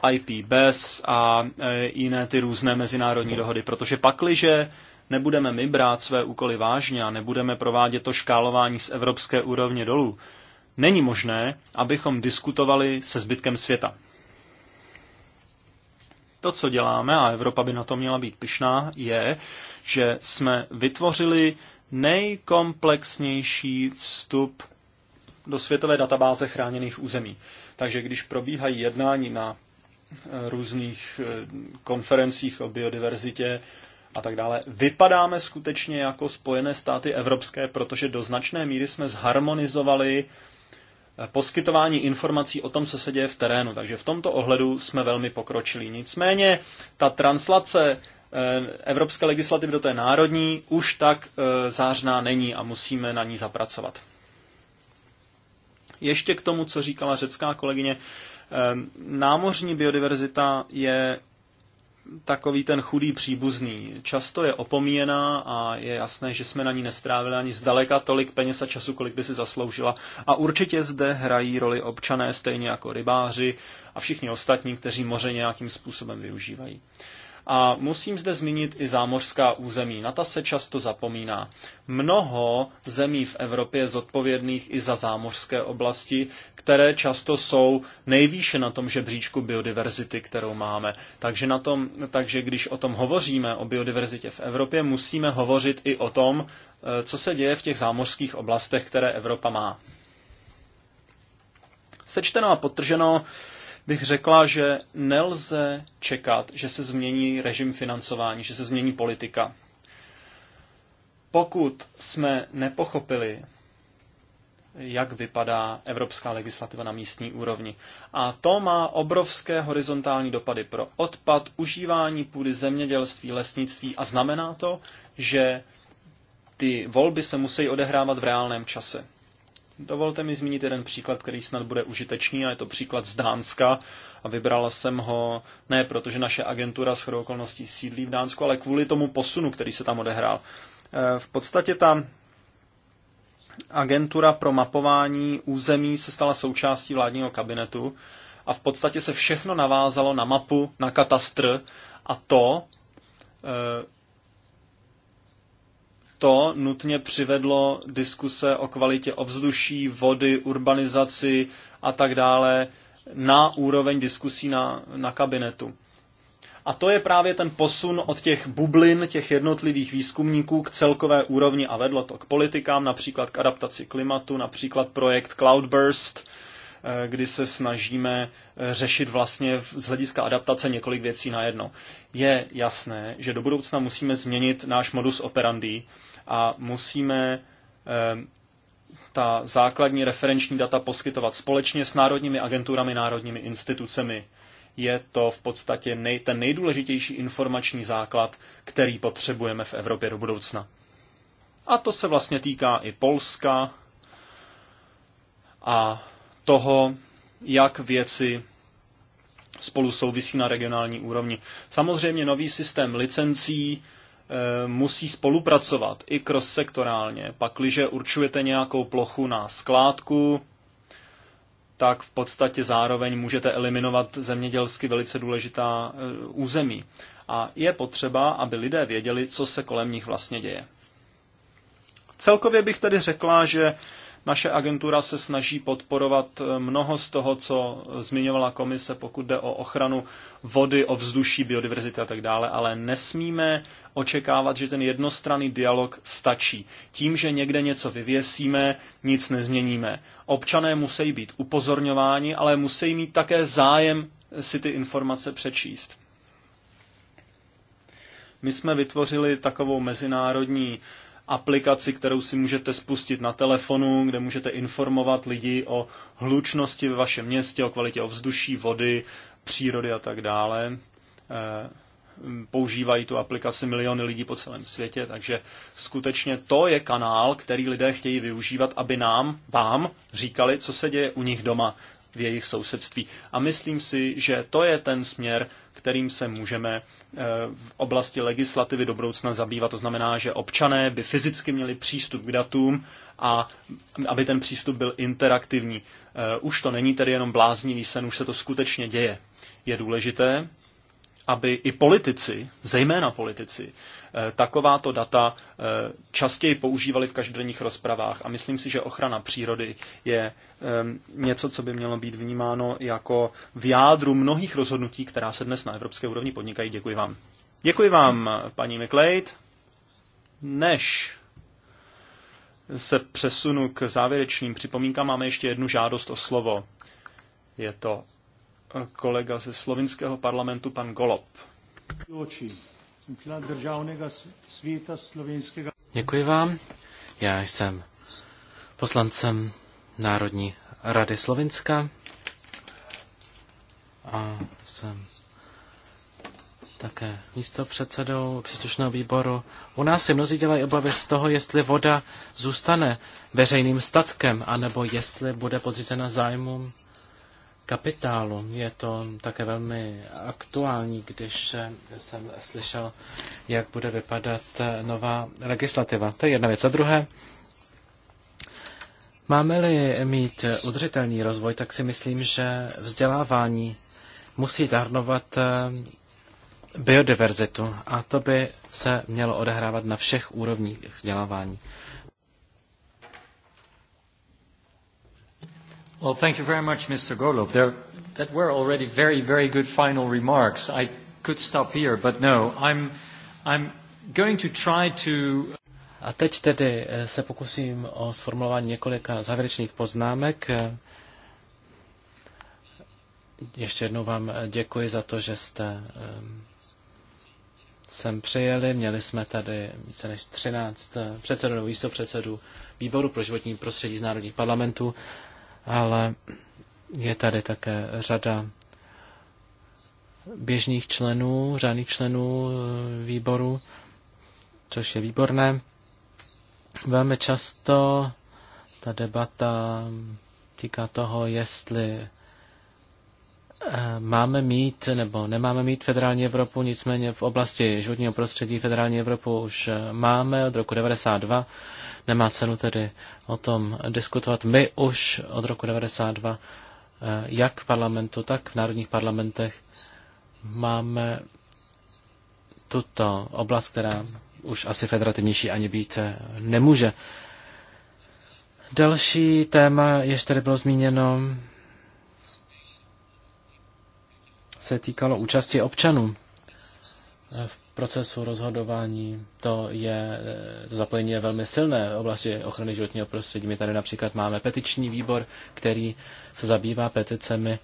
bez a eh, jiné ty různé mezinárodní dohody, protože pakliže nebudeme my brát své úkoly vážně a nebudeme provádět to škálování z evropské úrovně dolů, není možné, abychom diskutovali se zbytkem světa. To, co děláme, a Evropa by na to měla být pyšná, je, že jsme vytvořili nejkomplexnější vstup do světové databáze chráněných území. Takže když probíhají jednání na eh, různých eh, konferencích o biodiverzitě a tak dále, vypadáme skutečně jako Spojené státy evropské, protože do značné míry jsme zharmonizovali poskytování informací o tom, co se děje v terénu. Takže v tomto ohledu jsme velmi pokročili. Nicméně ta translace eh, evropské legislativy do té národní už tak eh, zářná není a musíme na ní zapracovat. Ještě k tomu, co říkala řecká kolegyně, ehm, námořní biodiverzita je takový ten chudý příbuzný. Často je opomíjená a je jasné, že jsme na ní nestrávili ani zdaleka tolik peněz a času, kolik by si zasloužila. A určitě zde hrají roli občané, stejně jako rybáři a všichni ostatní, kteří moře nějakým způsobem využívají. A musím zde zmínit i zámořská území. Na ta se často zapomíná. Mnoho zemí v Evropě je zodpovědných i za zámořské oblasti, které často jsou nejvýše na tom žebříčku biodiverzity, kterou máme. Takže, na tom, takže když o tom hovoříme, o biodiverzitě v Evropě, musíme hovořit i o tom, eh, co se děje v těch zámořských oblastech, které Evropa má. Sečteno a potrženo, bych řekla, že nelze čekat, že se změní režim financování, že se změní politika. Pokud jsme nepochopili, jak vypadá evropská legislativa na místní úrovni. A to má obrovské horizontální dopady pro odpad, užívání půdy, zemědělství, lesnictví a znamená to, že ty volby se musí odehrávat v reálném čase. Dovolte mi zmínit jeden příklad, který snad bude užitečný a je to příklad z Dánska a vybrala jsem ho ne protože naše agentura s okolností sídlí v Dánsku, ale kvůli tomu posunu, který se tam odehrál. E, v podstatě ta agentura pro mapování území se stala součástí vládního kabinetu a v podstatě se všechno navázalo na mapu, na katastr a to eh, to nutně přivedlo diskuse o kvalitě ovzduší, vody, urbanizaci a tak dále na úroveň diskusí na, na kabinetu. A to je právě ten posun od těch bublin, těch jednotlivých výzkumníků k celkové úrovni a vedlo to k politikám, například k adaptaci klimatu, například projekt Cloudburst, eh, kdy se snažíme eh, řešit vlastně z hlediska adaptace několik věcí na jedno. Je jasné, že do budoucna musíme změnit náš modus operandi a musíme eh, ta základní referenční data poskytovat společně s národními agenturami, národními institucemi je to v podstatě nej, ten nejdůležitější informační základ, který potřebujeme v Evropě do budoucna. A to se vlastně týká i Polska a toho, jak věci spolu souvisí na regionální úrovni. Samozřejmě nový systém licencí e, musí spolupracovat i cross-sektorálně. Pakliže určujete nějakou plochu na skládku, tak v podstatě zároveň můžete eliminovat zemědělsky velice důležitá eh, území. A je potřeba, aby lidé věděli, co se kolem nich vlastně děje. Celkově bych tedy řekla, že naše agentura se snaží podporovat eh, mnoho z toho, co zmiňovala komise, pokud jde o ochranu vody, o vzduší, biodiverzity a tak dále, ale nesmíme očekávat, že ten jednostranný dialog stačí. Tím, že někde něco vyvěsíme, nic nezměníme. Občané musí být upozorňováni, ale musí mít také zájem si ty informace přečíst. My jsme vytvořili takovou mezinárodní aplikaci, kterou si můžete spustit na telefonu, kde můžete informovat lidi o hlučnosti ve vašem městě, o kvalitě ovzduší, vody, přírody a tak dále. Eh, používají tu aplikaci miliony lidí po celém světě, takže skutečně to je kanál, který lidé chtějí využívat, aby nám, vám, říkali, co se děje u nich doma, v jejich sousedství. A myslím si, že to je ten směr, kterým se můžeme v oblasti legislativy do budoucna zabývat. To znamená, že občané by fyzicky měli přístup k datům a aby ten přístup byl interaktivní. Eh, už to není tedy jenom bláznivý sen, už se to skutečně děje. Je důležité, aby i politici, zejména politici, eh, takováto data eh, častěji používali v každodenních rozpravách. A myslím si, že ochrana přírody je ehm, něco, co by mělo být vnímáno jako v jádru mnohých rozhodnutí, která se dnes na evropské úrovni podnikají. Děkuji vám. Děkuji vám, paní McLeod. Než se přesunu k závěrečným připomínkám, máme ještě jednu žádost o slovo. Je to kolega ze slovinského parlamentu, pan Golob. Děkuji vám. Já jsem poslancem Národní rady Slovinska a jsem také místo předsedou příslušného výboru. U nás si mnozí dělají obavy z toho, jestli voda zůstane veřejným statkem, anebo jestli bude podřízena zájmům kapitálu. Je to také velmi aktuální, když jsem slyšel, jak bude vypadat nová legislativa. To je jedna věc. A druhé, máme-li mít udržitelný rozvoj, tak si myslím, že vzdělávání musí zahrnovat eh, biodiverzitu a to by se mělo odehrávat na všech úrovních vzdělávání. Well, thank you very much, Mr. Golub. There, that were already very, very good final remarks. I could stop here, but no, I'm, I'm going to try to... A teď tedy eh, se pokusím o sformulování několika závěrečných poznámek. Eh, ještě jednou vám eh, děkuji za to, že jste sem přijeli. Měli jsme tady více než 13 předsedů nebo místopředsedů výboru pro životní prostředí z národních parlamentů ale je tady také řada běžných členů, řádných členů eh, výboru, což je výborné. Velmi často ta debata mm, týká toho, jestli Eh, máme mít nebo nemáme mít federální Evropu, nicméně v oblasti životního prostředí federální Evropu už eh, máme od roku 92. Nemá cenu tedy o tom diskutovat. My už od roku 92 eh, jak v parlamentu, tak v národních parlamentech máme tuto oblast, která už asi federativnější ani být nemůže. Další téma, ještě tady bylo zmíněno, se týkalo účasti občanů v procesu rozhodování. To je, to zapojení je velmi silné v oblasti ochrany životního prostředí. My tady například máme petiční výbor, který se zabývá peticemi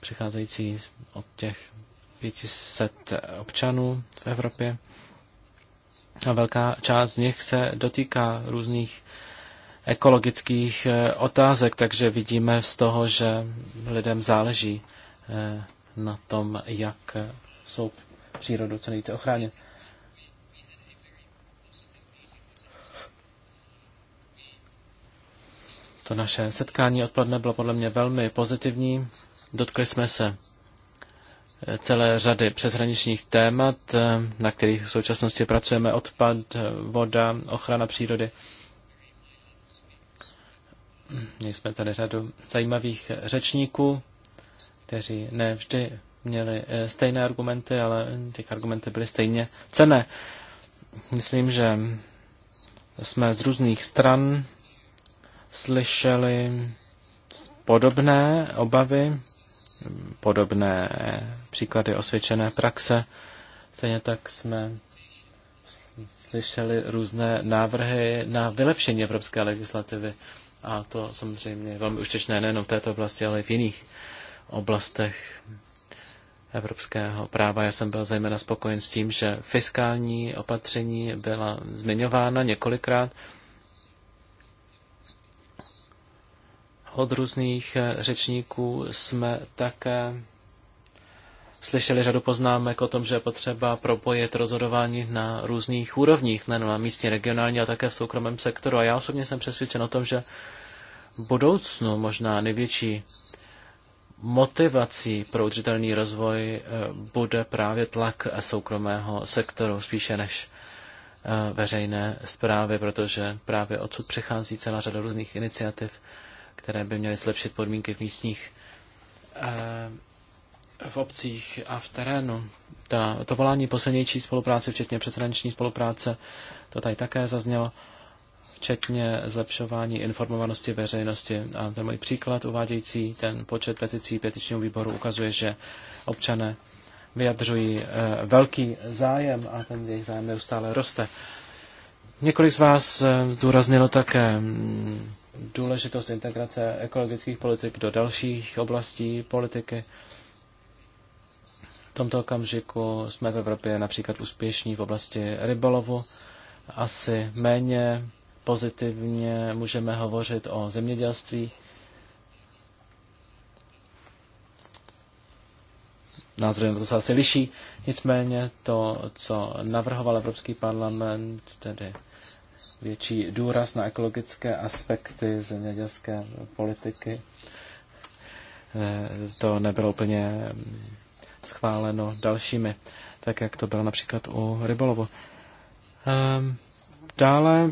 přicházející od těch 500 občanů v Evropě. A velká část z nich se dotýká různých ekologických eh, otázek, takže vidíme z toho, že lidem záleží Eh, na tom, jak jsou přírodu co nejvíce ochránit. To naše setkání odpoledne bylo podle mě velmi pozitivní. Dotkli jsme se eh, celé řady přeshraničních témat, eh, na kterých v současnosti pracujeme, odpad, voda, ochrana přírody. Měli jsme tady řadu zajímavých řečníků kteří ne vždy měli eh, stejné argumenty, ale ty argumenty byly stejně cené. Myslím, že jsme z různých stran slyšeli podobné obavy, podobné příklady osvědčené praxe. Stejně tak jsme slyšeli různé návrhy na vylepšení evropské legislativy. A to samozřejmě je velmi užitečné nejen v této oblasti, ale i v jiných oblastech evropského práva. Já jsem byl zejména spokojen s tím, že fiskální opatření byla zmiňována několikrát od různých eh, řečníků jsme také slyšeli řadu poznámek o tom, že je potřeba propojit rozhodování na různých úrovních, nejen na místní, regionální a také v soukromém sektoru. A já osobně jsem přesvědčen o tom, že v budoucnu možná největší motivací pro udržitelný rozvoj eh, bude právě tlak soukromého sektoru spíše než eh, veřejné zprávy, protože právě odsud přichází celá řada různých iniciativ, které by měly zlepšit podmínky v místních eh, v obcích a v terénu. Ta, to volání poslednější spolupráce včetně přeshraniční spolupráce, to tady také zaznělo včetně zlepšování informovanosti veřejnosti. A ten můj příklad uvádějící ten počet peticí petičního výboru ukazuje, že občané vyjadřují eh, velký zájem a ten jejich zájem neustále roste. Několik z vás eh, zdůraznilo také mm, důležitost integrace ekologických politik do dalších oblastí politiky. V tomto okamžiku jsme v Evropě například úspěšní v oblasti rybolovu, asi méně Pozitivně můžeme hovořit o zemědělství. Názory na to se asi liší. Nicméně to, co navrhoval Evropský parlament, tedy větší důraz na ekologické aspekty zemědělské politiky, eh, to nebylo úplně mm, schváleno dalšími, tak jak to bylo například u rybolovu. Ehm, dále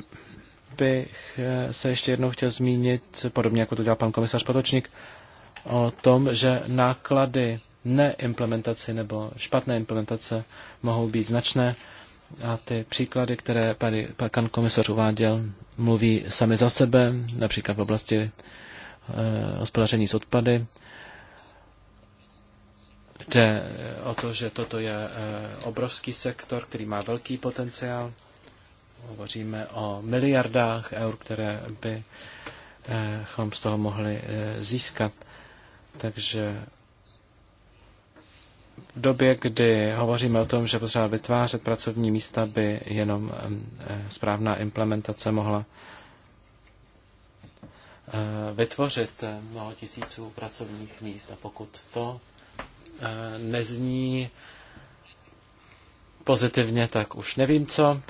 bych eh, se ještě jednou chtěl zmínit, podobně jako to dělal pan komisař Potočník, o tom, že náklady neimplementaci nebo špatné implementace mohou být značné. A ty příklady, které tady pan komisař uváděl, mluví sami za sebe, například v oblasti eh, hospodaření s odpady. Jde o to, že toto je eh, obrovský sektor, který má velký potenciál. Hovoříme o miliardách eur, které bychom eh, z toho mohli eh, získat. Takže v době, kdy hovoříme o tom, že potřeba vytvářet pracovní místa, by jenom eh, správná implementace mohla vytvořit mnoho tisíců pracovních míst. A pokud to nezní pozitivně, tak už nevím co.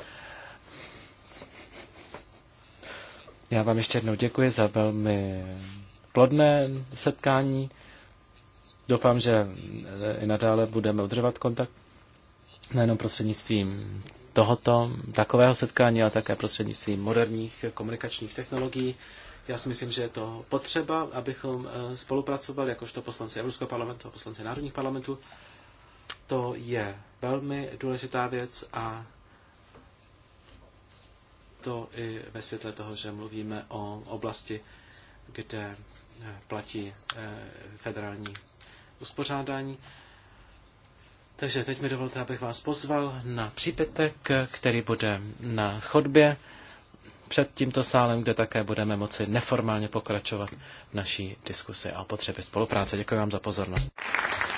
Já vám ještě jednou děkuji za velmi plodné setkání. Doufám, že i nadále budeme udržovat kontakt nejenom prostřednictvím tohoto takového setkání, ale také prostřednictvím moderních komunikačních technologií. Já si myslím, že je to potřeba, abychom eh, spolupracovali jakožto poslanci Evropského parlamentu a poslanci národních parlamentů. To je velmi důležitá věc a to i ve světle toho, že mluvíme o oblasti, kde eh, platí eh, federální uspořádání. Takže teď mi dovolte, abych vás pozval na přípitek, který bude na chodbě před tímto sálem, kde také budeme moci neformálně pokračovat v naší diskusi a potřeby spolupráce. Děkuji vám za pozornost.